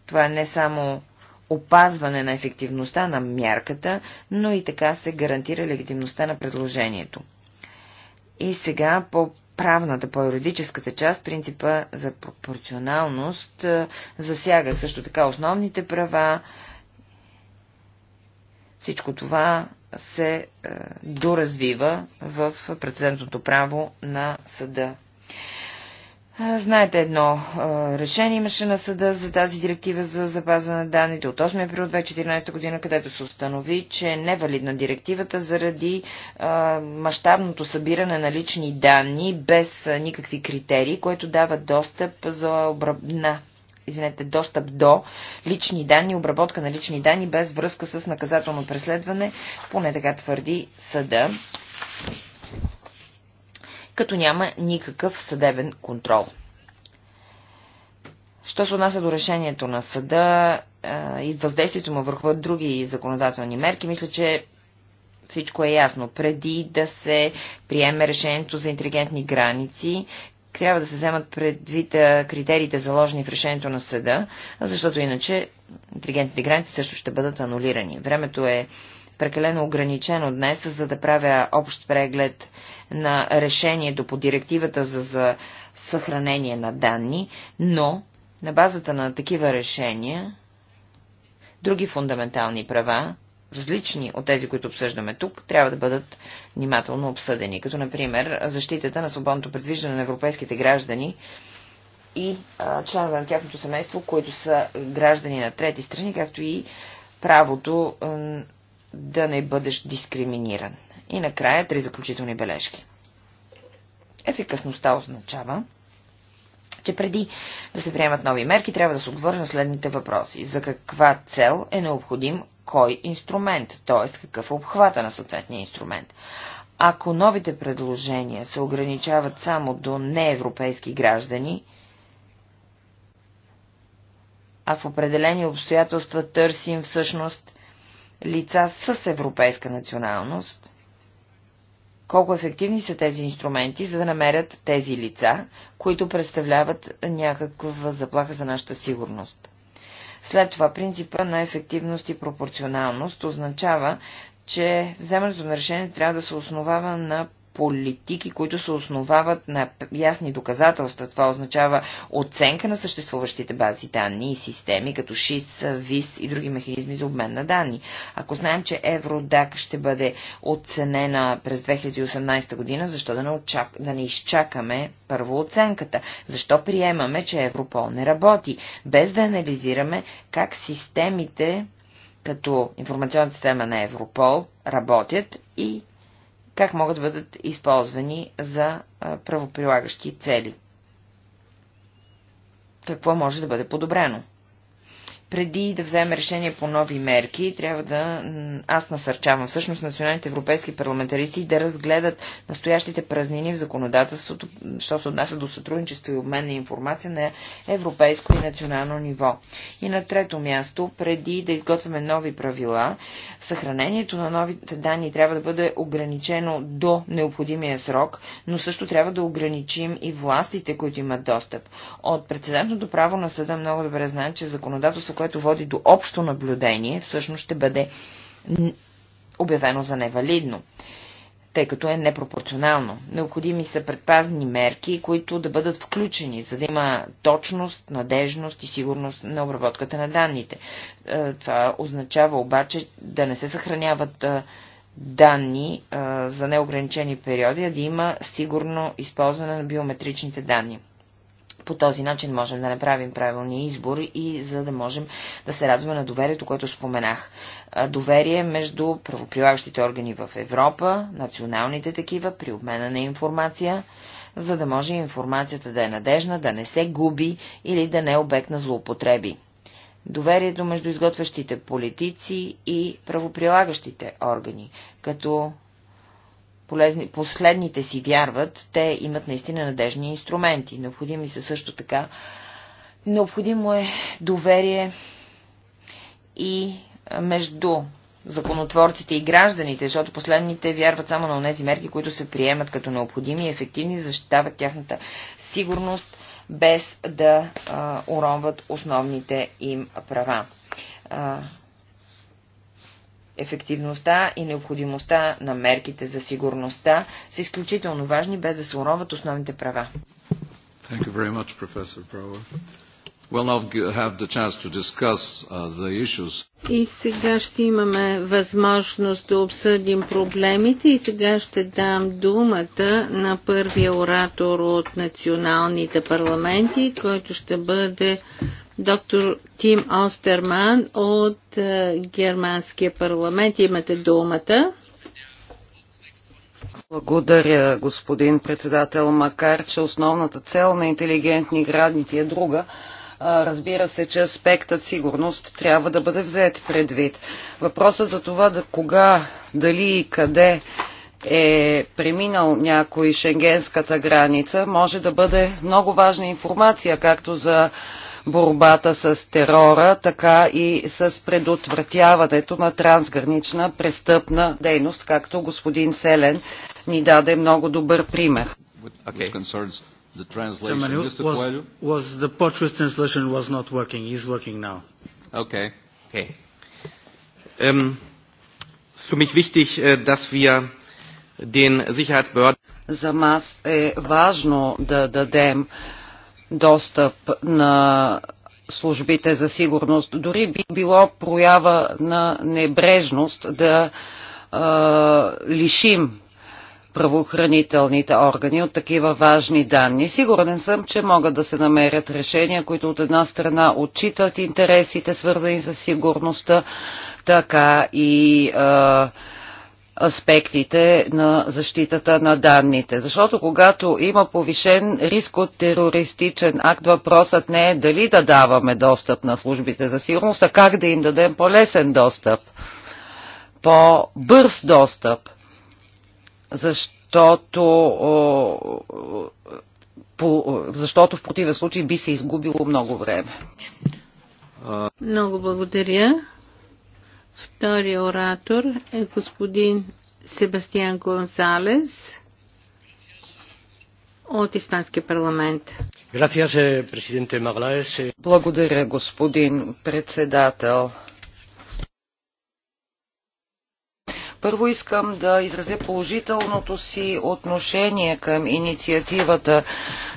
това е не само опазване на ефективността на мярката, но и така се гарантира легитимността на предложението. И сега по правната, по юридическата част, принципа за пропорционалност е, засяга също така основните права. Всичко това се е, доразвива в прецедентното право на съда. Знаете едно решение имаше на съда за тази директива за запазване на данните от 8 април 2014 година, където се установи, че е невалидна директивата заради мащабното събиране на лични данни без никакви критерии, което дава достъп за обрабна извинете, достъп до лични данни, обработка на лични данни без връзка с наказателно преследване, поне така твърди съда като няма никакъв съдебен контрол. Що се отнася до решението на съда и въздействието му върху други законодателни мерки, мисля, че всичко е ясно. Преди да се приеме решението за интелигентни граници, трябва да се вземат предвид критериите заложени в решението на съда, защото иначе интелигентните граници също ще бъдат анулирани. Времето е прекалено ограничено днес, за да правя общ преглед на решението по директивата за, за съхранение на данни, но на базата на такива решения, други фундаментални права, различни от тези, които обсъждаме тук, трябва да бъдат внимателно обсъдени, като например защитата на свободното предвиждане на европейските граждани и членове на тяхното семейство, които са граждани на трети страни, както и правото да не бъдеш дискриминиран. И накрая три заключителни бележки. Ефикасността означава, че преди да се приемат нови мерки, трябва да се отговори на следните въпроси. За каква цел е необходим кой инструмент, т.е. какъв е обхвата на съответния инструмент. Ако новите предложения се ограничават само до неевропейски граждани, а в определени обстоятелства търсим всъщност лица с европейска националност, колко ефективни са тези инструменти, за да намерят тези лица, които представляват някаква заплаха за нашата сигурност. След това принципа на ефективност и пропорционалност означава, че вземането на решение трябва да се основава на политики, които се основават на ясни доказателства. Това означава оценка на съществуващите бази данни и системи, като ШИС, ВИС и други механизми за обмен на данни. Ако знаем, че Евродак ще бъде оценена през 2018 година, защо да не, очак... да не изчакаме първо оценката? Защо приемаме, че Европол не работи, без да анализираме как системите като информационната система на Европол работят и как могат да бъдат използвани за правоприлагащи цели. Какво може да бъде подобрено? преди да вземем решение по нови мерки, трябва да... Аз насърчавам всъщност националните европейски парламентаристи да разгледат настоящите празнини в законодателството, що се отнася до сътрудничество и обмен на информация на европейско и национално ниво. И на трето място, преди да изготвяме нови правила, съхранението на новите данни трябва да бъде ограничено до необходимия срок, но също трябва да ограничим и властите, които имат достъп. От прецедентното право на съда много добре знаем, че законодателство което води до общо наблюдение, всъщност ще бъде обявено за невалидно, тъй като е непропорционално. Необходими са предпазни мерки, които да бъдат включени, за да има точност, надежност и сигурност на обработката на данните. Е, това означава обаче да не се съхраняват е, данни е, за неограничени периоди, а да има сигурно използване на биометричните данни. По този начин можем да направим правилния избор и за да можем да се радваме на доверието, което споменах. Доверие между правоприлагащите органи в Европа, националните такива, при обмена на информация, за да може информацията да е надежна, да не се губи или да не е обект на злоупотреби. Доверието между изготвящите политици и правоприлагащите органи, като полезни, последните си вярват, те имат наистина надежни инструменти. Необходими са също така. Необходимо е доверие и между законотворците и гражданите, защото последните вярват само на тези мерки, които се приемат като необходими и ефективни, защитават тяхната сигурност, без да а, уронват основните им права. А, Ефективността и необходимостта на мерките за сигурността са изключително важни, без да се уронват основните права. Thank you very much, Professor Brower. We'll now have the chance to discuss uh, the issues. И сега ще имаме възможност да обсъдим проблемите и сега ще дам думата на първия оратор от националните парламенти, който ще бъде доктор Тим Остерман от е, Германския парламент. Имате думата. Благодаря, господин председател, макар че основната цел на интелигентни градници е друга. Разбира се, че аспектът сигурност трябва да бъде взет предвид. Въпросът за това да кога, дали и къде е преминал някой шенгенската граница, може да бъде много важна информация, както за борбата с терора, така и с предотвратяването на трансгранична престъпна дейност, както господин Селен ни даде много добър пример. За нас е важно да дадем достъп на службите за сигурност. Дори би било проява на небрежност да а, лишим правоохранителните органи от такива важни данни. Сигурен съм, че могат да се намерят решения, които от една страна отчитат интересите, свързани с сигурността, така и а, аспектите на защитата на данните. Защото когато има повишен риск от терористичен акт, въпросът не е дали да даваме достъп на службите за сигурност, а как да им дадем по-лесен достъп, по-бърз достъп. Защото, защото в противен случай би се изгубило много време. Много благодаря. Втория оратор е господин Себастиан Гонзалес от Испанския парламент. Eh, Благодаря, господин председател. Първо искам да изразя положителното си отношение към инициативата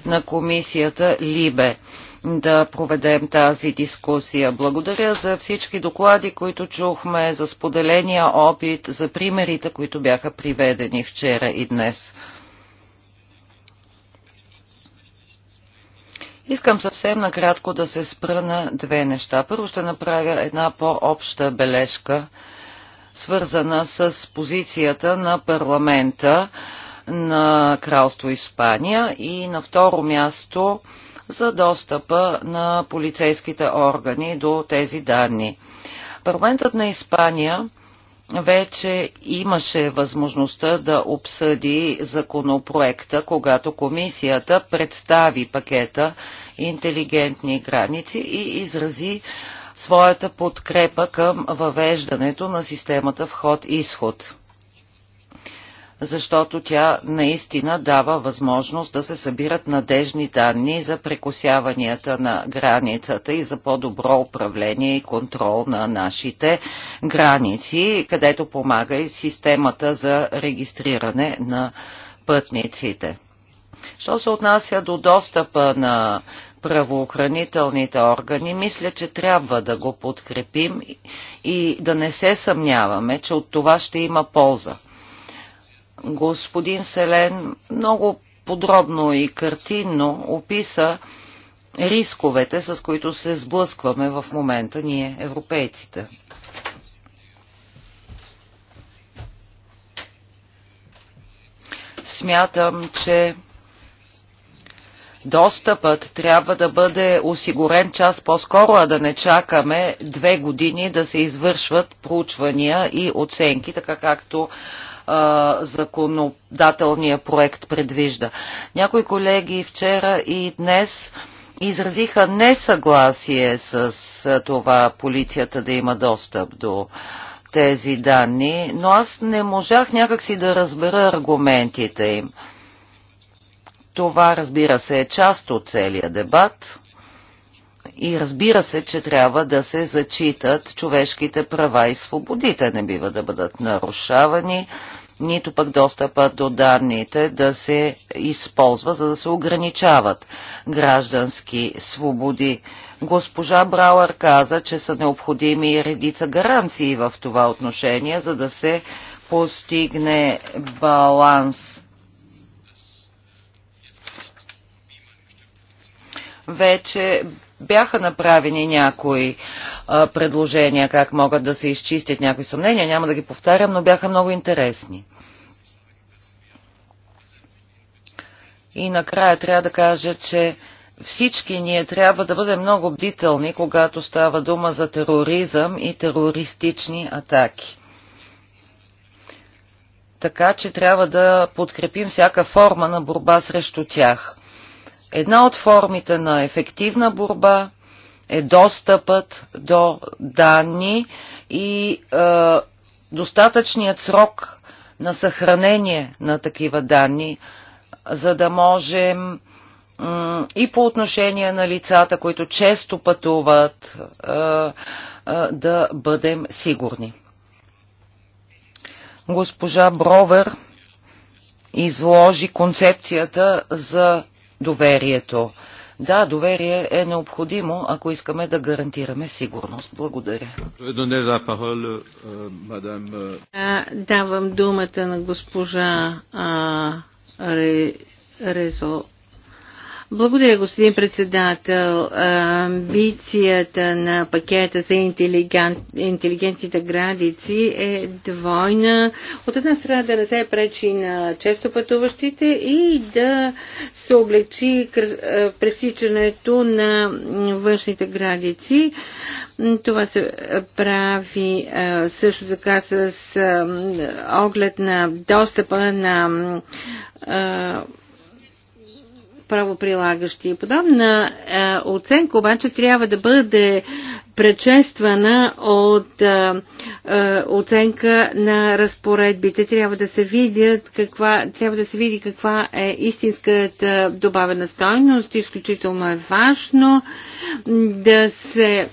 на комисията Либе да проведем тази дискусия. Благодаря за всички доклади, които чухме, за споделения опит, за примерите, които бяха приведени вчера и днес. Искам съвсем накратко да се спра на две неща. Първо ще направя една по-обща бележка, свързана с позицията на парламента на Кралство Испания и на второ място за достъпа на полицейските органи до тези данни. Парламентът на Испания вече имаше възможността да обсъди законопроекта, когато комисията представи пакета интелигентни граници и изрази своята подкрепа към въвеждането на системата вход-изход защото тя наистина дава възможност да се събират надежни данни за прекосяванията на границата и за по-добро управление и контрол на нашите граници, където помага и системата за регистриране на пътниците. Що се отнася до достъпа на правоохранителните органи, мисля, че трябва да го подкрепим и да не се съмняваме, че от това ще има полза господин Селен много подробно и картинно описа рисковете, с които се сблъскваме в момента ние, европейците. Смятам, че достъпът трябва да бъде осигурен час по-скоро, а да не чакаме две години да се извършват проучвания и оценки, така както а, законодателния проект предвижда. Някои колеги вчера и днес изразиха несъгласие с това полицията да има достъп до тези данни, но аз не можах някакси да разбера аргументите им. Това, разбира се, е част от целия дебат и разбира се, че трябва да се зачитат човешките права и свободите, не бива да бъдат нарушавани нито пък достъпа до данните да се използва, за да се ограничават граждански свободи. Госпожа Брауър каза, че са необходими и редица гаранции в това отношение, за да се постигне баланс вече бяха направени някои а, предложения, как могат да се изчистят някои съмнения. Няма да ги повтарям, но бяха много интересни. И накрая трябва да кажа, че всички ние трябва да бъдем много бдителни, когато става дума за тероризъм и терористични атаки. Така че трябва да подкрепим всяка форма на борба срещу тях. Една от формите на ефективна борба е достъпът до данни и е, достатъчният срок на съхранение на такива данни, за да можем и по отношение на лицата, които често пътуват, е, е, да бъдем сигурни. Госпожа Бровер изложи концепцията за доверието. Да, доверие е необходимо, ако искаме да гарантираме сигурност. Благодаря. Euh, euh, давам думата на госпожа Резо благодаря, господин председател. Амбицията на пакета за интелигентните градици е двойна. От една страна да не се пречи на често пътуващите и да се облегчи е, пресичането на външните градици. Това се прави е, също така с е, оглед на достъпа на правоприлагащи. Подобна е, оценка обаче трябва да бъде предшествана от е, е, оценка на разпоредбите. Трябва да се видят каква, трябва да се види каква е истинската добавена стойност. Изключително е важно да се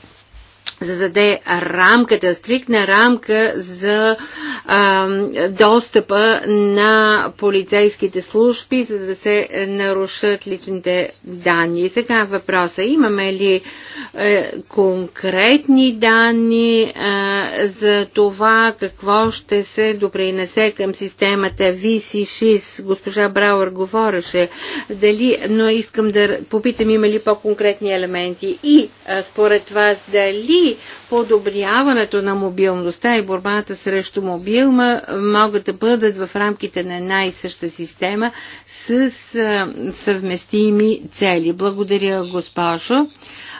зададе рамката, стрикна рамка за а, достъпа на полицейските служби, за да се нарушат личните данни. И сега въпроса, имаме ли а, е, конкретни данни а, е, за това какво ще се допринесе към системата VC6? Госпожа Брауър говореше, дали, но искам да попитам има ли по-конкретни елементи и а, според вас дали подобряването на мобилността и борбата срещу мобилма могат да бъдат в рамките на една и съща система с съвместими цели. Благодаря, госпожо.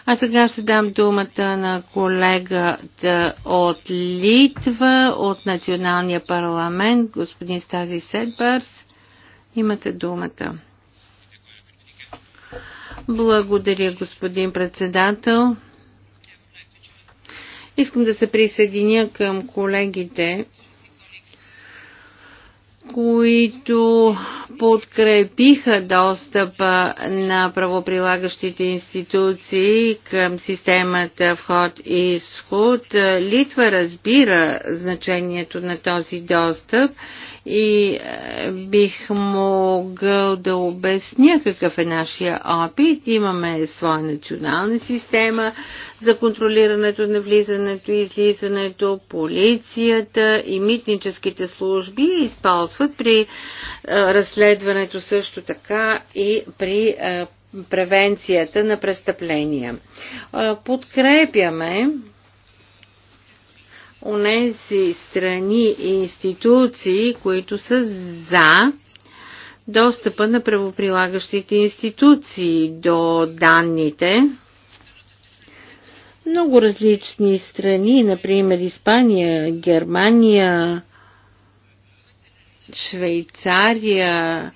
А сега ще дам думата на колегата от Литва, от Националния парламент, господин Стази Седбърс. Имате думата. Благодаря, господин председател. Искам да се присъединя към колегите, които подкрепиха достъпа на правоприлагащите институции към системата вход и изход. Литва разбира значението на този достъп и е, бих могъл да обясня какъв е нашия опит. Имаме своя национална система за контролирането на влизането и излизането, полицията и митническите служби използват при е, разследването също така и при е, превенцията на престъпления. Подкрепяме онези страни и институции, които са за достъпа на правоприлагащите институции до данните. Много различни страни, например Испания, Германия, Швейцария,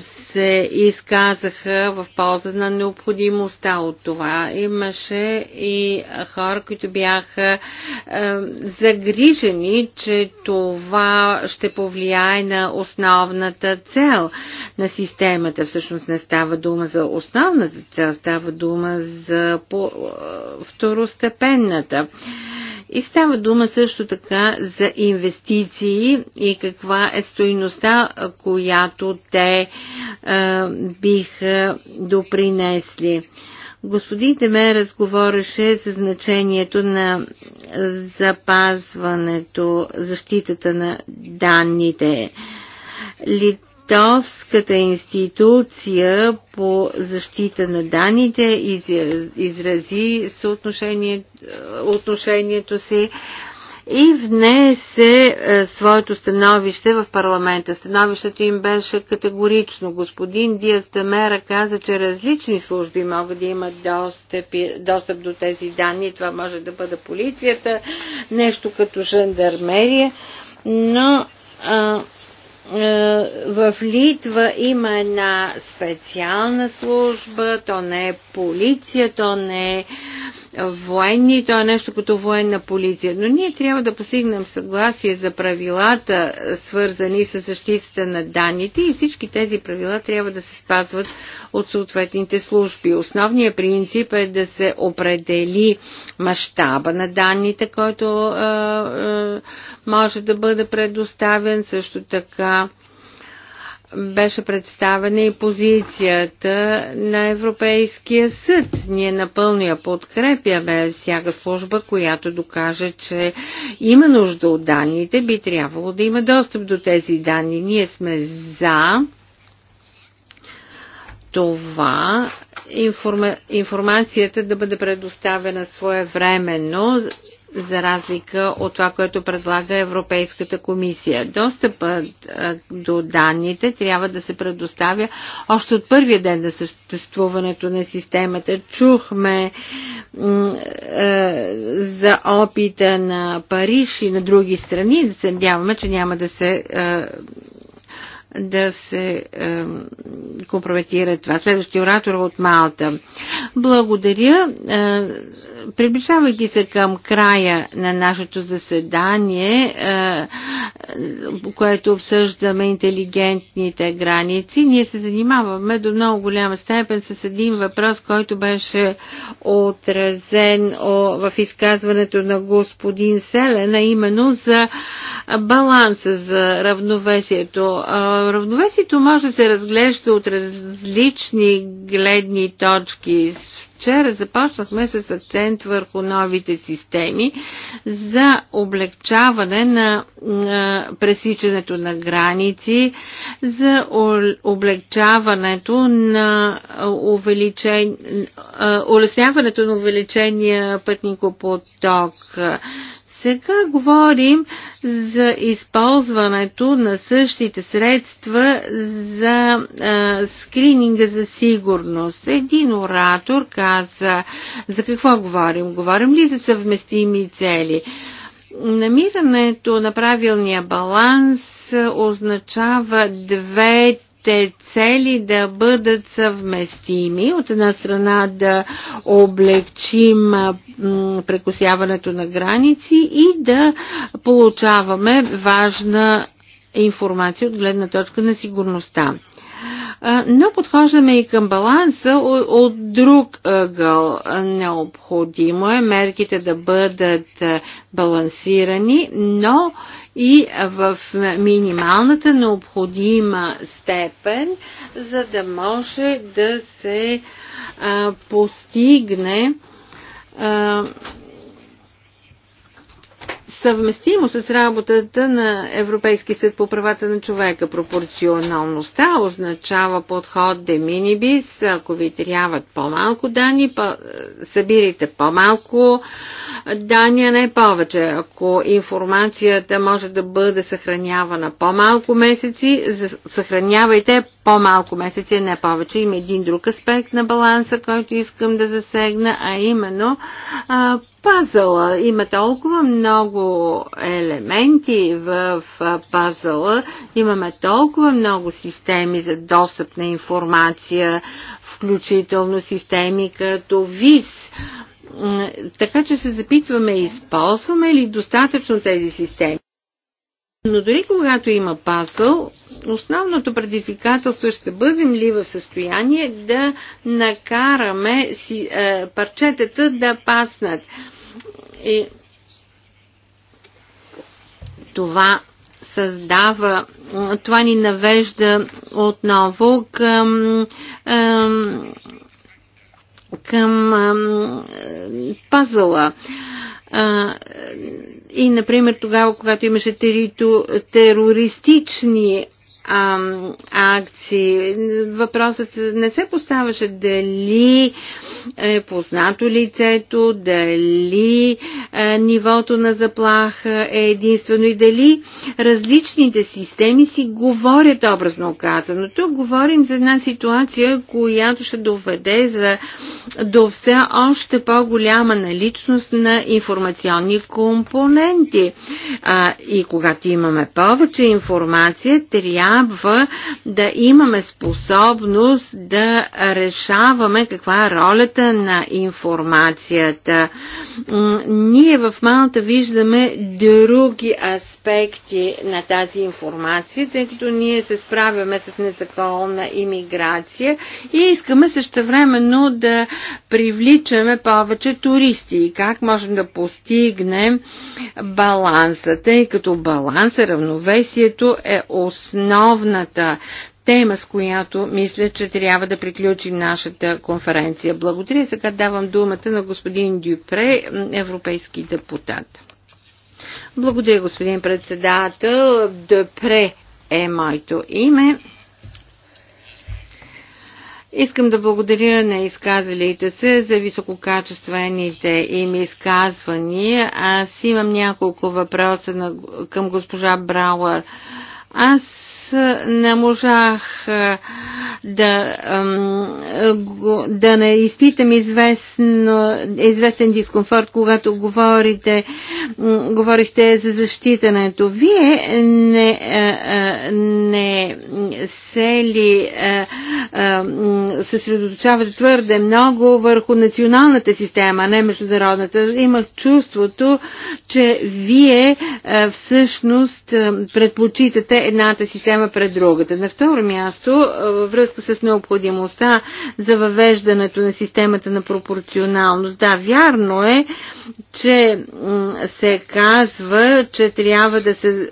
се изказаха в полза на необходимостта от това. Имаше и хора, които бяха е, загрижени, че това ще повлияе на основната цел на системата. Всъщност не става дума за основната цел, става дума за по, е, второстепенната. Е, и става дума също така за инвестиции и каква е стоиността, която те а, е, биха допринесли. Господин Демерес говореше за значението на запазването, защитата на данните. Ли, Литовската институция по защита на данните изрази съотношение, е, отношението си и внесе е, своето становище в парламента. Становището им беше категорично. Господин Диас Тамера каза, че различни служби могат да имат достъп, достъп до тези данни. Това може да бъде полицията, нещо като жандармерия, но а, е, в Литва има една специална служба, то не е полиция, то не е военни, то е нещо като военна полиция. Но ние трябва да постигнем съгласие за правилата, свързани с защитата на данните и всички тези правила трябва да се спазват от съответните служби. Основният принцип е да се определи мащаба на данните, който е, е, може да бъде предоставен, също така беше представена и позицията на Европейския съд. Ние напълно я подкрепяме всяка служба, която докаже, че има нужда от данните, би трябвало да има достъп до тези данни. Ние сме за това информацията да бъде предоставена своевременно за разлика от това, което предлага Европейската комисия. Достъпът до данните трябва да се предоставя още от първия ден на съществуването на системата. Чухме за опита на Париж и на други страни. Да се надяваме, че няма да се да се е, компрометира това. Следващия оратор от Малта. Благодаря. Е, приближавайки се към края на нашето заседание, е, е, което обсъждаме интелигентните граници, ние се занимаваме до много голяма степен с един въпрос, който беше отразен в изказването на господин Селен, а именно за баланса, за равновесието. Равновесието може да се разглежда от различни гледни точки, Вчера започнахме с акцент върху новите системи за облегчаване на пресичането на граници, за облегчаването на увеличен... улесняването на увеличения пътникопоток. Сега говорим за използването на същите средства за а, скрининга за сигурност. Един оратор каза за какво говорим. Говорим ли за съвместими цели? намирането на правилния баланс означава две техните цели да бъдат съвместими. От една страна да облегчим прекусяването на граници и да получаваме важна информация от гледна точка на сигурността но подхождаме и към баланса от друг ъгъл. Необходимо е мерките да бъдат балансирани, но и в минималната необходима степен, за да може да се а, постигне а, съвместимо с работата на Европейски съд по правата на човека. Пропорционалността означава подход де минибис. Ако ви трябват по-малко данни, по- е, събирайте по-малко данни, а не повече. Ако информацията може да бъде съхранявана по-малко месеци, съхранявайте по-малко месеци, не повече. Има един друг аспект на баланса, който искам да засегна, а именно пазала. Има толкова много елементи в пазала, имаме толкова много системи за достъп на информация, включително системи като ВИС. Така че се запитваме, използваме ли достатъчно тези системи. Но дори когато има пазъл, основното предизвикателство е, ще бъдем ли в състояние да накараме си, е, парчетата да паснат. И това създава, това ни навежда отново към към пазъла. И, например, тогава, когато имаше терито, терористични а, акции. Въпросът не се поставаше дали е познато лицето, дали е, нивото на заплаха е единствено и дали различните системи си говорят образно казано. Тук говорим за една ситуация, която ще доведе за, до все още по-голяма наличност на информационни компоненти. А, и когато имаме повече информация, трябва трябва да имаме способност да решаваме каква е ролята на информацията. Ние в Малта виждаме други аспекти на тази информация, тъй като ние се справяме с незаконна иммиграция и искаме същевременно да привличаме повече туристи и как можем да постигнем баланса, тъй като баланса, равновесието е основа основната тема, с която мисля, че трябва да приключим нашата конференция. Благодаря. Сега давам думата на господин Дюпре, европейски депутат. Благодаря, господин председател. Дюпре е моето име. Искам да благодаря на изказалите се за висококачествените им изказвания. Аз имам няколко въпроса на, към госпожа Брауър. Аз не можах е, да, да не изпитам известно, известен дискомфорт, когато говорите, говорихте за защитането. Вие не, е, е, не се ли съсредоточавате твърде много върху националната система, а не международната? Имах чувството, че вие всъщност предпочитате едната система тема пред другата. На второ място, във връзка с необходимостта за въвеждането на системата на пропорционалност. Да, вярно е, че се казва, че трябва да се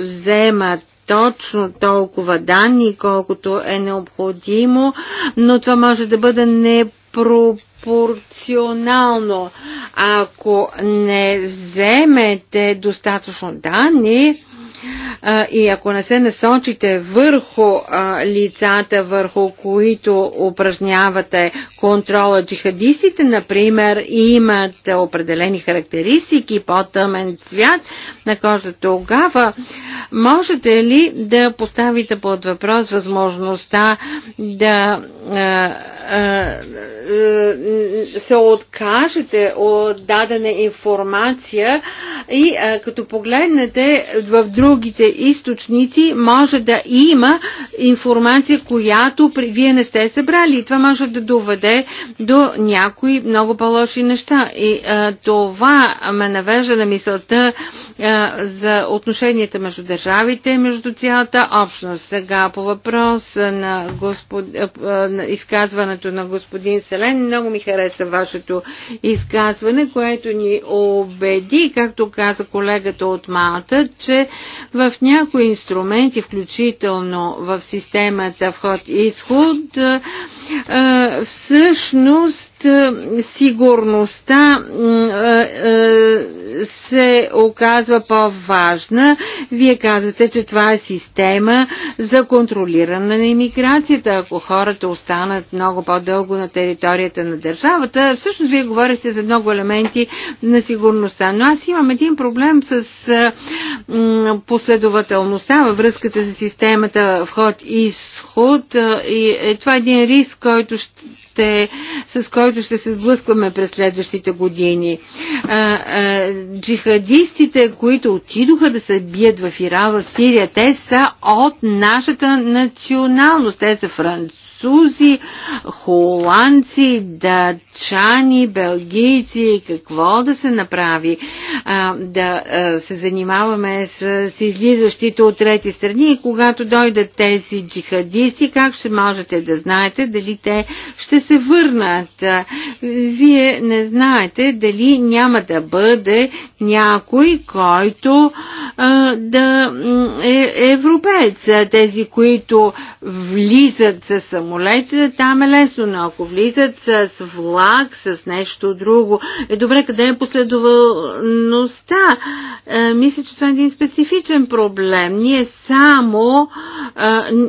вземат точно толкова данни, колкото е необходимо, но това може да бъде непропорционално. Ако не вземете достатъчно данни, и ако не се насочите върху лицата, върху които упражнявате контрола, джихадистите, например, имат определени характеристики, по-тъмен цвят на кожата, тогава можете ли да поставите под въпрос възможността да се откажете от дадена информация и като погледнете в друг другите източници може да има информация, която вие не сте събрали. И това може да доведе до някои много по-лоши неща. И а, това ме навежда на мисълта а, за отношенията между държавите и между цялата общност. Сега по въпрос на, господ... на изказването на господин Селен, много ми хареса вашето изказване, което ни убеди, както каза колегата от Малта, че в някои инструменти, включително в системата вход-изход, всъщност е, сигурността е, е, се оказва по-важна. Вие казвате, че това е система за контролиране на иммиграцията. Ако хората останат много по-дълго на територията на държавата, всъщност вие говорихте за много елементи на сигурността. Но аз имам един проблем с последователността във връзката с системата вход-изход. И, и това е един риск, който ще ще, с който ще се сблъскваме през следващите години. А, а, джихадистите, които отидоха да се бият в Ирала, Сирия, те са от нашата националност. Те са французи французи, холандци, датчани, белгийци, какво да се направи, а, да а, се занимаваме с, с излизащите от трети страни и когато дойдат тези джихадисти, как ще можете да знаете дали те ще се върнат. Вие не знаете дали няма да бъде някой, който а, да е, е европеец. Тези, които влизат със само самолетите, там е лесно, но ако влизат с влак, с нещо друго, е добре, къде е последователността? Е, мисля, че това е един специфичен проблем. Ние само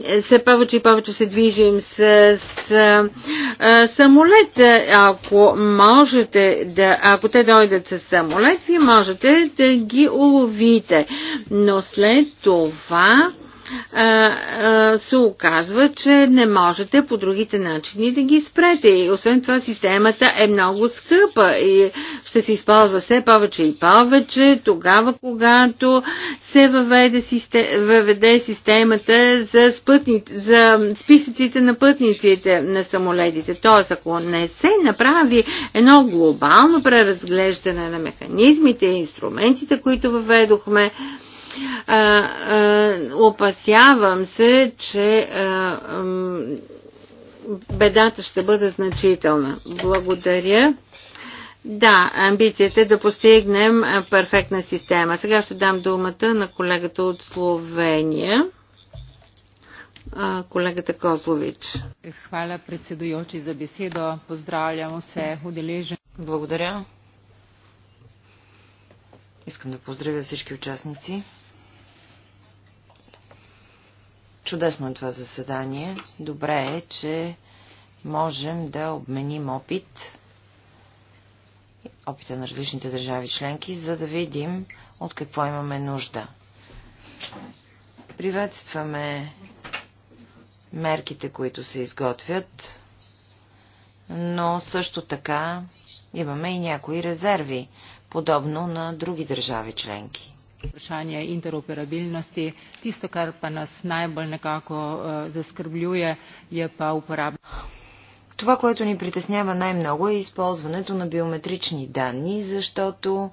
е, се повече и повече се движим с, с е, самолета. Ако можете да, ако те дойдат с самолет, вие можете да ги уловите. Но след това се оказва, че не можете по другите начини да ги спрете. И освен това системата е много скъпа и ще се използва все повече и повече тогава, когато се въведе, систем, въведе системата за, спътни, за списъците на пътниците на самолетите. Тоест, ако не се направи едно глобално преразглеждане на механизмите и инструментите, които въведохме, а, а, опасявам се, че а, бедата ще бъде значителна. Благодаря. Да, амбицията е да постигнем перфектна система. Сега ще дам думата на колегата от Словения колегата Козлович. Хваля председуючи за беседо. Поздравлям се удележен. Благодаря. Искам да поздравя всички участници. Чудесно е това заседание. Добре е, че можем да обменим опит, опита на различните държави членки, за да видим от какво имаме нужда. Приветстваме мерките, които се изготвят, но също така имаме и някои резерви, подобно на други държави членки vprašanje interoperabilnosti. Tisto, kar pa nas najbolj nekako eh, zaskrbljuje je pa uporaba. Това, което ни притеснява най-много е използването на биометрични данни, защото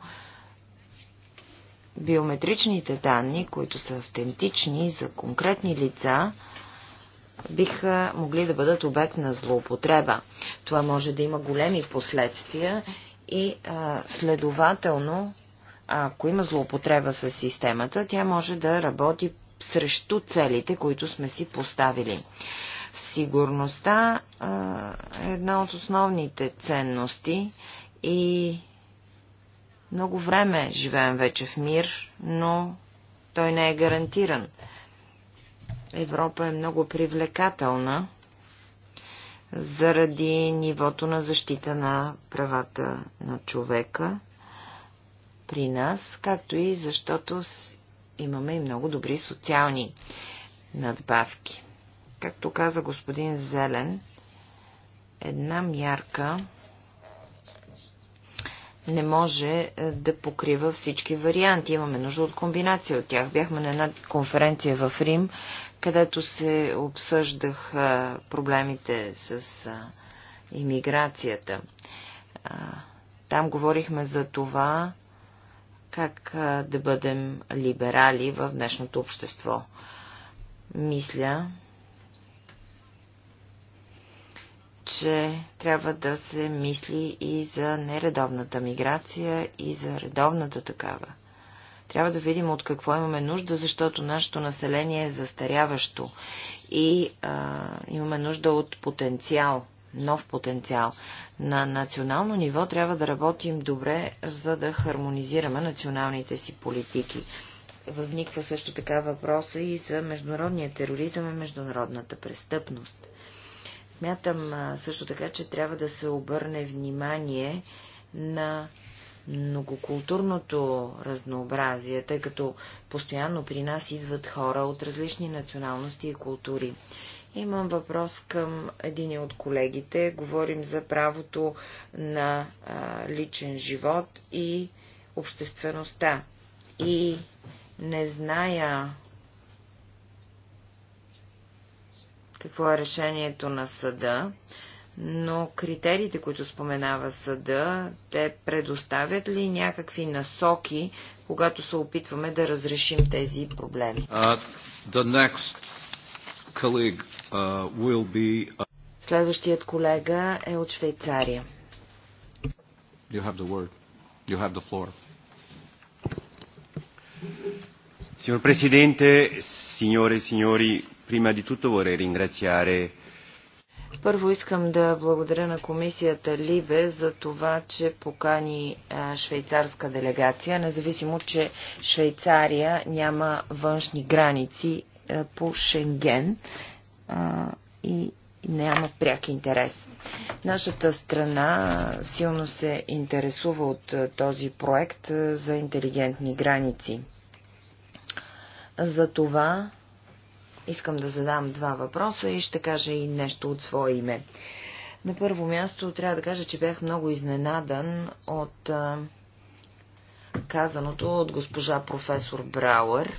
биометричните данни, които са автентични за конкретни лица, биха могли да бъдат обект на злоупотреба. Това може да има големи последствия и а, следователно ако има злоупотреба с системата, тя може да работи срещу целите, които сме си поставили. Сигурността е една от основните ценности и много време живеем вече в мир, но той не е гарантиран. Европа е много привлекателна заради нивото на защита на правата на човека при нас, както и защото имаме и много добри социални надбавки. Както каза господин Зелен, една мярка не може е, да покрива всички варианти. Имаме нужда от комбинация от тях. Бяхме на една конференция в Рим, където се обсъждах е, проблемите с е, иммиграцията. Там говорихме за това, как да бъдем либерали в днешното общество. Мисля, че трябва да се мисли и за нередовната миграция, и за редовната такава. Трябва да видим от какво имаме нужда, защото нашето население е застаряващо и а, имаме нужда от потенциал нов потенциал. На национално ниво трябва да работим добре, за да хармонизираме националните си политики. Възниква също така въпроса и за международния тероризъм и международната престъпност. Смятам също така, че трябва да се обърне внимание на многокултурното разнообразие, тъй като постоянно при нас идват хора от различни националности и култури. Имам въпрос към един от колегите. Говорим за правото на а, личен живот и обществеността. И не зная какво е решението на съда, но критериите, които споменава съда, те предоставят ли някакви насоки, когато се опитваме да разрешим тези проблеми? Uh, the next colleague Uh, be... Uh, Следващият колега е от Швейцария. You have the word. You have the floor. Signor Presidente, signore e signori, prima di tutto vorrei ringraziare първо искам да благодаря на комисията Либе за това, че покани швейцарска делегация, независимо, че Швейцария няма външни граници по Шенген и няма пряк интерес. Нашата страна силно се интересува от този проект за интелигентни граници. За това искам да задам два въпроса и ще кажа и нещо от свое име. На първо място трябва да кажа, че бях много изненадан от казаното от госпожа професор Брауър,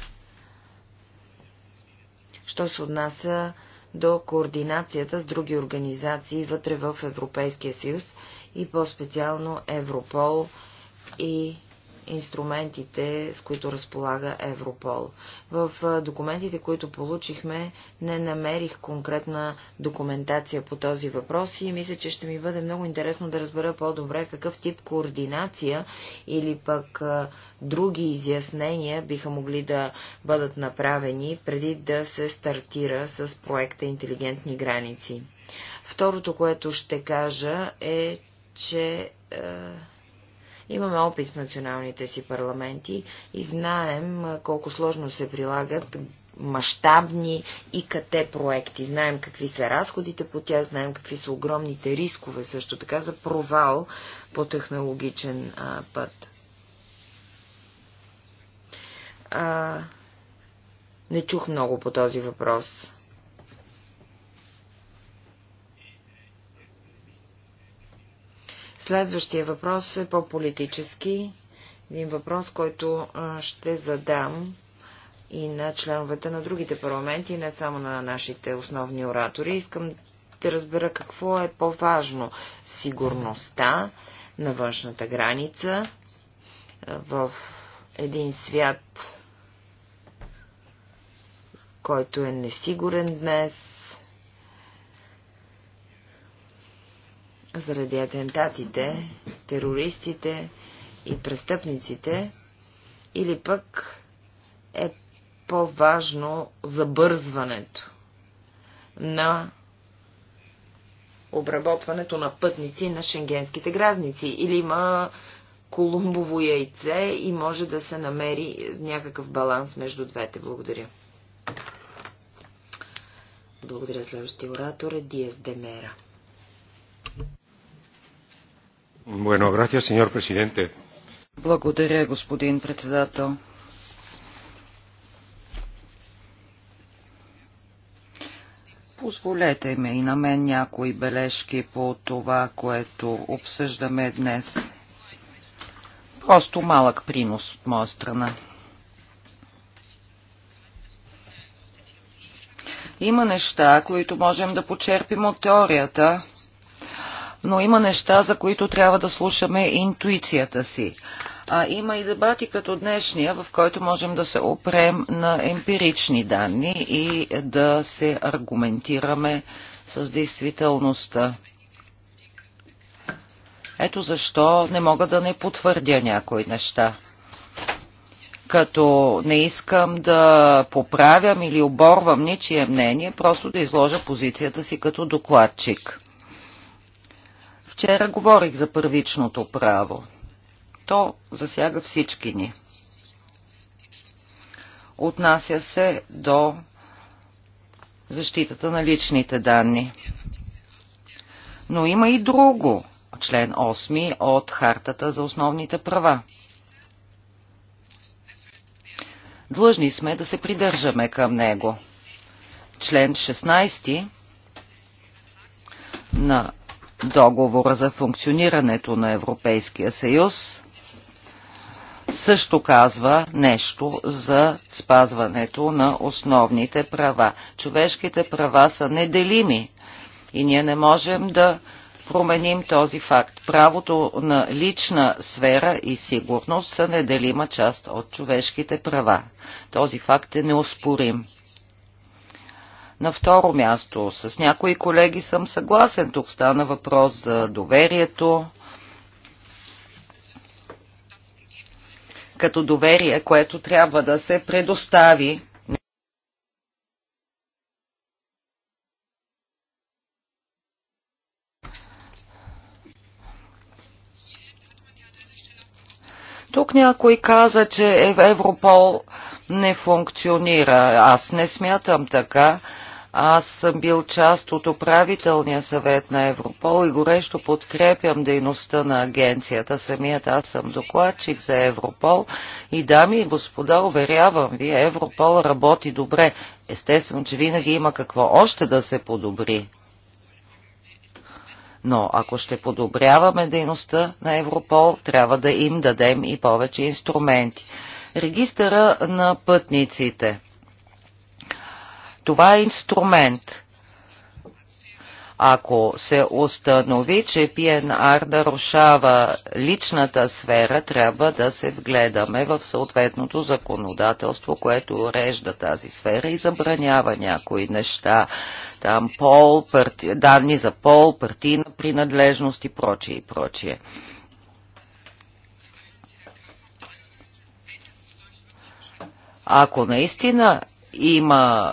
що се отнася до координацията с други организации вътре в Европейския съюз и по-специално Европол и инструментите, с които разполага Европол. В документите, които получихме, не намерих конкретна документация по този въпрос и мисля, че ще ми бъде много интересно да разбера по-добре какъв тип координация или пък други изяснения биха могли да бъдат направени преди да се стартира с проекта Интелигентни граници. Второто, което ще кажа е, че. Е, Имаме опит в националните си парламенти и знаем колко сложно се прилагат мащабни и къде проекти. Знаем какви са разходите по тях, знаем какви са огромните рискове също така за провал по технологичен а, път. А, не чух много по този въпрос. Следващия въпрос е по-политически. Един въпрос, който ще задам и на членовете на другите парламенти, не само на нашите основни оратори. Искам да разбера какво е по-важно. Сигурността на външната граница в един свят, който е несигурен днес, заради атентатите, терористите и престъпниците, или пък е по-важно забързването на обработването на пътници на шенгенските гразници. Или има колумбово яйце и може да се намери някакъв баланс между двете. Благодаря. Благодаря следващия оратор е Диас Демера. Bueno, gracias, señor Благодаря, господин председател. Позволете ми и на мен някои бележки по това, което обсъждаме днес. Просто малък принос от моя страна. Има неща, които можем да почерпим от теорията, но има неща, за които трябва да слушаме интуицията си. А има и дебати като днешния, в който можем да се опрем на емпирични данни и да се аргументираме с действителността. Ето защо не мога да не потвърдя някои неща. Като не искам да поправям или оборвам ничие мнение, просто да изложа позицията си като докладчик. Вчера говорих за първичното право. То засяга всички ни. Отнася се до защитата на личните данни. Но има и друго, член 8 от Хартата за основните права. Длъжни сме да се придържаме към него. Член 16 на договора за функционирането на Европейския съюз също казва нещо за спазването на основните права. Човешките права са неделими и ние не можем да променим този факт. Правото на лична сфера и сигурност са неделима част от човешките права. Този факт е неоспорим. На второ място, с някои колеги съм съгласен. Тук стана въпрос за доверието. Като доверие, което трябва да се предостави Тук някой каза, че Европол не функционира. Аз не смятам така. Аз съм бил част от управителния съвет на Европол и горещо подкрепям дейността на агенцията. Самият аз съм докладчик за Европол и дами и господа, уверявам ви, Европол работи добре. Естествено, че винаги има какво още да се подобри. Но ако ще подобряваме дейността на Европол, трябва да им дадем и повече инструменти. Регистъра на пътниците. Това е инструмент. Ако се установи, че ПНР нарушава личната сфера, трябва да се вгледаме в съответното законодателство, което урежда тази сфера и забранява някои неща. Там пол, парти... данни за пол, партийна принадлежност и прочие и прочие. Ако наистина има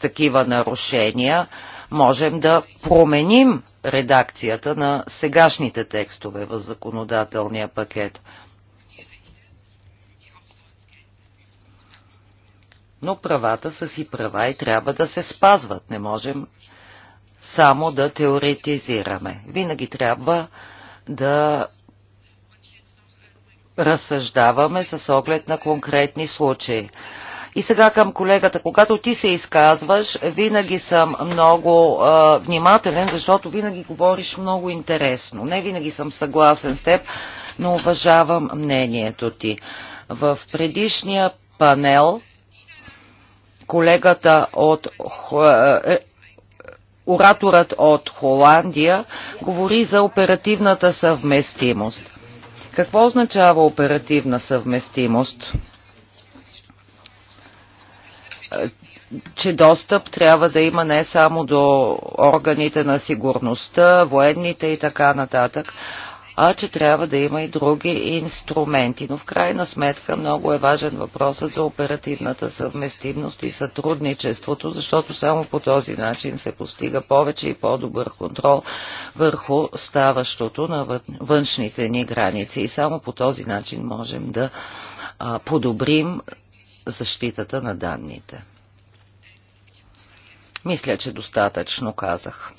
такива нарушения, можем да променим редакцията на сегашните текстове в законодателния пакет. Но правата са си права и трябва да се спазват. Не можем само да теоретизираме. Винаги трябва да разсъждаваме с оглед на конкретни случаи. И сега към колегата. Когато ти се изказваш, винаги съм много а, внимателен, защото винаги говориш много интересно. Не винаги съм съгласен с теб, но уважавам мнението ти. В предишния панел колегата от е, ораторът от Холандия говори за оперативната съвместимост. Какво означава оперативна съвместимост? че достъп трябва да има не само до органите на сигурността, военните и така нататък, а че трябва да има и други инструменти. Но в крайна сметка много е важен въпросът за оперативната съвместимост и сътрудничеството, защото само по този начин се постига повече и по-добър контрол върху ставащото на външните ни граници. И само по този начин можем да подобрим защитата на данните. Мисля, че достатъчно казах.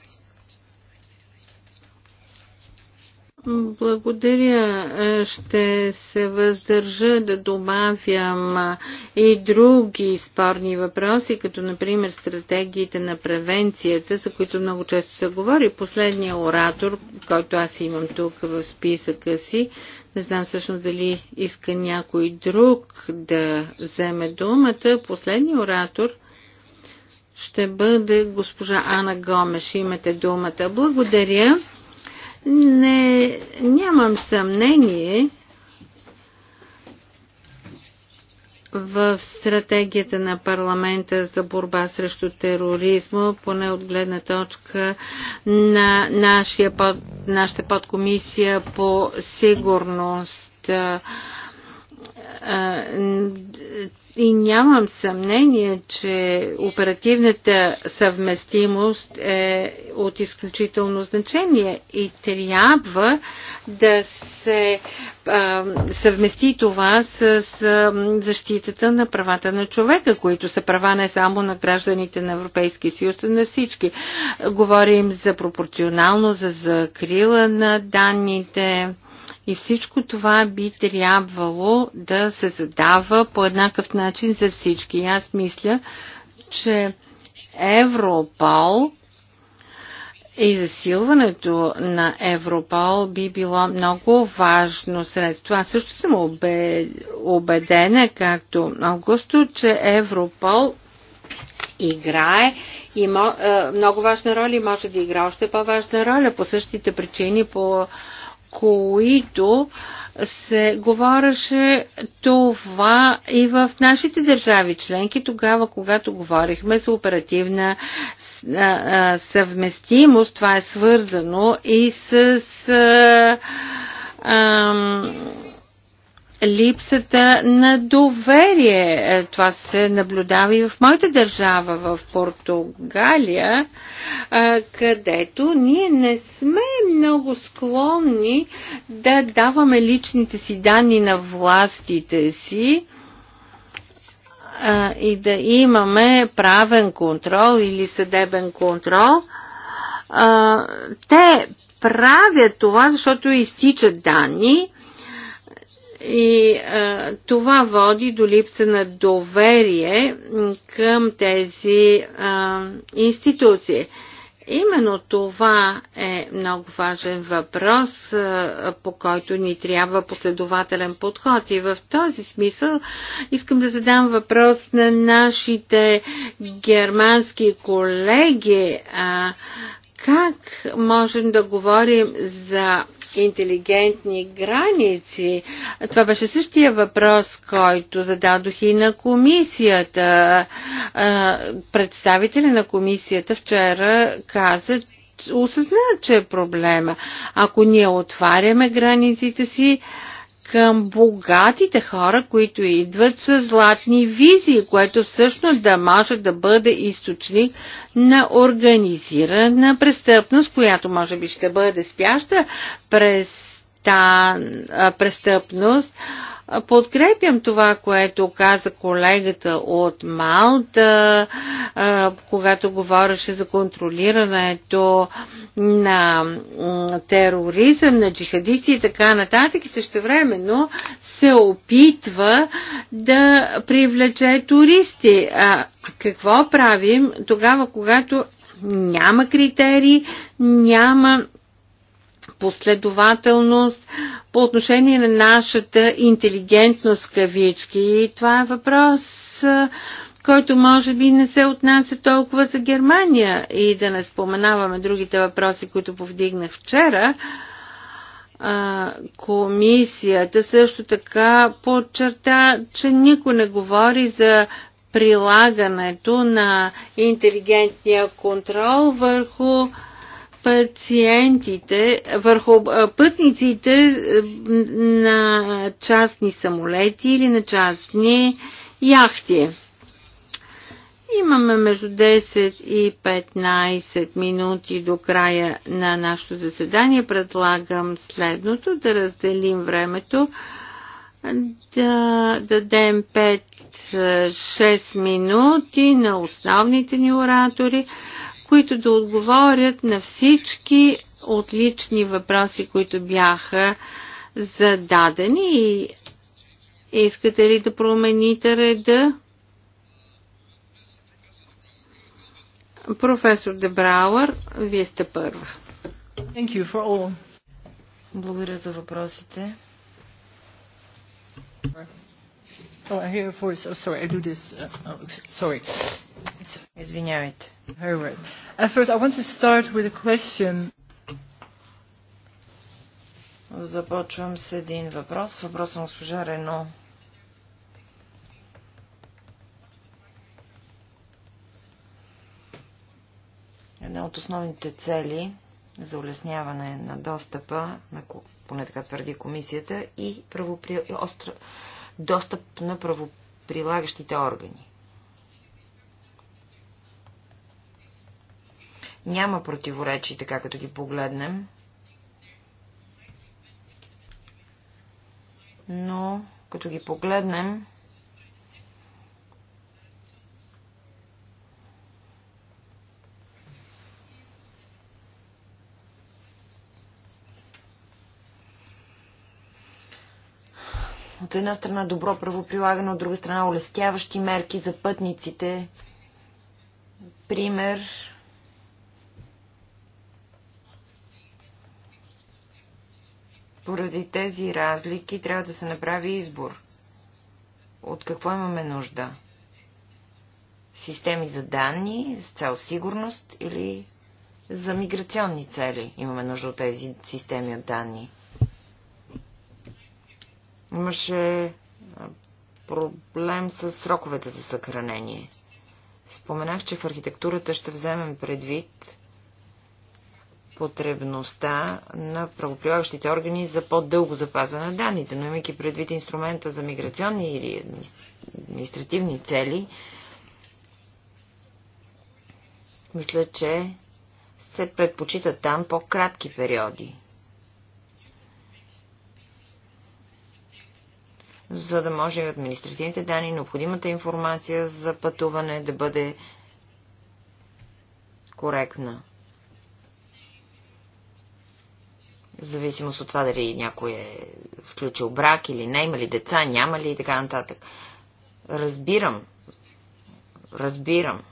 Благодаря. Е, ще се въздържа да добавям е, и други спорни въпроси, като например стратегиите на превенцията, за които много често се говори. Последният оратор, който аз имам тук в списъка си, не знам всъщност дали иска някой друг да вземе думата. Последният оратор ще бъде госпожа Ана Гомеш. Имате думата. Благодаря. Не, нямам съмнение в стратегията на парламента за борба срещу тероризма, поне от гледна точка на нашия под, нашата подкомисия по сигурност и нямам съмнение, че оперативната съвместимост е от изключително значение и трябва да се а, съвмести това с, с защитата на правата на човека, които са права не само на гражданите на Европейския съюз, а на всички. Говорим за пропорционално, за закрила на данните и всичко това би трябвало да се задава по еднакъв начин за всички. И аз мисля, че Европол и засилването на Европол би било много важно средство. Аз също съм убедена, както Августо, че Европол играе и е, много важна роля и може да игра още по-важна роля по същите причини, по които се говореше това и в нашите държави членки, тогава, когато говорихме за оперативна съвместимост, това е свързано и с а, липсата на доверие. Е, това се наблюдава и в моята държава, в Португалия, е, където ние не сме много склонни да даваме личните си данни на властите си е, и да имаме правен контрол или съдебен контрол. Те правят това, защото изтичат данни и а, това води до липса на доверие към тези а, институции. Именно това е много важен въпрос, по който ни трябва последователен подход. И в този смисъл искам да задам въпрос на нашите германски колеги. Как можем да говорим за интелигентни граници. Това беше същия въпрос, който зададох и на комисията. Представителя на комисията вчера каза, осъзна, че е проблема. Ако ние отваряме границите си, към богатите хора, които идват с златни визии, което всъщност да може да бъде източник на организирана престъпност, която може би ще бъде спяща през престъпност, Подкрепям това, което каза колегата от Малта, когато говореше за контролирането на тероризъм, на джихадисти и така нататък и времено се опитва да привлече туристи. А какво правим тогава, когато няма критерии, няма последователност по отношение на нашата интелигентност кавички. И това е въпрос, който може би не се отнася толкова за Германия и да не споменаваме другите въпроси, които повдигнах вчера. Комисията също така подчерта, че никой не говори за прилагането на интелигентния контрол върху пациентите, върху пътниците е, на частни самолети или на частни яхти. Имаме между 10 и 15 минути до края на нашето заседание. Предлагам следното да разделим времето, да дадем 5-6 минути на основните ни оратори които да отговорят на всички отлични въпроси, които бяха зададени. И искате ли да промените реда? Професор Дебрауър, вие сте първа. Благодаря за въпросите. Oh, I hear a voice. Oh, sorry, I do this. Uh, oh, sorry. Извинявайте. Uh, Започвам с един въпрос. Въпрос на госпожа Рено. Една от основните цели за улесняване на достъпа, на, поне така твърди комисията, и остр... достъп на правоприлагащите органи. Няма противоречи, така като ги погледнем. Но, като ги погледнем, от една страна добро правоприлагане, от друга страна улестяващи мерки за пътниците. Пример Поради тези разлики трябва да се направи избор. От какво имаме нужда? Системи за данни, с цел сигурност или за миграционни цели имаме нужда от тези системи от данни? Имаше проблем с сроковете за съхранение. Споменах, че в архитектурата ще вземем предвид потребността на правоприлагащите органи за по-дълго запазване на данните, но имайки предвид инструмента за миграционни или административни цели, мисля, че се предпочитат там по-кратки периоди. за да може административните данни, необходимата информация за пътуване да бъде коректна. зависимост от това дали някой е сключил брак или не, има ли деца, няма ли и така нататък. Разбирам. Разбирам.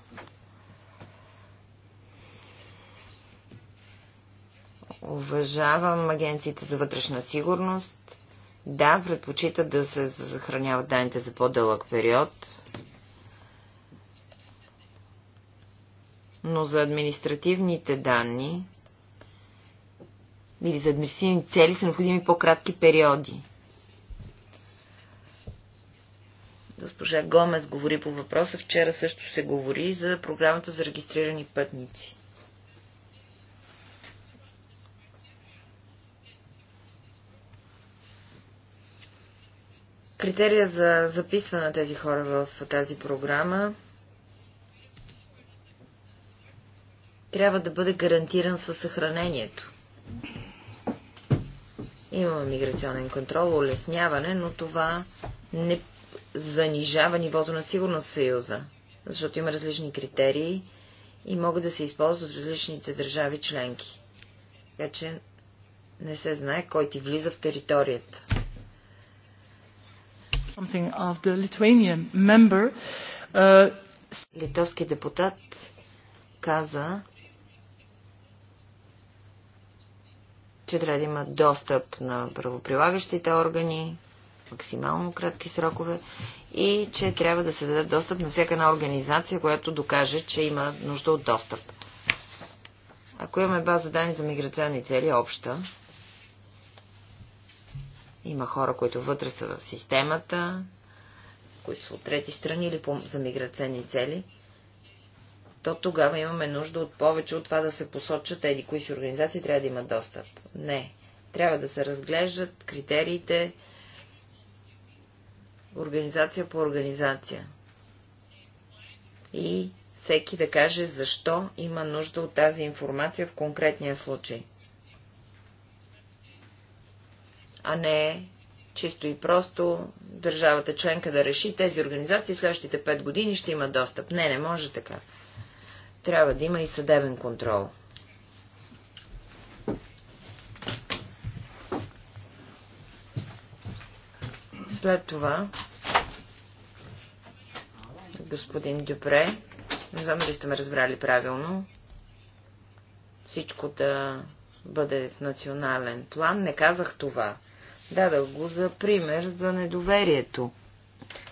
Уважавам агенциите за вътрешна сигурност. Да, предпочитат да се съхраняват данните за по-дълъг период. Но за административните данни или за административни цели са необходими по-кратки периоди. Госпожа Гомес говори по въпроса. Вчера също се говори за програмата за регистрирани пътници. Критерия за записване на тези хора в тази програма трябва да бъде гарантиран със съхранението. Имаме миграционен контрол, улесняване, но това не занижава нивото на сигурност в Съюза, защото има различни критерии и могат да се използват от различните държави членки. Така че не се знае кой ти влиза в територията. Member, uh... Литовски депутат каза, че трябва да има достъп на правоприлагащите органи, максимално кратки срокове и че трябва да се даде достъп на всяка една организация, която докаже, че има нужда от достъп. Ако имаме база данни за миграционни цели, обща, има хора, които вътре са в системата, които са от трети страни или за миграционни цели – то тогава имаме нужда от повече от това да се посочат еди кои си организации трябва да имат достъп. Не. Трябва да се разглеждат критериите организация по организация. И всеки да каже защо има нужда от тази информация в конкретния случай. А не чисто и просто държавата членка да реши тези организации следващите 5 години ще има достъп. Не, не може така трябва да има и съдебен контрол. След това господин Дюпре, не знам дали сте ме разбрали правилно, всичко да бъде в национален план, не казах това. Дадах го за пример за недоверието,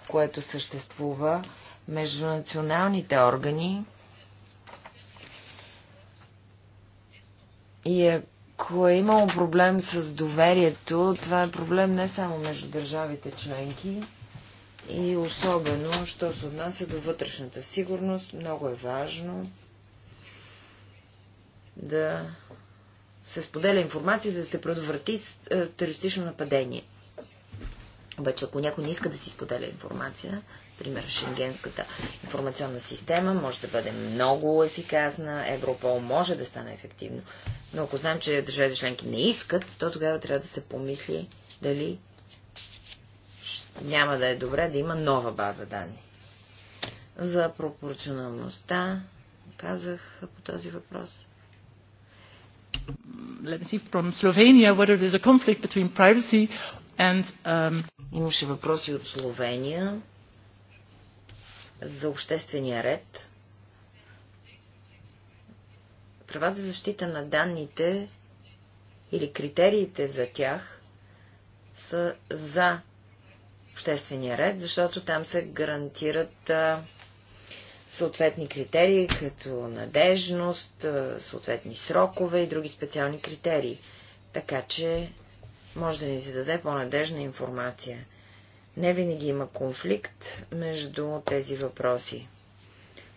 което съществува между националните органи И ако е имало проблем с доверието, това е проблем не само между държавите членки, и особено, що се отнася до вътрешната сигурност, много е важно да се споделя информация, за да се предотврати е, терористично нападение. Обаче, ако някой не иска да си споделя информация, Пример, Шенгенската информационна система може да бъде много ефикасна, Европол може да стане ефективно, но ако знаем, че държавите членки не искат, то тогава трябва да се помисли дали няма да е добре да има нова база данни. За пропорционалността казах по този въпрос. Let me see from Slovenia whether there's a conflict between privacy and... Um... Имаше въпроси от Словения за обществения ред, права за защита на данните или критериите за тях са за обществения ред, защото там се гарантират съответни критерии, като надежност, съответни срокове и други специални критерии. Така че може да ни се даде по-надежна информация. Не винаги има конфликт между тези въпроси.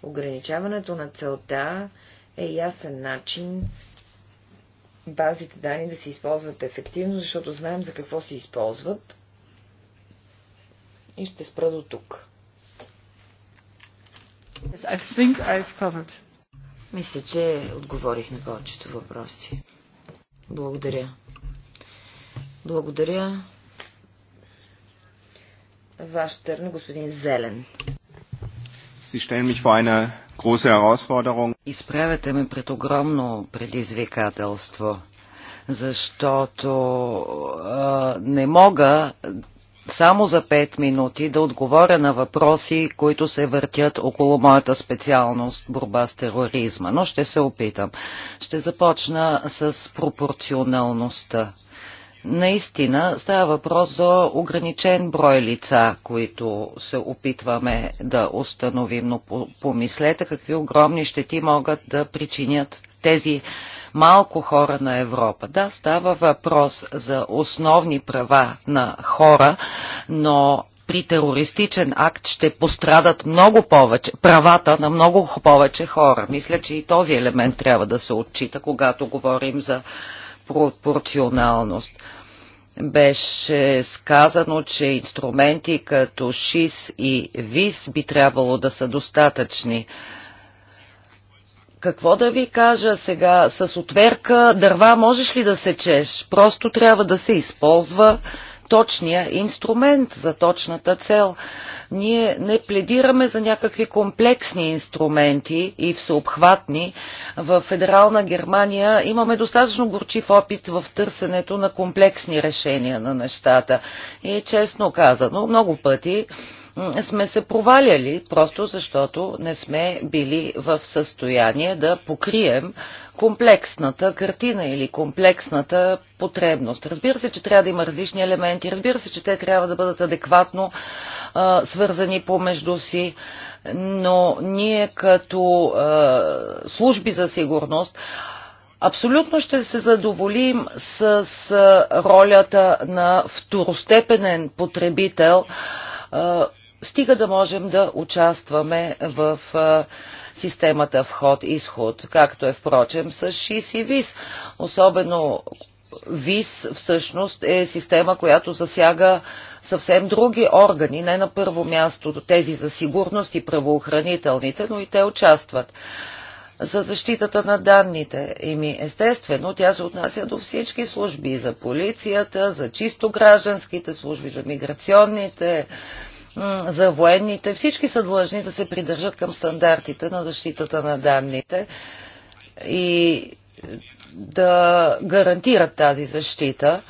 Ограничаването на целта е ясен начин базите данни да се използват ефективно, защото знаем за какво се използват. И ще спра до тук. Yes, I think I've covered. Мисля, че отговорих на повечето въпроси. Благодаря. Благодаря ваш търн, господин Зелен. Изправяте ме пред огромно предизвикателство, защото а, не мога само за 5 минути да отговоря на въпроси, които се въртят около моята специалност борба с тероризма, но ще се опитам. Ще започна с пропорционалността. Наистина става въпрос за ограничен брой лица, които се опитваме да установим, но помислете какви огромни щети могат да причинят тези малко хора на Европа. Да, става въпрос за основни права на хора, но при терористичен акт ще пострадат много повече, правата на много повече хора. Мисля, че и този елемент трябва да се отчита, когато говорим за пропорционалност. Беше сказано, че инструменти като ШИС и ВИС би трябвало да са достатъчни. Какво да ви кажа сега? С отверка дърва можеш ли да сечеш? Просто трябва да се използва точния инструмент, за точната цел. Ние не пледираме за някакви комплексни инструменти и всеобхватни. В федерална Германия имаме достатъчно горчив опит в търсенето на комплексни решения на нещата. И честно казано, много пъти сме се проваляли, просто защото не сме били в състояние да покрием комплексната картина или комплексната потребност. Разбира се, че трябва да има различни елементи, разбира се, че те трябва да бъдат адекватно а, свързани помежду си, но ние като а, служби за сигурност Абсолютно ще се задоволим с, с ролята на второстепенен потребител, стига да можем да участваме в системата вход-изход, както е впрочем с ШИС и ВИС. Особено ВИС всъщност е система, която засяга съвсем други органи, не на първо място тези за сигурност и правоохранителните, но и те участват. За защитата на данните, ими естествено, тя се отнася до всички служби, за полицията, за чисто гражданските служби, за миграционните, за военните. Всички са длъжни да се придържат към стандартите на защитата на данните и да гарантират тази защита,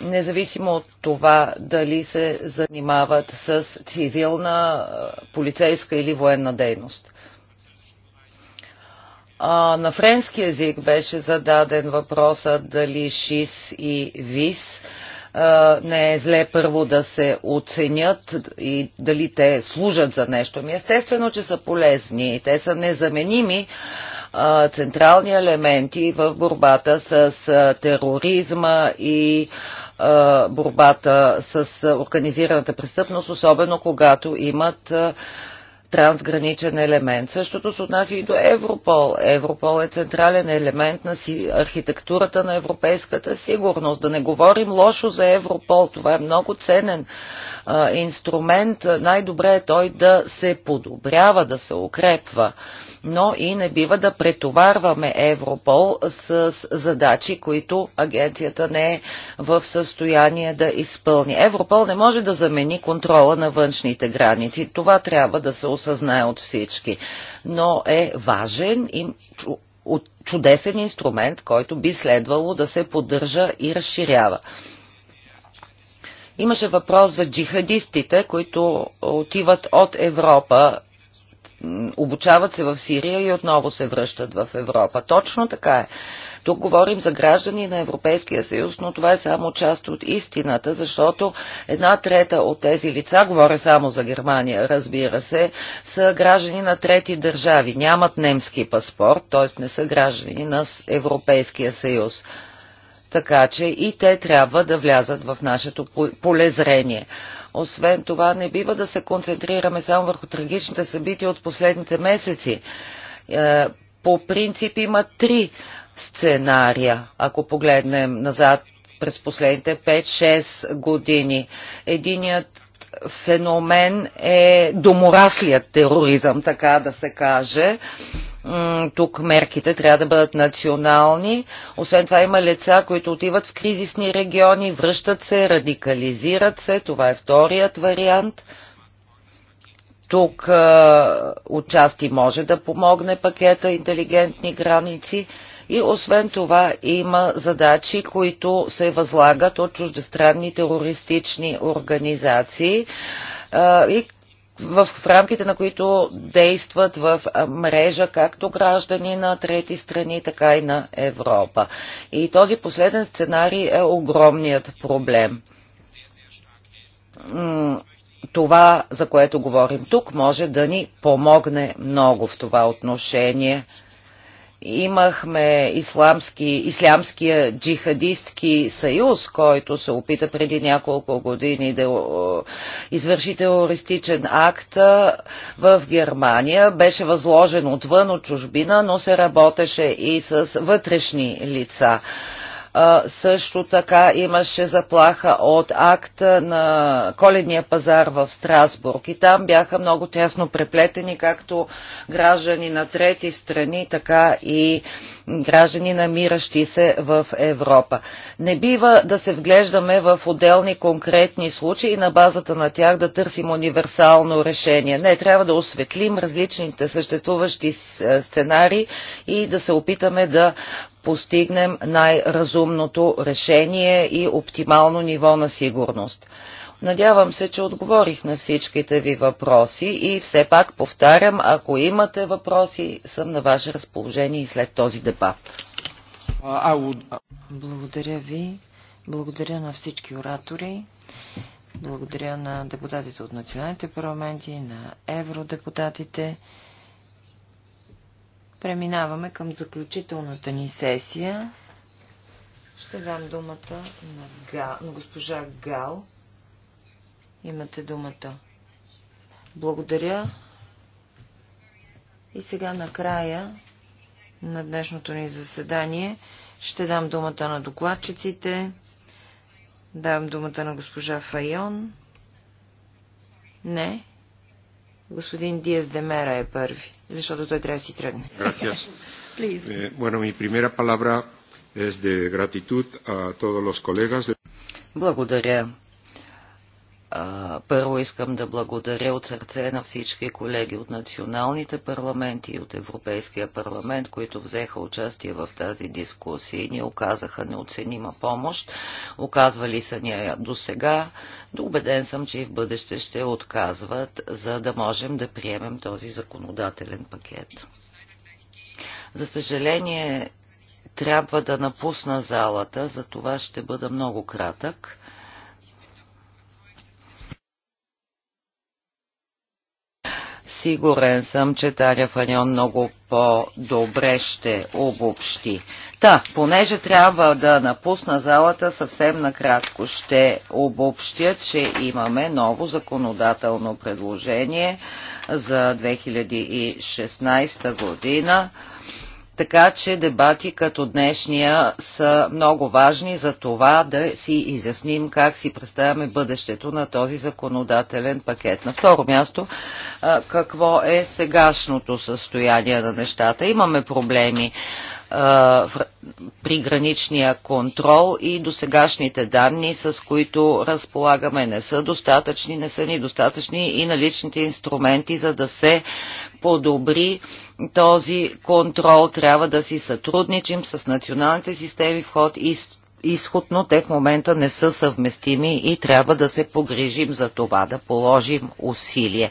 независимо от това дали се занимават с цивилна, полицейска или военна дейност. А, на френски язик беше зададен въпросът дали ШИС и ВИС не е зле първо да се оценят и дали те служат за нещо. Ми естествено, че са полезни и те са незаменими централни елементи в борбата с тероризма и борбата с организираната престъпност, особено когато имат трансграничен елемент. Същото се отнася и до Европол. Европол е централен елемент на си, архитектурата на европейската сигурност. Да не говорим лошо за Европол. Това е много ценен а, инструмент. Най-добре е той да се подобрява, да се укрепва. Но и не бива да претоварваме Европол с, с задачи, които агенцията не е в състояние да изпълни. Европол не може да замени контрола на външните граници. Това трябва да се осъзнае от всички, но е важен и чудесен инструмент, който би следвало да се поддържа и разширява. Имаше въпрос за джихадистите, които отиват от Европа, обучават се в Сирия и отново се връщат в Европа. Точно така е. Тук говорим за граждани на Европейския съюз, но това е само част от истината, защото една трета от тези лица, говоря само за Германия, разбира се, са граждани на трети държави. Нямат немски паспорт, т.е. не са граждани на Европейския съюз така че и те трябва да влязат в нашето полезрение. Освен това, не бива да се концентрираме само върху трагичните събития от последните месеци. Е, по принцип има три сценария, ако погледнем назад през последните 5-6 години. Единият феномен е домораслият тероризъм, така да се каже. Тук мерките трябва да бъдат национални. Освен това има лица, които отиват в кризисни региони, връщат се, радикализират се. Това е вторият вариант. Тук отчасти може да помогне пакета интелигентни граници и освен това има задачи, които се възлагат от чуждестранни терористични организации и в рамките на които действат в мрежа както граждани на трети страни, така и на Европа. И този последен сценарий е огромният проблем това, за което говорим тук, може да ни помогне много в това отношение имахме исламски, ислямския джихадистки съюз, който се опита преди няколко години да извърши терористичен акт в Германия. Беше възложен отвън от чужбина, но се работеше и с вътрешни лица. А, също така имаше заплаха от акт на коледния пазар в Страсбург и там бяха много тясно преплетени както граждани на трети страни, така и граждани намиращи се в Европа. Не бива да се вглеждаме в отделни конкретни случаи и на базата на тях да търсим универсално решение. Не, трябва да осветлим различните съществуващи е, сценари и да се опитаме да постигнем най-разумното решение и оптимално ниво на сигурност. Надявам се, че отговорих на всичките ви въпроси и все пак повтарям, ако имате въпроси, съм на ваше разположение и след този дебат. Благодаря ви. Благодаря на всички оратори. Благодаря на депутатите от националните парламенти, на евродепутатите. Преминаваме към заключителната ни сесия. Ще дам думата на, Гал, на госпожа Гал. Имате думата. Благодаря. И сега накрая на днешното ни заседание ще дам думата на докладчиците. Давам думата на госпожа Файон. Не. Господин Диас Демера е първи, защото той трябва да си тръгне. [LAUGHS] Е, Благодаря. Благодаря. Първо искам да благодаря от сърце на всички колеги от националните парламенти и от Европейския парламент, които взеха участие в тази дискусия и ни оказаха неоценима помощ. Оказвали са ни до сега. Убеден съм, че и в бъдеще ще отказват, за да можем да приемем този законодателен пакет. За съжаление, трябва да напусна залата, за това ще бъда много кратък. Сигурен съм, че Таря Фанион много по-добре ще обобщи. Та, понеже трябва да напусна залата, съвсем накратко ще обобщя, че имаме ново законодателно предложение за 2016 година така че дебати като днешния са много важни за това да си изясним как си представяме бъдещето на този законодателен пакет. На второ място, какво е сегашното състояние на нещата? Имаме проблеми при граничния контрол и досегашните данни, с които разполагаме, не са достатъчни, не са ни достатъчни и наличните инструменти, за да се подобри този контрол. Трябва да си сътрудничим с националните системи вход и изходно те в момента не са съвместими и трябва да се погрижим за това, да положим усилие.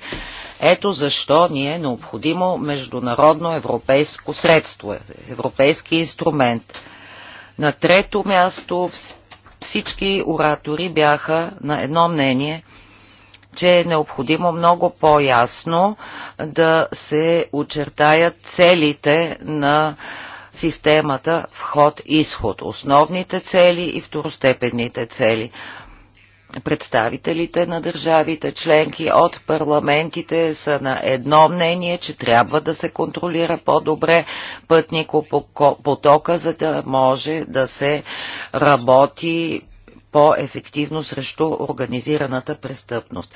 Ето защо ни е необходимо международно европейско средство, европейски инструмент. На трето място всички оратори бяха на едно мнение, че е необходимо много по-ясно да се очертаят целите на системата вход-изход, основните цели и второстепенните цели. Представителите на държавите, членки от парламентите са на едно мнение, че трябва да се контролира по-добре пътнико потока, за да може да се работи по-ефективно срещу организираната престъпност.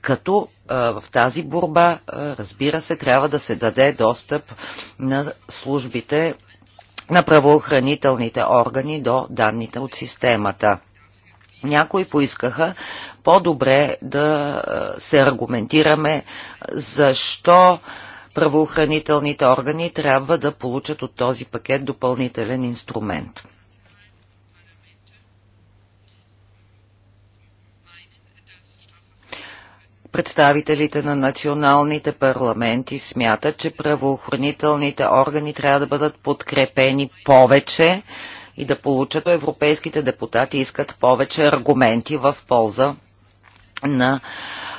Като а, в тази борба, а, разбира се, трябва да се даде достъп на службите на правоохранителните органи до данните от системата. Някои поискаха по-добре да е, се аргументираме е, защо правоохранителните органи трябва да получат от този пакет допълнителен инструмент. представителите на националните парламенти смятат, че правоохранителните органи трябва да бъдат подкрепени повече и да получат европейските депутати искат повече аргументи в полза на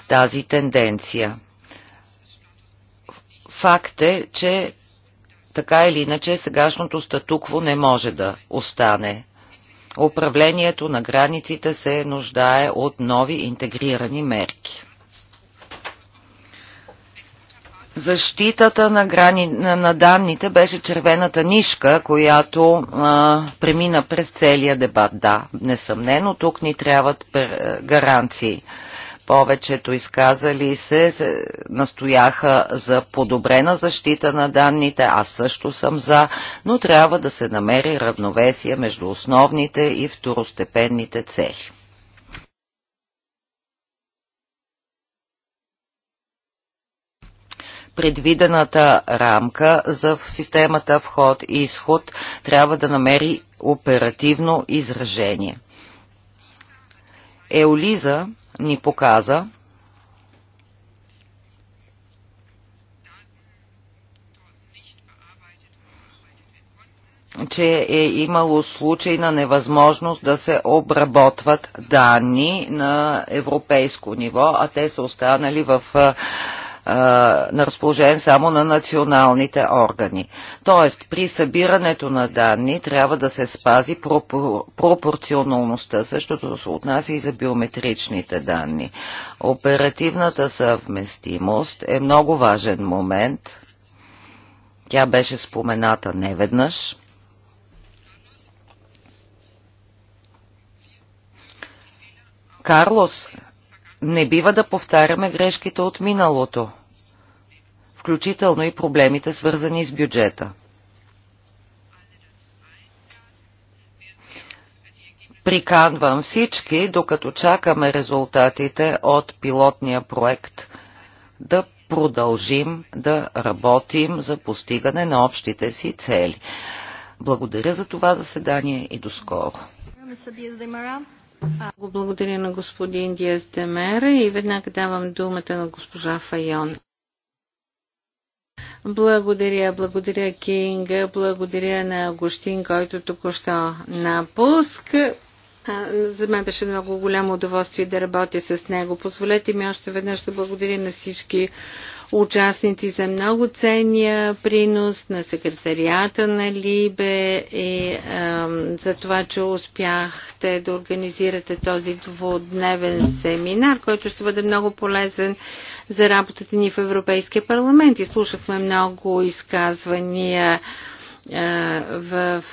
тази тенденция. Факт е, че така или иначе сегашното статукво не може да остане. Управлението на границите се нуждае от нови интегрирани мерки. Защитата на, грани, на, на данните беше червената нишка, която а, премина през целия дебат. Да, несъмнено, тук ни трябват е, гаранции. Повечето изказали се, се настояха за подобрена защита на данните, аз също съм за, но трябва да се намери равновесие между основните и второстепенните цели. предвидената рамка за системата вход-изход и трябва да намери оперативно изражение. Еолиза ни показа, че е имало случай на невъзможност да се обработват данни на европейско ниво, а те са останали в на разположение само на националните органи. Тоест, при събирането на данни трябва да се спази пропор... пропорционалността. Същото се отнася и за биометричните данни. Оперативната съвместимост е много важен момент. Тя беше спомената неведнъж. Карлос не бива да повтаряме грешките от миналото, включително и проблемите свързани с бюджета. Приканвам всички, докато чакаме резултатите от пилотния проект, да продължим да работим за постигане на общите си цели. Благодаря за това заседание и до скоро. Много благодаря на господин Диас Демера и веднага давам думата на госпожа Файон. Благодаря, благодаря Кинга, благодаря на Агустин, който току-що напуск. За мен беше много голямо удоволствие да работя с него. Позволете ми още веднъж да благодаря на всички участници за много ценния принос на секретарията на Либе и а, за това, че успяхте да организирате този двудневен семинар, който ще бъде много полезен за работата ни в Европейския парламент. И слушахме много изказвания в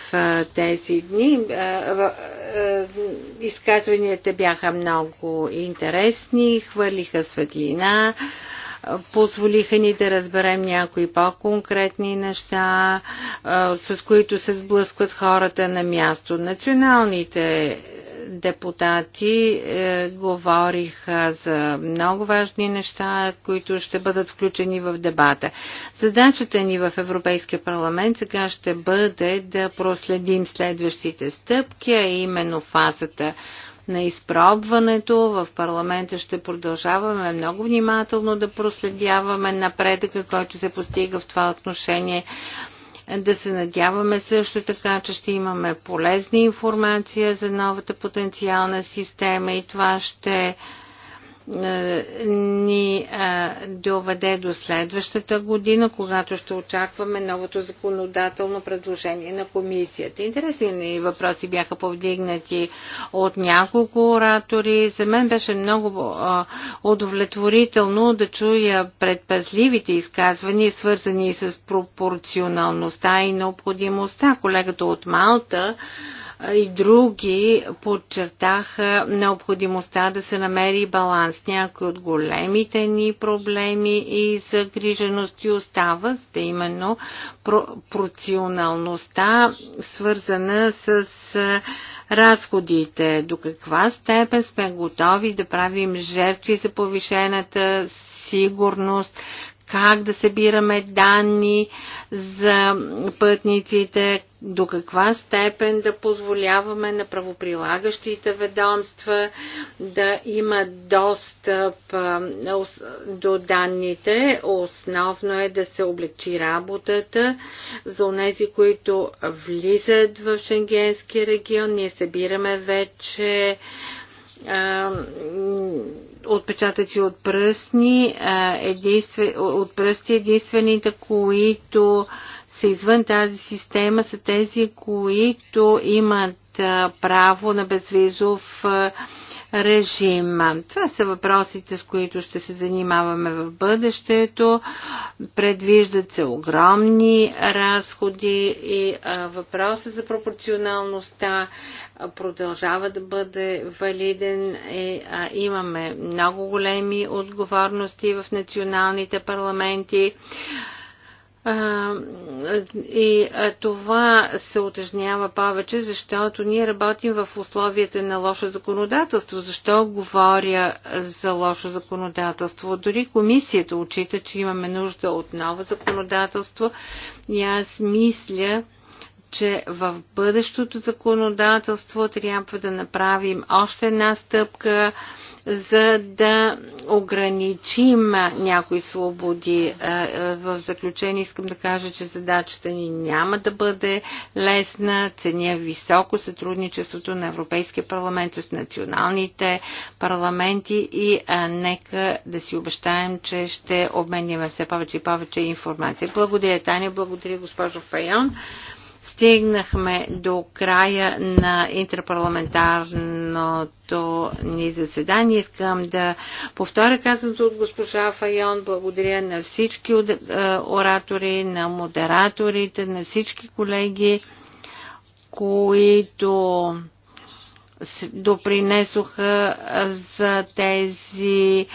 тези дни. Изказванията бяха много интересни, хвърлиха светлина позволиха ни да разберем някои по-конкретни неща, с които се сблъскват хората на място. Националните депутати е, говориха за много важни неща, които ще бъдат включени в дебата. Задачата ни в Европейския парламент сега ще бъде да проследим следващите стъпки, а именно фазата на изпробването. В парламента ще продължаваме много внимателно да проследяваме напредъка, който се постига в това отношение. Да се надяваме също така, че ще имаме полезна информация за новата потенциална система и това ще е, ни е, доведе до следващата година, когато ще очакваме новото законодателно предложение на комисията. Интересни въпроси бяха повдигнати от няколко оратори. За мен беше много е, удовлетворително да чуя предпазливите изказвания, свързани с пропорционалността и необходимостта. Колегата от Малта и други подчертаха необходимостта да се намери баланс. Някои от големите ни проблеми и загрижености остават, да именно пропорционалността, свързана с разходите. До каква степен сме готови да правим жертви за повишената сигурност, как да събираме данни за пътниците, до каква степен да позволяваме на правоприлагащите ведомства да имат достъп до данните. Основно е да се облегчи работата за тези, които влизат в Шенгенския регион. Ние събираме вече отпечатъци от пръстни, от пръсти единствените, които са извън тази система, са тези, които имат право на безвизов режим. Това са въпросите, с които ще се занимаваме в бъдещето. Предвиждат се огромни разходи и въпросът за пропорционалността продължава да бъде валиден. Е, имаме много големи отговорности в националните парламенти и това се утежнява повече, защото ние работим в условията на лошо законодателство. Защо говоря за лошо законодателство? Дори комисията очита, че имаме нужда от ново законодателство и аз мисля, че в бъдещото законодателство трябва да направим още една стъпка за да ограничим някои свободи. Е, е, в заключение искам да кажа, че задачата ни няма да бъде лесна. Ценя високо сътрудничеството на Европейския парламент с националните парламенти и е, нека да си обещаем, че ще обменяме все повече и повече информация. Благодаря, Таня. Благодаря, госпожо Файон. Стигнахме до края на интерпарламентарното ни заседание. Искам да повторя казаното от госпожа Файон. Благодаря на всички е, оратори, на модераторите, на всички колеги, които допринесоха за тези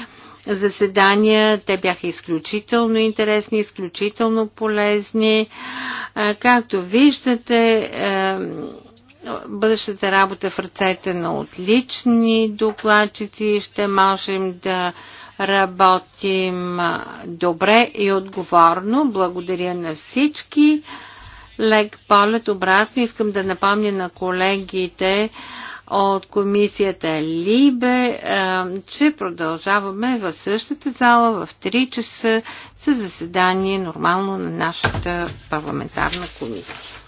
заседания. Те бяха изключително интересни, изключително полезни. Както виждате, бъдещата работа в ръцете на отлични докладчици ще можем да работим добре и отговорно. Благодаря на всички. Лек полет обратно. Искам да напомня на колегите, от комисията Либе, е, че продължаваме в същата зала в 3 часа с заседание нормално на нашата парламентарна комисия.